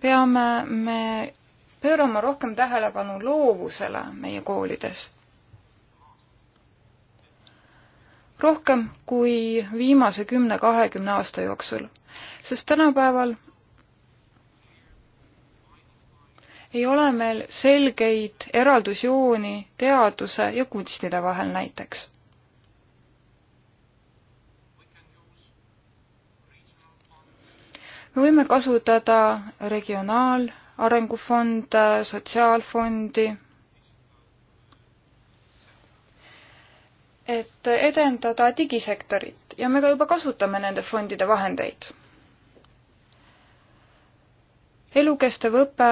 Speaker 2: peame me pöörama rohkem tähelepanu loovusele meie koolides. rohkem kui viimase kümne-kahekümne aasta jooksul, sest tänapäeval ei ole meil selgeid eraldusjooni teaduse ja kunstide vahel näiteks me võime kasutada regionaalarengufonde, sotsiaalfondi, et edendada digisektorit ja me ka juba kasutame nende fondide vahendeid. elukestev õpe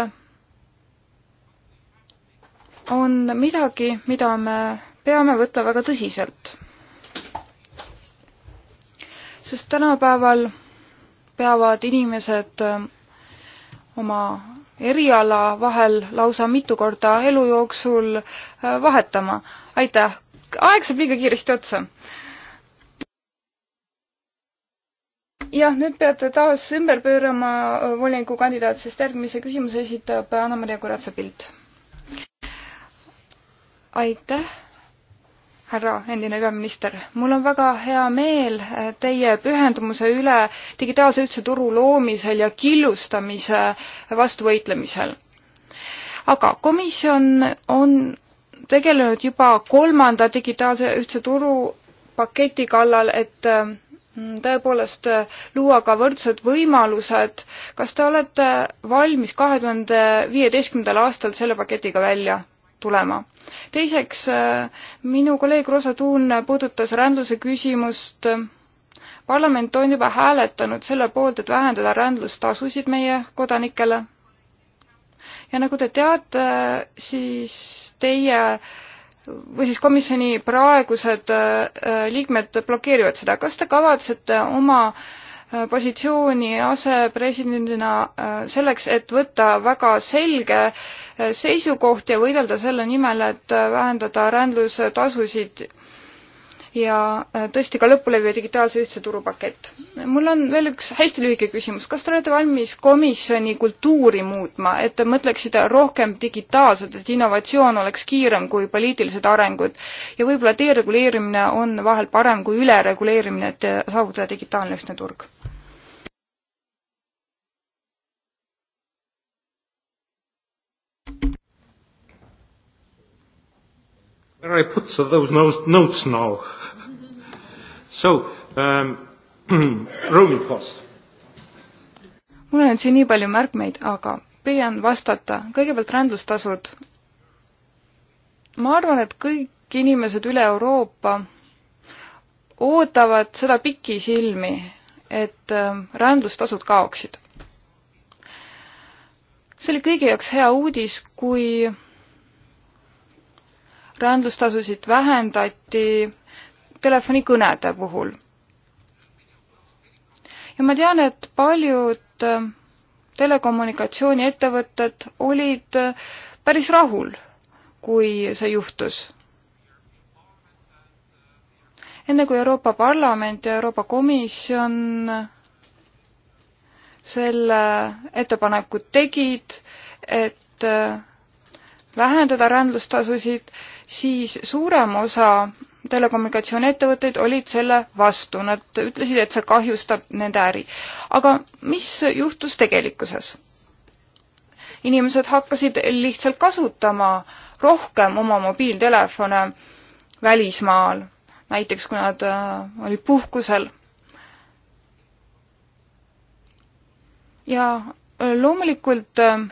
Speaker 2: on midagi, mida me peame võtma väga tõsiselt. sest tänapäeval peavad inimesed äh, oma eriala vahel lausa mitu korda elu jooksul äh, vahetama. aitäh, aeg saab liiga kiiresti otsa. jah, nüüd peate taas ümber pöörama äh, voliniku kandidaat, sest järgmise küsimuse esitab Anna-Maria Kuratsa pilt. aitäh härra endine peaminister, mul on väga hea meel äh, teie pühendumuse üle digitaalse ühtse turu loomisel ja killustamise vastu võitlemisel. aga komisjon on tegelenud juba kolmanda digitaalse ühtse turu paketi kallal, et äh, tõepoolest äh, luua ka võrdsed võimalused. kas te olete valmis kahe tuhande viieteistkümnendal aastal selle paketiga välja tulema? teiseks, äh, minu kolleeg Rosa Tuun puudutas rändluse küsimust. parlament on juba hääletanud selle poolt, et vähendada rändlustasusid meie kodanikele. ja nagu te teate, siis teie või siis komisjoni praegused äh, liikmed blokeerivad seda. kas te kavatsete oma äh, Äh, positsiooni asepresidendina äh, selleks, et võtta väga selge äh, seisukoht ja võidelda selle nimel, et vähendada rändlustasusid ja tõesti ka lõpule viia digitaalse ühtse turupakett. mul on veel üks hästi lühike küsimus, kas te olete valmis komisjoni kultuuri muutma, et te mõtleksite rohkem digitaalselt, et innovatsioon oleks kiirem kui poliitilised arengud ja võib-olla dereguleerimine on vahel parem kui ülereguleerimine, et saavutada digitaalne
Speaker 4: ühtne turg? Where I put those notes now? So um, roaming costs.
Speaker 2: mul on siin nii palju märkmeid, aga püüan vastata. kõigepealt rändlustasud. ma arvan, et kõik inimesed üle Euroopa ootavad seda pikisilmi, et ähm, rändlustasud kaoksid. see oli kõigi jaoks hea uudis, kui rändlustasusid vähendati telefonikõnede puhul. ja ma tean, et paljud telekommunikatsiooniettevõtted olid päris rahul, kui see juhtus. enne kui Euroopa Parlament ja Euroopa Komisjon selle ettepaneku tegid, et vähendada rändlustasusid, siis suurem osa telekommunikatsiooniettevõtteid olid selle vastu, nad ütlesid, et see kahjustab nende äri. aga mis juhtus tegelikkuses? inimesed hakkasid lihtsalt kasutama rohkem oma mobiiltelefone välismaal, näiteks kui nad äh, olid puhkusel. ja loomulikult äh,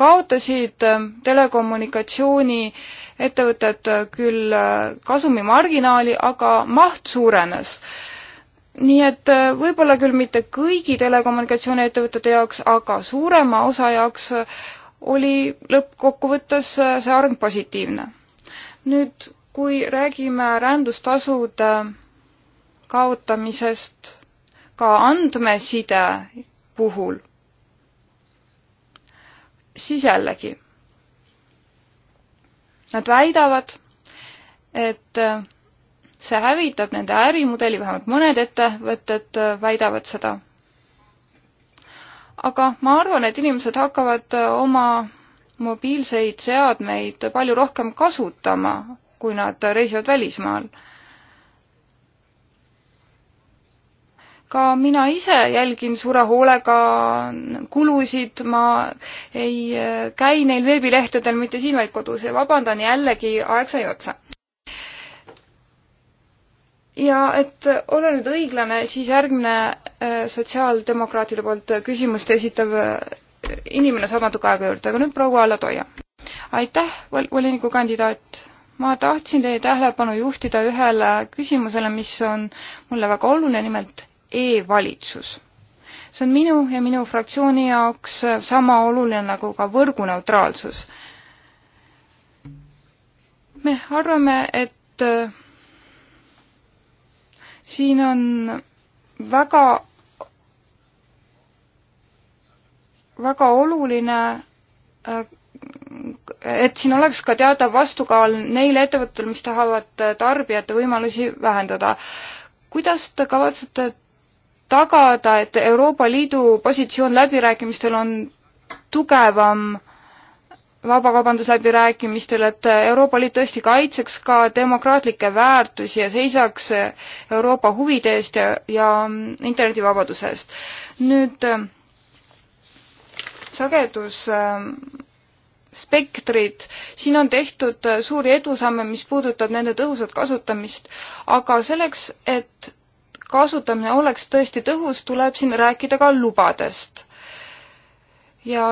Speaker 2: kaotasid äh, telekommunikatsiooni ettevõtted äh, küll äh, kasumimarginaali, aga maht suurenes. nii et võib-olla küll mitte kõigi telekommunikatsiooniettevõtete jaoks, aga suurema osa jaoks oli lõppkokkuvõttes see areng positiivne. nüüd, kui räägime rändustasude kaotamisest ka andmeside puhul siis jällegi nad väidavad, et äh, see hävitab nende ärimudeli, vähemalt mõned ettevõtted äh, väidavad seda. aga ma arvan, et inimesed hakkavad äh, oma mobiilseid seadmeid palju rohkem kasutama, kui nad reisivad välismaal ka mina ise jälgin suure hoolega kulusid, ma ei äh, käi neil veebilehtedel mitte siin, vaid kodus ja vabandan jällegi, aeg sai otsa. ja et olla nüüd õiglane, siis järgmine äh, sotsiaaldemokraatide poolt küsimust esitav äh, inimene saab natuke aega juurde, aga nüüd proua Alla Toia. aitäh, volinikukandidaat ma tahtsin teie tähelepanu juhtida ühele küsimusele, mis on mulle väga oluline, nimelt e-valitsus. see on minu ja minu fraktsiooni jaoks sama oluline nagu ka võrguneutraalsus. me arvame, et äh, siin on väga, väga oluline äh, et siin oleks ka teatav vastukaal neile ettevõttele, mis tahavad tarbijate võimalusi vähendada. kuidas te kavatsete tagada, et Euroopa Liidu positsioon läbirääkimistel on tugevam vabakaubandusläbirääkimistel, et Euroopa Liit tõesti kaitseks ka demokraatlikke väärtusi ja seisaks Euroopa huvide eest ja, ja internetivabaduse eest. nüüd sagedusspektrid, siin on tehtud suuri edusamme, mis puudutab nende tõhusat kasutamist, aga selleks, et kasutamine oleks tõesti tõhus, tuleb siin rääkida ka lubadest. ja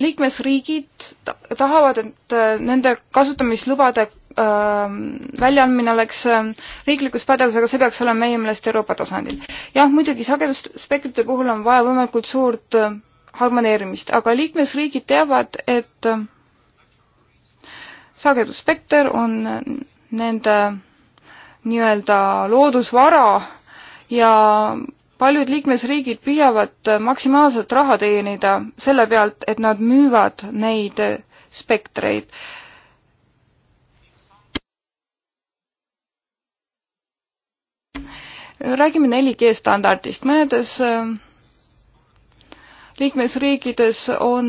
Speaker 2: liikmesriigid tahavad, et äh, nende kasutamislubade ähm, väljaandmine oleks ähm, riiklikus pädevus, aga see peaks olema meie meelest Euroopa tasandil. jah, muidugi sagedusspektrite puhul on vaja võimalikult suurt äh, harmoneerimist, aga liikmesriigid teavad, et äh, sagedusspekter on nende nii-öelda loodusvara ja paljud liikmesriigid püüavad maksimaalselt raha teenida selle pealt, et nad müüvad neid spektreid. räägime 4G standardist, mõnedes liikmesriikides on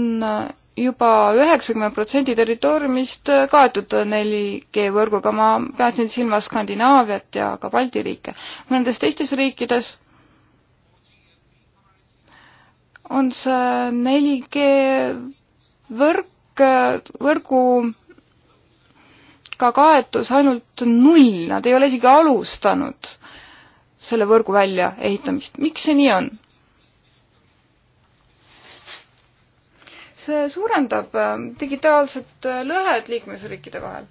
Speaker 2: juba üheksakümmend protsenti territooriumist kaetud 4G võrguga, ma peatsin silmas Skandinaaviat ja ka Balti riike. mõnedes teistes riikides on see 4G võrk, võrgu ka kaetus ainult null, nad ei ole isegi alustanud selle võrgu väljaehitamist. miks see nii on? see suurendab äh, digitaalset äh, lõhet liikmesriikide vahel.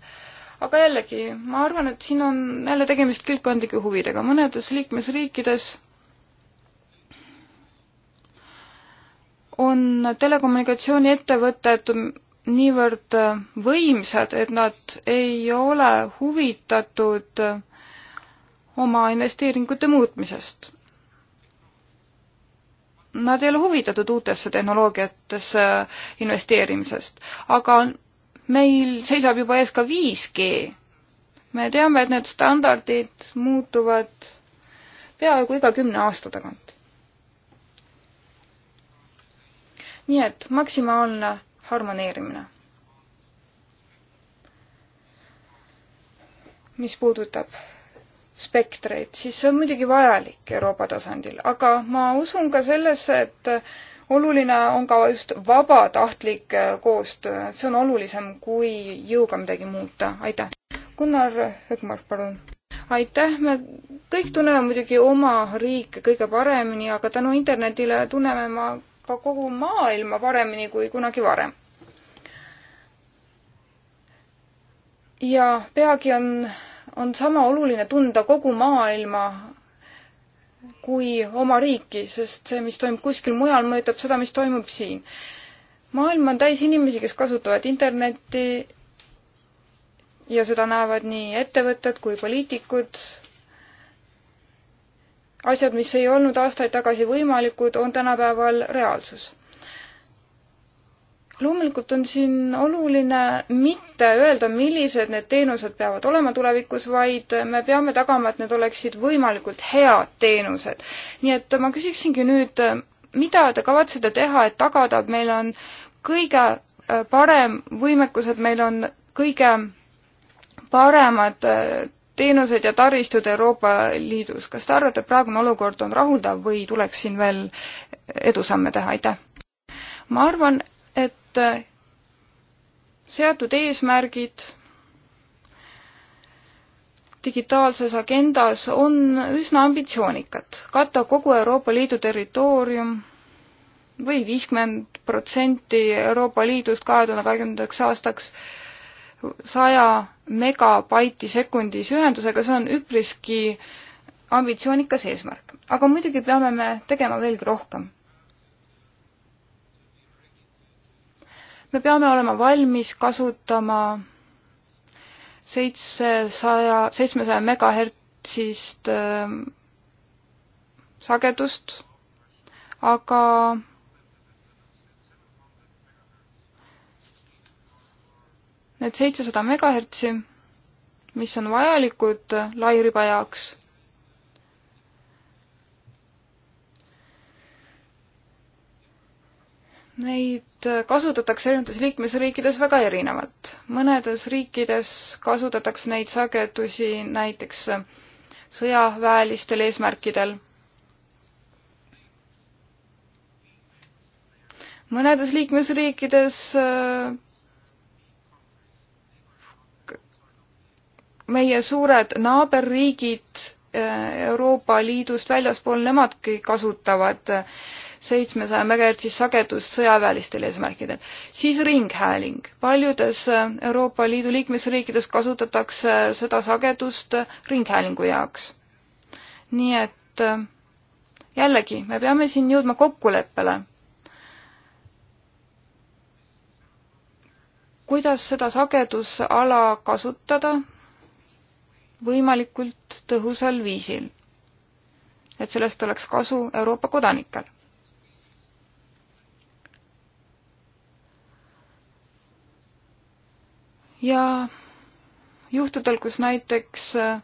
Speaker 2: aga jällegi, ma arvan, et siin on jälle tegemist külgkondlike huvidega, mõnedes liikmesriikides on telekommunikatsiooniettevõtted niivõrd äh, võimsad, et nad ei ole huvitatud oma investeeringute muutmisest nad ei ole huvitatud uutesse tehnoloogiatesse investeerimisest. aga meil seisab juba ees ka 5G. me teame, et need standardid muutuvad peaaegu iga kümne aasta tagant. nii et maksimaalne harmoneerimine. mis puudutab spektreid, siis see on muidugi vajalik Euroopa tasandil, aga ma usun ka sellesse, et oluline on ka just vabatahtlik äh, koostöö, et see on olulisem kui jõuga midagi muuta, aitäh. Gunnar Hökmark, palun. aitäh, me kõik tunneme muidugi oma riike kõige paremini, aga tänu internetile tunneme ma ka kogu maailma paremini kui kunagi varem. ja peagi on on sama oluline tunda kogu maailma kui oma riiki, sest see, mis toimub kuskil mujal, mõjutab seda, mis toimub siin. maailm on täis inimesi, kes kasutavad internetti ja seda näevad nii ettevõtted kui poliitikud. asjad, mis ei olnud aastaid tagasi võimalikud, on tänapäeval reaalsus loomulikult on siin oluline mitte öelda, millised need teenused peavad olema tulevikus, vaid me peame tagama, et need oleksid võimalikult head teenused. nii et ma küsiksingi nüüd, mida te kavatsete teha, et tagada, et meil on kõige äh, parem võimekus, et meil on kõige paremad äh, teenused ja taristud Euroopa Liidus. kas te arvate, et praegune olukord on rahuldav või tuleks siin veel edusamme teha? aitäh! ma arvan, et äh, seatud eesmärgid digitaalses agendas on üsna ambitsioonikad, katta kogu Euroopa Liidu territoorium või viiskümmend protsenti Euroopa Liidust kahe tuhande kahekümnendaks aastaks saja megabaiti sekundis ühendusega, see on üpriski ambitsioonikas eesmärk. aga muidugi peame me tegema veelgi rohkem. me peame olema valmis kasutama seitsesaja, seitsmesaja megahertsist äh, sagedust, aga need seitsesada megahertsi, mis on vajalikud lairiba jaoks Neid äh, kasutatakse erinevates liikmesriikides väga erinevalt. mõnedes riikides kasutatakse neid sagedusi näiteks äh, sõjaväelistel eesmärkidel. mõnedes liikmesriikides äh, meie suured naaberriigid Euroopa Liidust väljaspool, nemadki kasutavad seitsmesaja megahertsist sagedust sõjaväelistel eesmärkidel. siis ringhääling. paljudes äh, Euroopa Liidu liikmesriikides kasutatakse äh, seda sagedust äh, ringhäälingu jaoks. nii et jällegi, me peame siin jõudma kokkuleppele kuidas seda sagedusala kasutada võimalikult tõhusal viisil, et sellest oleks kasu Euroopa kodanikel. ja juhtudel, kus näiteks äh,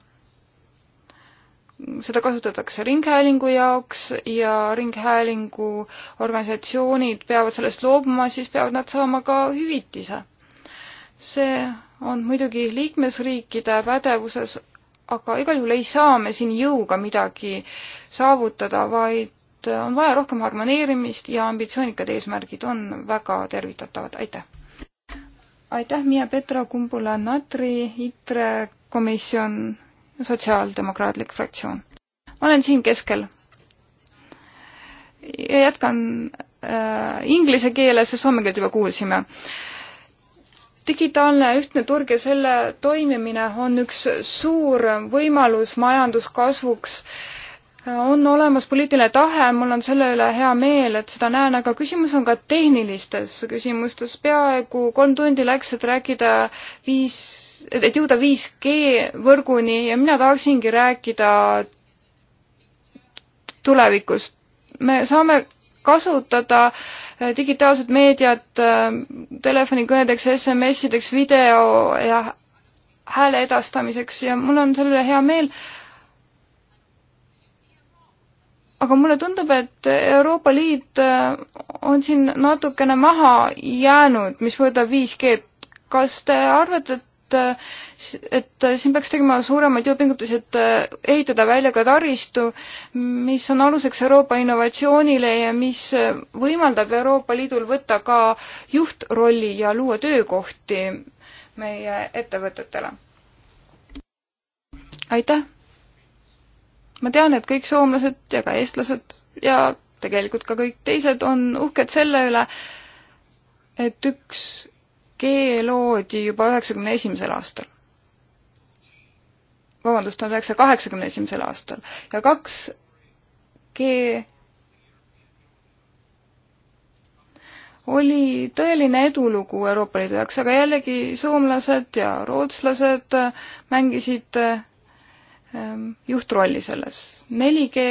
Speaker 2: seda kasutatakse ringhäälingu jaoks ja ringhäälingu organisatsioonid peavad sellest loobuma, siis peavad nad saama ka hüvitise. see on muidugi liikmesriikide pädevuses, aga igal juhul ei saa me siin jõuga midagi saavutada, vaid on vaja rohkem harmoneerimist ja ambitsioonikad eesmärgid on väga tervitatavad, aitäh! aitäh, Miia Petra, Kumbula Natri, ITRE komisjon, Sotsiaaldemokraatlik fraktsioon. ma olen siin keskel. ja jätkan äh, inglise keeles ja soome keelt juba kuulsime digitaalne ühtne turg ja selle toimimine on üks suur võimalus majanduskasvuks äh, on olemas poliitiline tahe, mul on selle üle hea meel, et seda näen, aga küsimus on ka tehnilistes küsimustes. peaaegu kolm tundi läks, et rääkida viis, et jõuda 5G võrguni ja mina tahaksingi rääkida tulevikust. me saame kasutada eh, digitaalset meediat eh, telefonikõnedeks, SMS-ideks, video ja hääle edastamiseks ja mul on selle üle hea meel aga mulle tundub, et Euroopa Liit äh, on siin natukene maha jäänud, mis puudutab 5G-d. kas te arvate, et, äh, et siin peaks tegema suuremaid jõupingutusi, et äh, ehitada välja ka taristu, mis on aluseks Euroopa innovatsioonile ja mis võimaldab Euroopa Liidul võtta ka juhtrolli ja luua töökohti meie ettevõtetele? aitäh! ma tean, et kõik soomlased ja ka eestlased ja tegelikult ka kõik teised on uhked selle üle, et üks G loodi juba üheksakümne esimesel aastal. vabandust, tuhande üheksasaja kaheksakümne esimesel aastal ja kaks G oli tõeline edulugu Euroopa Liidu jaoks, aga jällegi soomlased ja rootslased mängisid Ähm, juhtrolli selles. 4G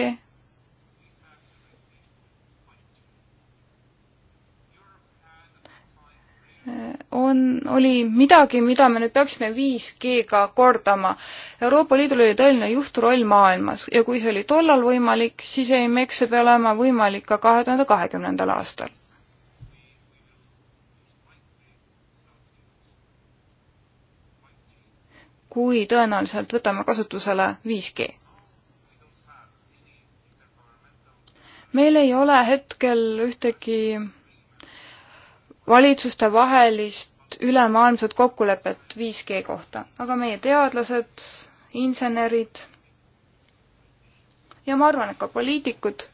Speaker 2: on, oli midagi, mida me nüüd peaksime 5G-ga kordama. Euroopa Liidul oli tõeline juhtroll maailmas ja kui see oli tollal võimalik, siis ei meks see peale olema võimalik ka kahe tuhande kahekümnendal aastal. kui tõenäoliselt võtame kasutusele 5G. meil ei ole hetkel ühtegi valitsustevahelist ülemaailmset kokkulepet 5G kohta, aga meie teadlased, insenerid ja ma arvan, et ka poliitikud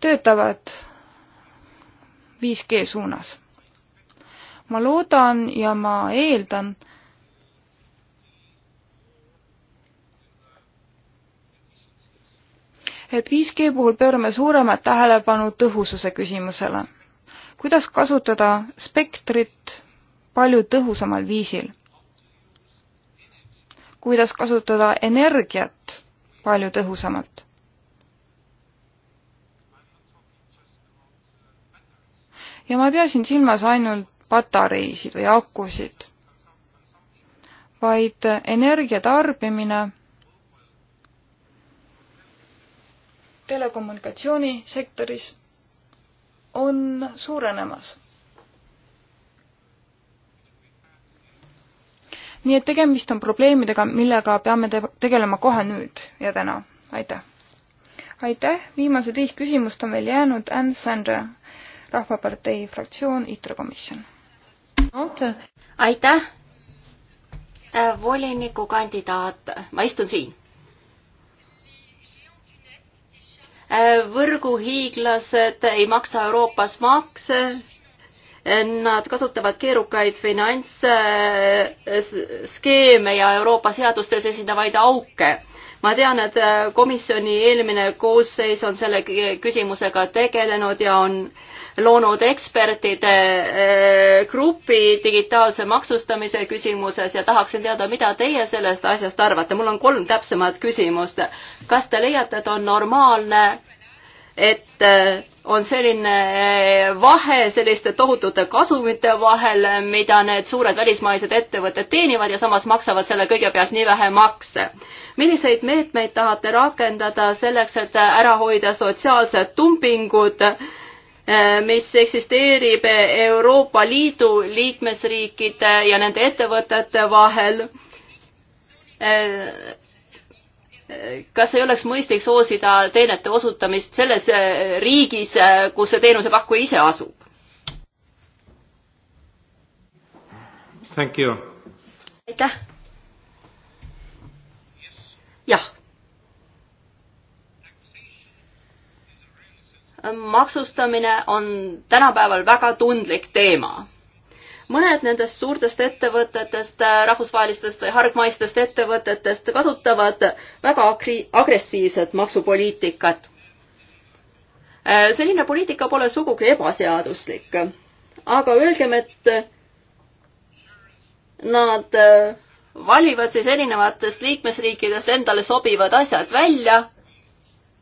Speaker 2: töötavad 5G suunas. ma loodan ja ma eeldan, et 5G puhul pöörame suuremat tähelepanu tõhususe küsimusele. kuidas kasutada spektrit palju tõhusamal viisil? kuidas kasutada energiat palju tõhusamalt? ja ma ei pea siin silmas ainult patareisid või akusid, vaid energia tarbimine telekommunikatsioonisektoris on suurenemas. nii et tegemist on probleemidega, millega peame te tegelema kohe nüüd ja täna. aitäh! aitäh, viimased viis küsimust on veel jäänud, Ann Sandra, Rahvapartei fraktsioon, ITRO komisjon.
Speaker 3: aitäh! Äh, volinikukandidaat, ma istun siin võrguhiiglased ei maksa Euroopas makse, nad kasutavad keerukaid finantsskeeme ja Euroopa seadustes esinevaid auke ma tean, et äh, komisjoni eelmine koosseis on selle küsimusega tegelenud ja on loonud ekspertide äh, grupi digitaalse maksustamise küsimuses ja tahaksin teada, mida teie sellest asjast arvate. mul on kolm täpsemat küsimust. kas te leiate, et on normaalne, et äh, on selline eh, vahe selliste tohutute kasumite vahel, mida need suured välismaised ettevõtted teenivad ja samas maksavad selle kõigepealt nii vähe makse. milliseid meetmeid tahate rakendada selleks, et ära hoida sotsiaalsed dumpingud, eh, mis eksisteerib Euroopa Liidu liikmesriikide ja nende ettevõtete vahel? Eh, kas ei oleks mõistlik soosida teenete osutamist selles äh, riigis, äh, kus see teenusepakkuja ise asub? aitäh. jah. maksustamine on tänapäeval väga tundlik teema mõned nendest suurtest ettevõtetest, rahvusvahelistest või hargmaistest ettevõtetest kasutavad väga agressiivset maksupoliitikat. Äh, selline poliitika pole sugugi ebaseaduslik, aga öelgem, et nad äh, valivad siis erinevatest liikmesriikidest endale sobivad asjad välja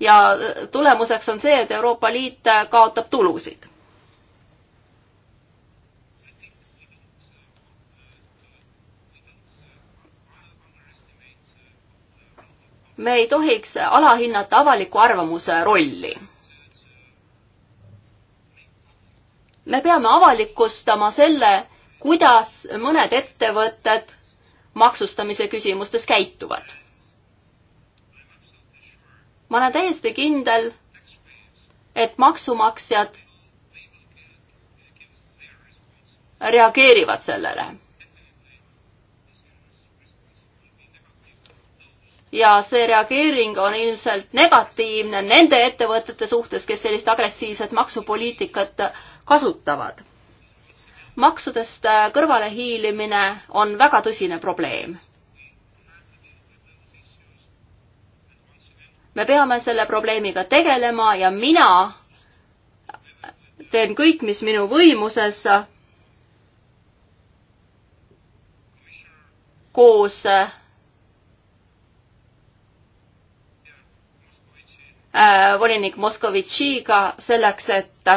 Speaker 3: ja äh, tulemuseks on see, et Euroopa Liit kaotab tulusid me ei tohiks alahinnata avaliku arvamuse rolli. me peame avalikustama selle, kuidas mõned ettevõtted maksustamise küsimustes käituvad. ma olen täiesti kindel, et maksumaksjad reageerivad sellele ja see reageering on ilmselt negatiivne nende ettevõtete suhtes, kes sellist agressiivset maksupoliitikat kasutavad. maksudest äh, kõrvalehiilimine on väga tõsine probleem me peame selle probleemiga tegelema ja mina teen kõik, mis minu võimuses koos äh, Äh, volinik Moskovitšiga selleks, et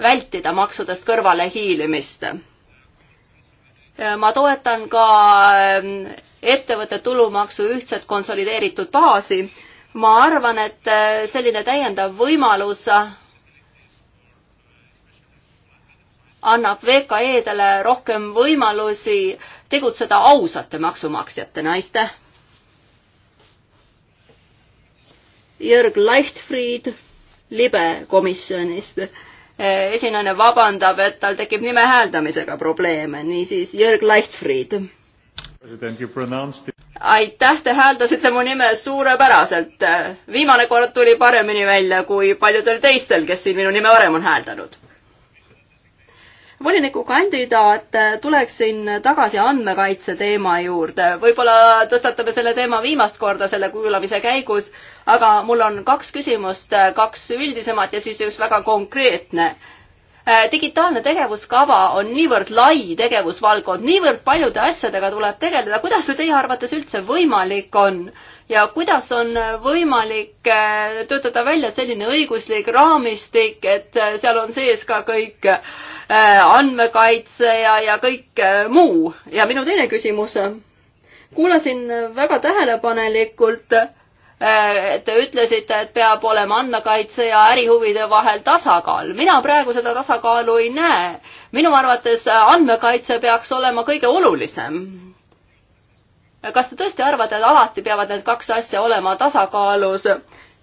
Speaker 3: vältida maksudest kõrvalehiilimist. Äh, ma toetan ka äh, ettevõtte tulumaksu ühtset konsolideeritud baasi. ma arvan, et selline täiendav võimalus annab VKE-dele rohkem võimalusi tegutseda ausate maksumaksjatena, aitäh! Jörg Leichtfried libe komisjonist. Eh, esinejana vabandab, et tal tekib nime hääldamisega probleeme, niisiis Jörg Leichtfried. aitäh, te hääldasite mu nime suurepäraselt. Eh, viimane kord tuli paremini välja kui paljudel teistel, kes siin minu nime varem on hääldanud volinikukandidaat, tuleksin tagasi andmekaitse teema juurde. võib-olla tõstatame selle teema viimast korda selle kuulamise käigus, aga mul on kaks küsimust, kaks üldisemat ja siis üks väga konkreetne äh, digitaalne tegevuskava on niivõrd lai tegevusvaldkond, niivõrd paljude asjadega tuleb tegeleda, kuidas see teie arvates üldse võimalik on ja kuidas on võimalik äh, töötada välja selline õiguslik raamistik, et äh, seal on sees ka kõik äh, Äh, andmekaitse ja, ja kõik äh, muu. ja minu teine küsimus. kuulasin väga tähelepanelikult äh, te ütlesite, et peab olema andmekaitse ja ärihuvide vahel tasakaal. mina praegu seda tasakaalu ei näe. minu arvates andmekaitse peaks olema kõige olulisem. kas te tõesti arvate, et alati peavad need kaks asja olema tasakaalus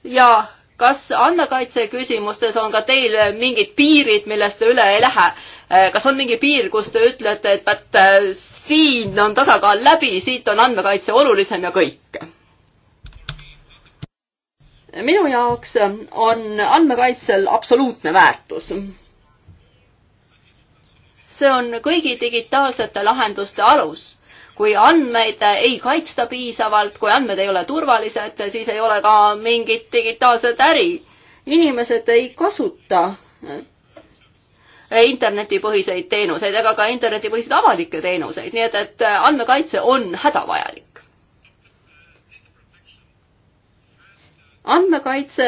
Speaker 3: ja kas andmekaitse küsimustes on ka teil mingid piirid, millest te üle ei lähe? kas on mingi piir, kus te ütlete, et vot siin on tasakaal läbi, siit on andmekaitse olulisem ja kõik? minu jaoks on andmekaitsel absoluutne väärtus. see on kõigi digitaalsete lahenduste alus kui andmeid ei kaitsta piisavalt, kui andmed ei ole turvalised, siis ei ole ka mingit digitaalset äri. inimesed ei kasuta eh, internetipõhiseid teenuseid ega ka internetipõhiseid avalikke teenuseid, nii et, et andmekaitse on hädavajalik. andmekaitse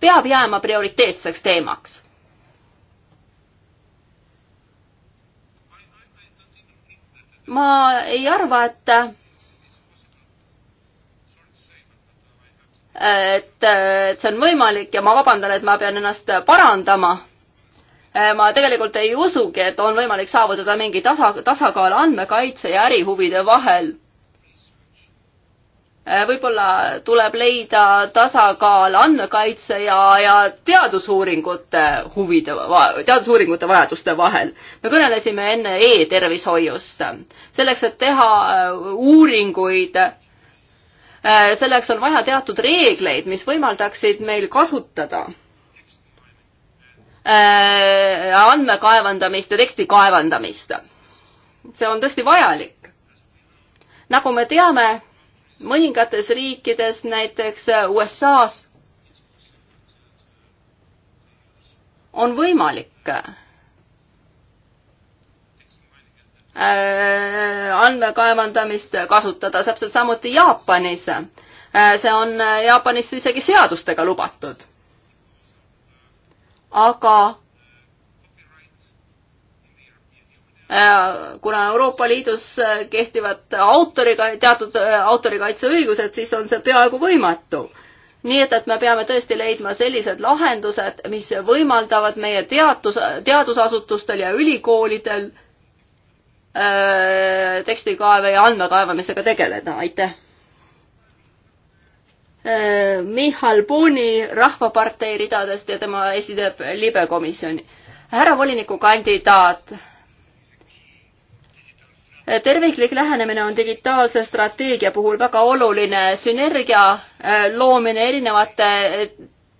Speaker 3: peab jääma prioriteetseks teemaks ma ei arva, et et, et see on võimalik ja ma vabandan, et ma pean ennast parandama. ma tegelikult ei usugi, et on võimalik saavutada mingi tasa, tasakaal andmekaitse ja ärihuvide vahel. Äh, võib-olla tuleb leida tasakaal andmekaitse ja, ja teadusuuringute huvide, teadusuuringute vajaduste vahel. me kõnelesime enne e-tervishoiust. selleks, et teha äh, uuringuid, äh, selleks on vaja teatud reegleid, mis võimaldaksid meil kasutada andmekaevandamist ja teksti kaevandamist. see on tõesti vajalik. nagu me teame mõningates riikides, näiteks äh, USA-s, on võimalik äh, äh, andmekaevandamist kasutada, täpselt samuti Jaapanis. see on Jaapanis isegi seadustega lubatud. aga Äh, kuna Euroopa Liidus äh, kehtivad autoriga, teatud äh, autorikaitseõigused, siis on see peaaegu võimatu. nii et, et me peame tõesti leidma sellised lahendused, mis võimaldavad meie teadus, teadusasutustel ja ülikoolidel öö, tekstikaeve ja andmekaevamisega tegeleda, aitäh. Michal Boni Rahvapartei ridadest ja tema esineb libekomisjoni. härra volinikukandidaat terviklik lähenemine on digitaalse strateegia puhul väga oluline, sünergia äh, loomine erinevate äh,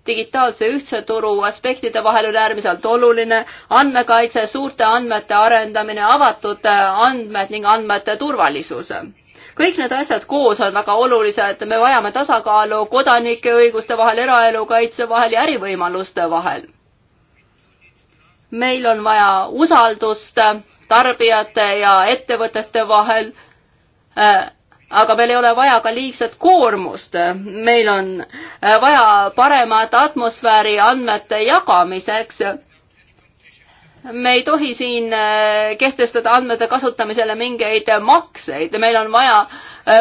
Speaker 3: digitaalse ühtse turu aspektide vahel on äärmiselt oluline, andmekaitse, suurte andmete arendamine, avatud äh, andmed ning andmete turvalisus. kõik need asjad koos on väga olulised, me vajame tasakaalu kodanike õiguste vahel, eraelu kaitse vahel ja ärivõimaluste vahel. meil on vaja usaldust tarbijate ja ettevõtete vahel. Äh, aga meil ei ole vaja ka liigset koormust. meil on äh, vaja paremat atmosfääri andmete jagamiseks me ei tohi siin äh, kehtestada andmete kasutamisele mingeid makseid, meil on vaja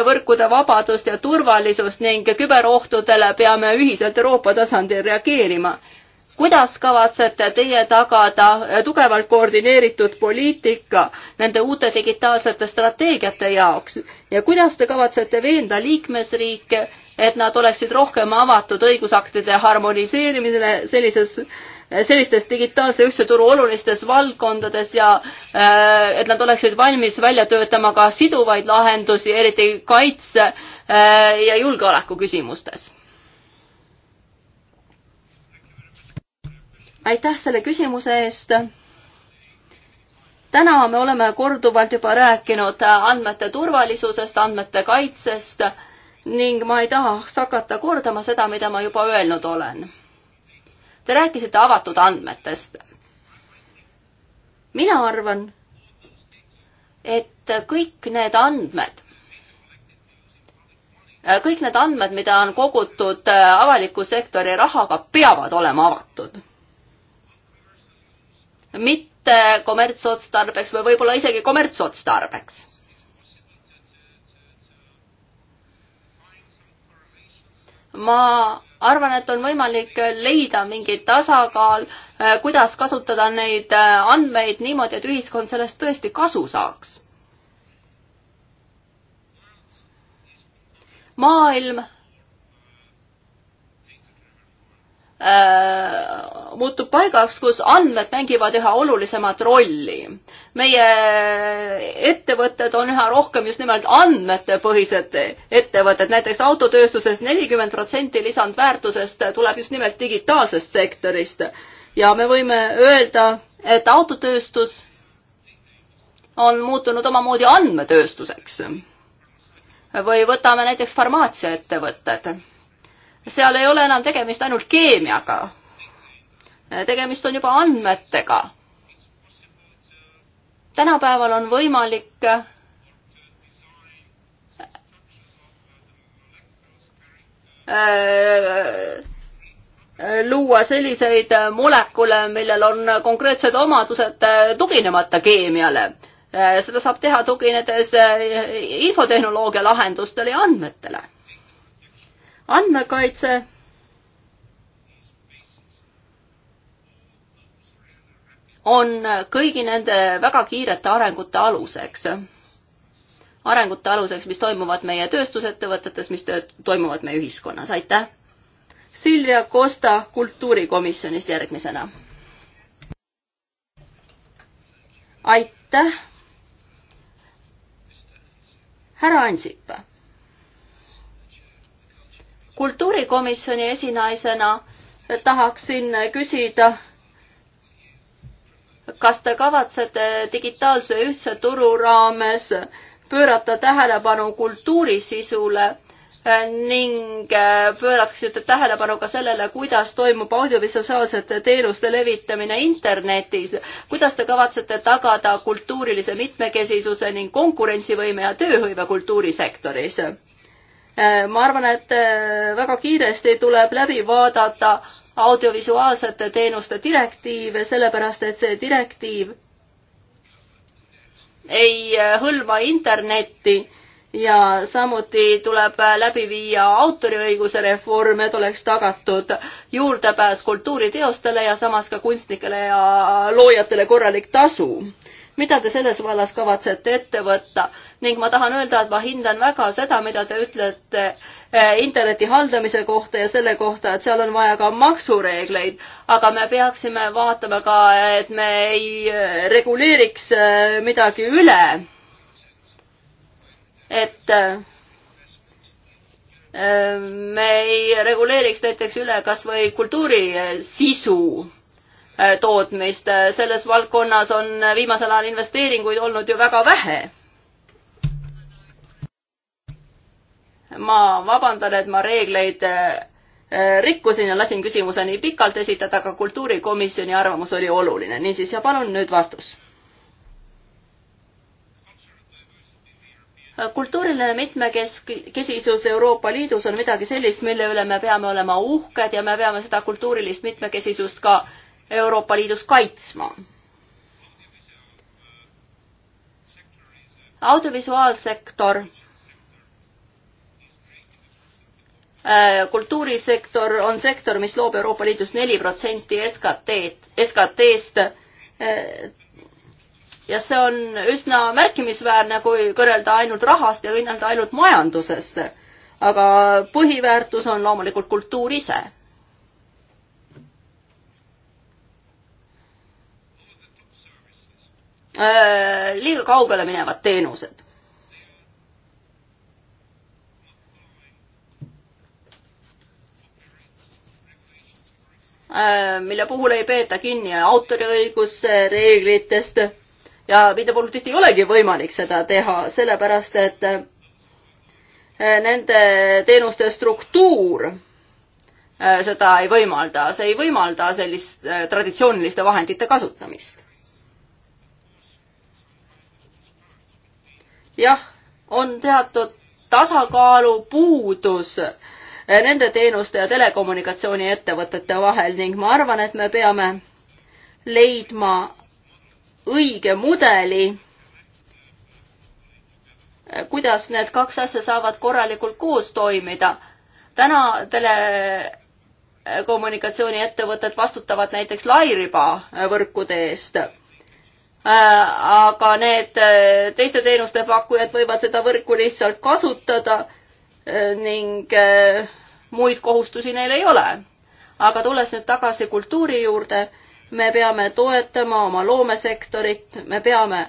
Speaker 3: võrkude vabadust ja turvalisust ning küberohtudele peame ühiselt Euroopa tasandil reageerima kuidas kavatsete teie tagada tugevalt koordineeritud poliitika nende uute digitaalsete strateegiate jaoks ja kuidas te kavatsete veenda liikmesriike, et nad oleksid rohkem avatud õigusaktide harmoniseerimisele sellises sellistes digitaalse ühtse turu olulistes valdkondades ja äh, et nad oleksid valmis välja töötama ka siduvaid lahendusi, eriti kaitse äh, ja julgeoleku küsimustes aitäh selle küsimuse eest. täna me oleme korduvalt juba rääkinud andmete turvalisusest, andmete kaitsest ning ma ei tahaks hakata kordama seda, mida ma juba öelnud olen. Te rääkisite avatud andmetest. mina arvan, et kõik need andmed, kõik need andmed, mida on kogutud avaliku sektori rahaga, peavad olema avatud mitte kommertsotstarbeks või võib-olla isegi kommertsotstarbeks. ma arvan, et on võimalik leida mingi tasakaal, eh, kuidas kasutada neid eh, andmeid niimoodi, et ühiskond sellest tõesti kasu saaks. maailm Äh, muutub paigaks, kus andmed mängivad üha olulisemat rolli. meie ettevõtted on üha rohkem just nimelt andmetepõhised ettevõtted, näiteks autotööstuses nelikümmend protsenti lisandväärtusest tuleb just nimelt digitaalsest sektorist ja me võime öelda, et autotööstus on muutunud omamoodi andmetööstuseks. või võtame näiteks farmaatsiaettevõtted seal ei ole enam tegemist ainult keemiaga. tegemist on juba andmetega. tänapäeval on võimalik äh, luua selliseid molekule, millel on konkreetsed omadused tuginemata keemiale. Äh, seda saab teha tuginedes äh, infotehnoloogia lahendustele ja andmetele andmekaitse on kõigi nende väga kiirete arengute aluseks. arengute aluseks, mis toimuvad meie tööstusettevõtetes, mis töö, toimuvad meie ühiskonnas, aitäh. Silvia Kosta kultuurikomisjonist järgmisena. aitäh. härra Ansip kultuurikomisjoni esinaisena tahaksin küsida, kas te kavatsete digitaalse ühtse turu raames pöörata tähelepanu kultuuri sisule ning pööraksite tähelepanu ka sellele, kuidas toimub audiovisuaalsete teenuste levitamine internetis, kuidas te kavatsete tagada kultuurilise mitmekesisuse ning konkurentsivõime ja tööhõive kultuurisektoris? Äh, ma arvan, et äh, väga kiiresti tuleb läbi vaadata audiovisuaalsete teenuste direktiiv, sellepärast et see direktiiv ei äh, hõlma internetti ja samuti tuleb läbi viia autoriõiguse reform, et oleks tagatud juurdepääs kultuuriteostele ja samas ka kunstnikele ja loojatele korralik tasu mida te selles vallas kavatsete ette võtta? ning ma tahan öelda, et ma hindan väga seda, mida te ütlete eh, interneti haldamise kohta ja selle kohta, et seal on vaja ka maksureegleid, aga me peaksime vaatama ka, et me ei eh, reguleeriks eh, midagi üle. et me ei reguleeriks näiteks üle kas või kultuuri sisu Äh, tootmist. selles valdkonnas on viimasel ajal investeeringuid olnud ju väga vähe. ma vabandan, et ma reegleid äh, rikkusin ja lasin küsimuse nii pikalt esitada, aga kultuurikomisjoni arvamus oli oluline. niisiis, ja palun nüüd vastus. kultuuriline mitmekesisus Euroopa Liidus on midagi sellist, mille üle me peame olema uhked ja me peame seda kultuurilist mitmekesisust ka äh, Euroopa Liidus kaitsma. audiovisuaalsektor, äh, kultuurisektor on sektor, mis loob Euroopa Liidus neli protsenti SKT-d, SKT-st äh, ja see on üsna märkimisväärne, kui kõnelda ainult rahast ja kõnelda ainult majandusest. aga põhiväärtus on loomulikult kultuur ise. Äh, liiga kaugele minevad teenused. Äh, mille puhul ei peeta kinni autoriõiguse reeglitest ja mille puhul tihti ei olegi võimalik seda teha, sellepärast et äh, nende teenuste struktuur seda ei võimalda, see ei võimalda sellist traditsiooniliste vahendite kasutamist jah, on teatud tasakaalu puudus nende teenuste ja telekommunikatsiooniettevõtete vahel ning ma arvan, et me peame leidma õige mudeli, kuidas need kaks asja saavad korralikult koos toimida. täna telekommunikatsiooniettevõtted vastutavad näiteks lairiba võrkude eest Äh, aga need äh, teiste teenuste pakkujad võivad seda võrku lihtsalt kasutada äh, ning muid kohustusi neil ei ole. aga tulles nüüd tagasi kultuuri juurde, me peame toetama oma loomesektorit, me peame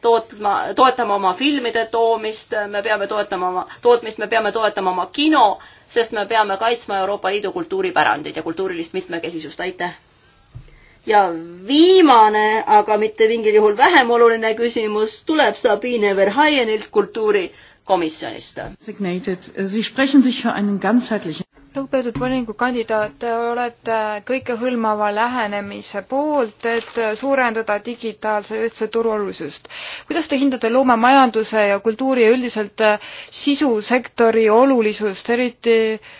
Speaker 3: tootma, toetama oma filmide toomist, me peame toetama oma, tootmist, me peame toetama oma kino, sest me peame kaitsma Euroopa Liidu kultuuripärandit ja kultuurilist mitmekesisust, aitäh! ja viimane, aga mitte mingil juhul vähem oluline küsimus tuleb Sabine Verhaienilt kultuurikomisjonist.
Speaker 2: lugupeetud volinikukandidaat, te olete kõikehõlmava lähenemise poolt, et suurendada digitaalse ühtse turu olulisust. kuidas te hindate loomemajanduse ja kultuuri ja üldiselt sisusektori olulisust, eriti äh,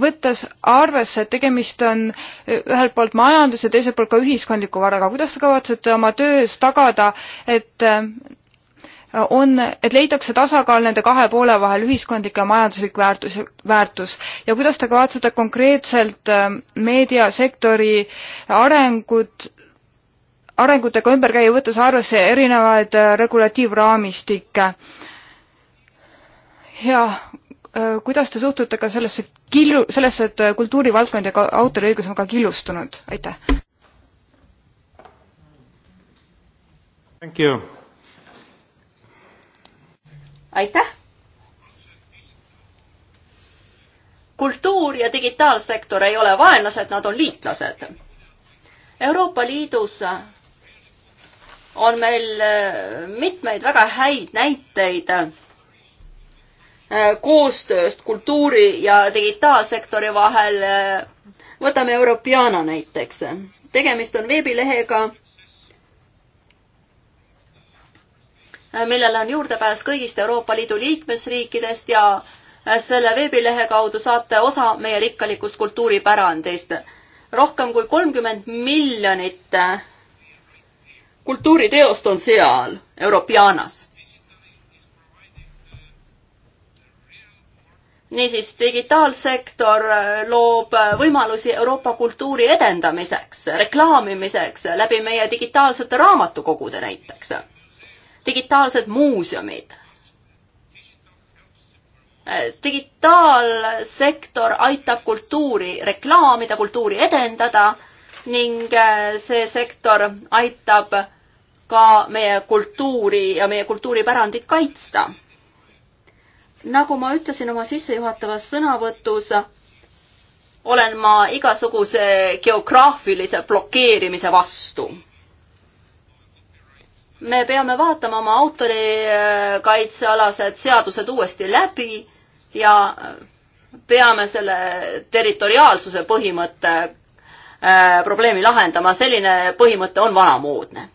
Speaker 2: võttes arvesse, et tegemist on eh, ühelt poolt majandus ja teiselt poolt ka ühiskondliku varaga, kuidas te kavatsete oma töös tagada, et eh, on, et leitakse tasakaal nende kahe poole vahel, ühiskondlik ja majanduslik väärtus, väärtus ja kuidas te kavatsete konkreetselt eh, meediasektori arengut, arengutega ümber käia, võttes arvesse erinevaid regulatiivraamistikke? jaa Äh, kuidas te suhtute ka sellesse killu, sellesse, et äh, kultuurivaldkond ja ka autoriõigus on ka killustunud, aitäh!
Speaker 3: aitäh! kultuur ja digitaalsektor ei ole vaenlased, nad on liitlased. Euroopa Liidus on meil äh, mitmeid väga häid näiteid Äh, koostööst kultuuri ja digitaalsektori vahel. Äh, võtame Europeana näiteks. tegemist on veebilehega, äh, millele on juurdepääs kõigist Euroopa Liidu liikmesriikidest ja selle veebilehe kaudu saate osa meie rikkalikust kultuuripärandist. rohkem kui kolmkümmend miljonit kultuuriteost on seal Europeanas niisiis, digitaalsektor loob võimalusi Euroopa kultuuri edendamiseks, reklaamimiseks läbi meie digitaalsete raamatukogude näiteks, digitaalsed muuseumid. digitaalsektor aitab kultuuri reklaamida, kultuuri edendada ning see sektor aitab ka meie kultuuri ja meie kultuuripärandit kaitsta nagu ma ütlesin oma sissejuhatavas sõnavõtus, olen ma igasuguse geograafilise blokeerimise vastu. me peame vaatama oma autorikaitsealased seadused uuesti läbi ja peame selle territoriaalsuse põhimõtte äh, probleemi lahendama, selline põhimõte on vanamoodne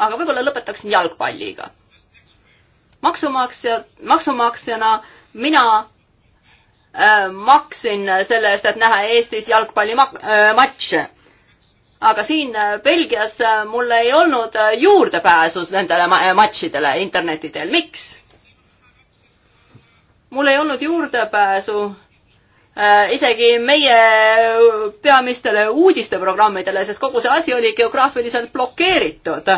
Speaker 3: aga võib-olla lõpetaksin jalgpalliga. maksumaksja, maksumaksjana mina äh, maksin selle eest, et näha Eestis jalgpallimatše äh, aga siin äh, Belgias äh, mul ei olnud äh, juurdepääsu nendele matšidele interneti teel. miks? mul ei olnud juurdepääsu isegi meie peamistele uudisteprogrammidele, sest kogu see asi oli geograafiliselt blokeeritud.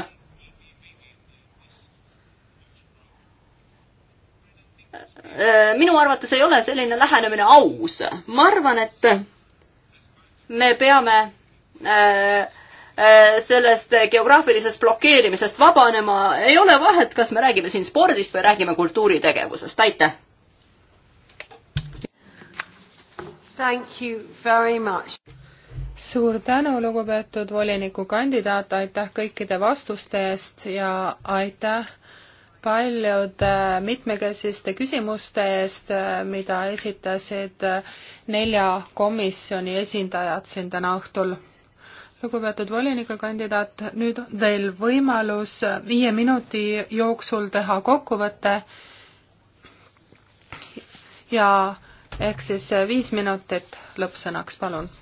Speaker 3: Äh, minu arvates ei ole selline lähenemine aus. ma arvan, et me peame äh, äh, sellest geograafilisest blokeerimisest vabanema, ei ole vahet, kas me räägime siin spordist või räägime kultuuritegevusest, aitäh!
Speaker 1: suur tänu, lugupeetud volinikukandidaat, aitäh kõikide vastuste eest ja aitäh paljude äh, mitmekesiste küsimuste eest, äh, mida esitasid äh, nelja komisjoni esindajad siin täna õhtul. lugupeetud volinikukandidaat, nüüd on teil võimalus viie minuti jooksul teha kokkuvõte ja ehk siis viis minutit lõppsõnaks, palun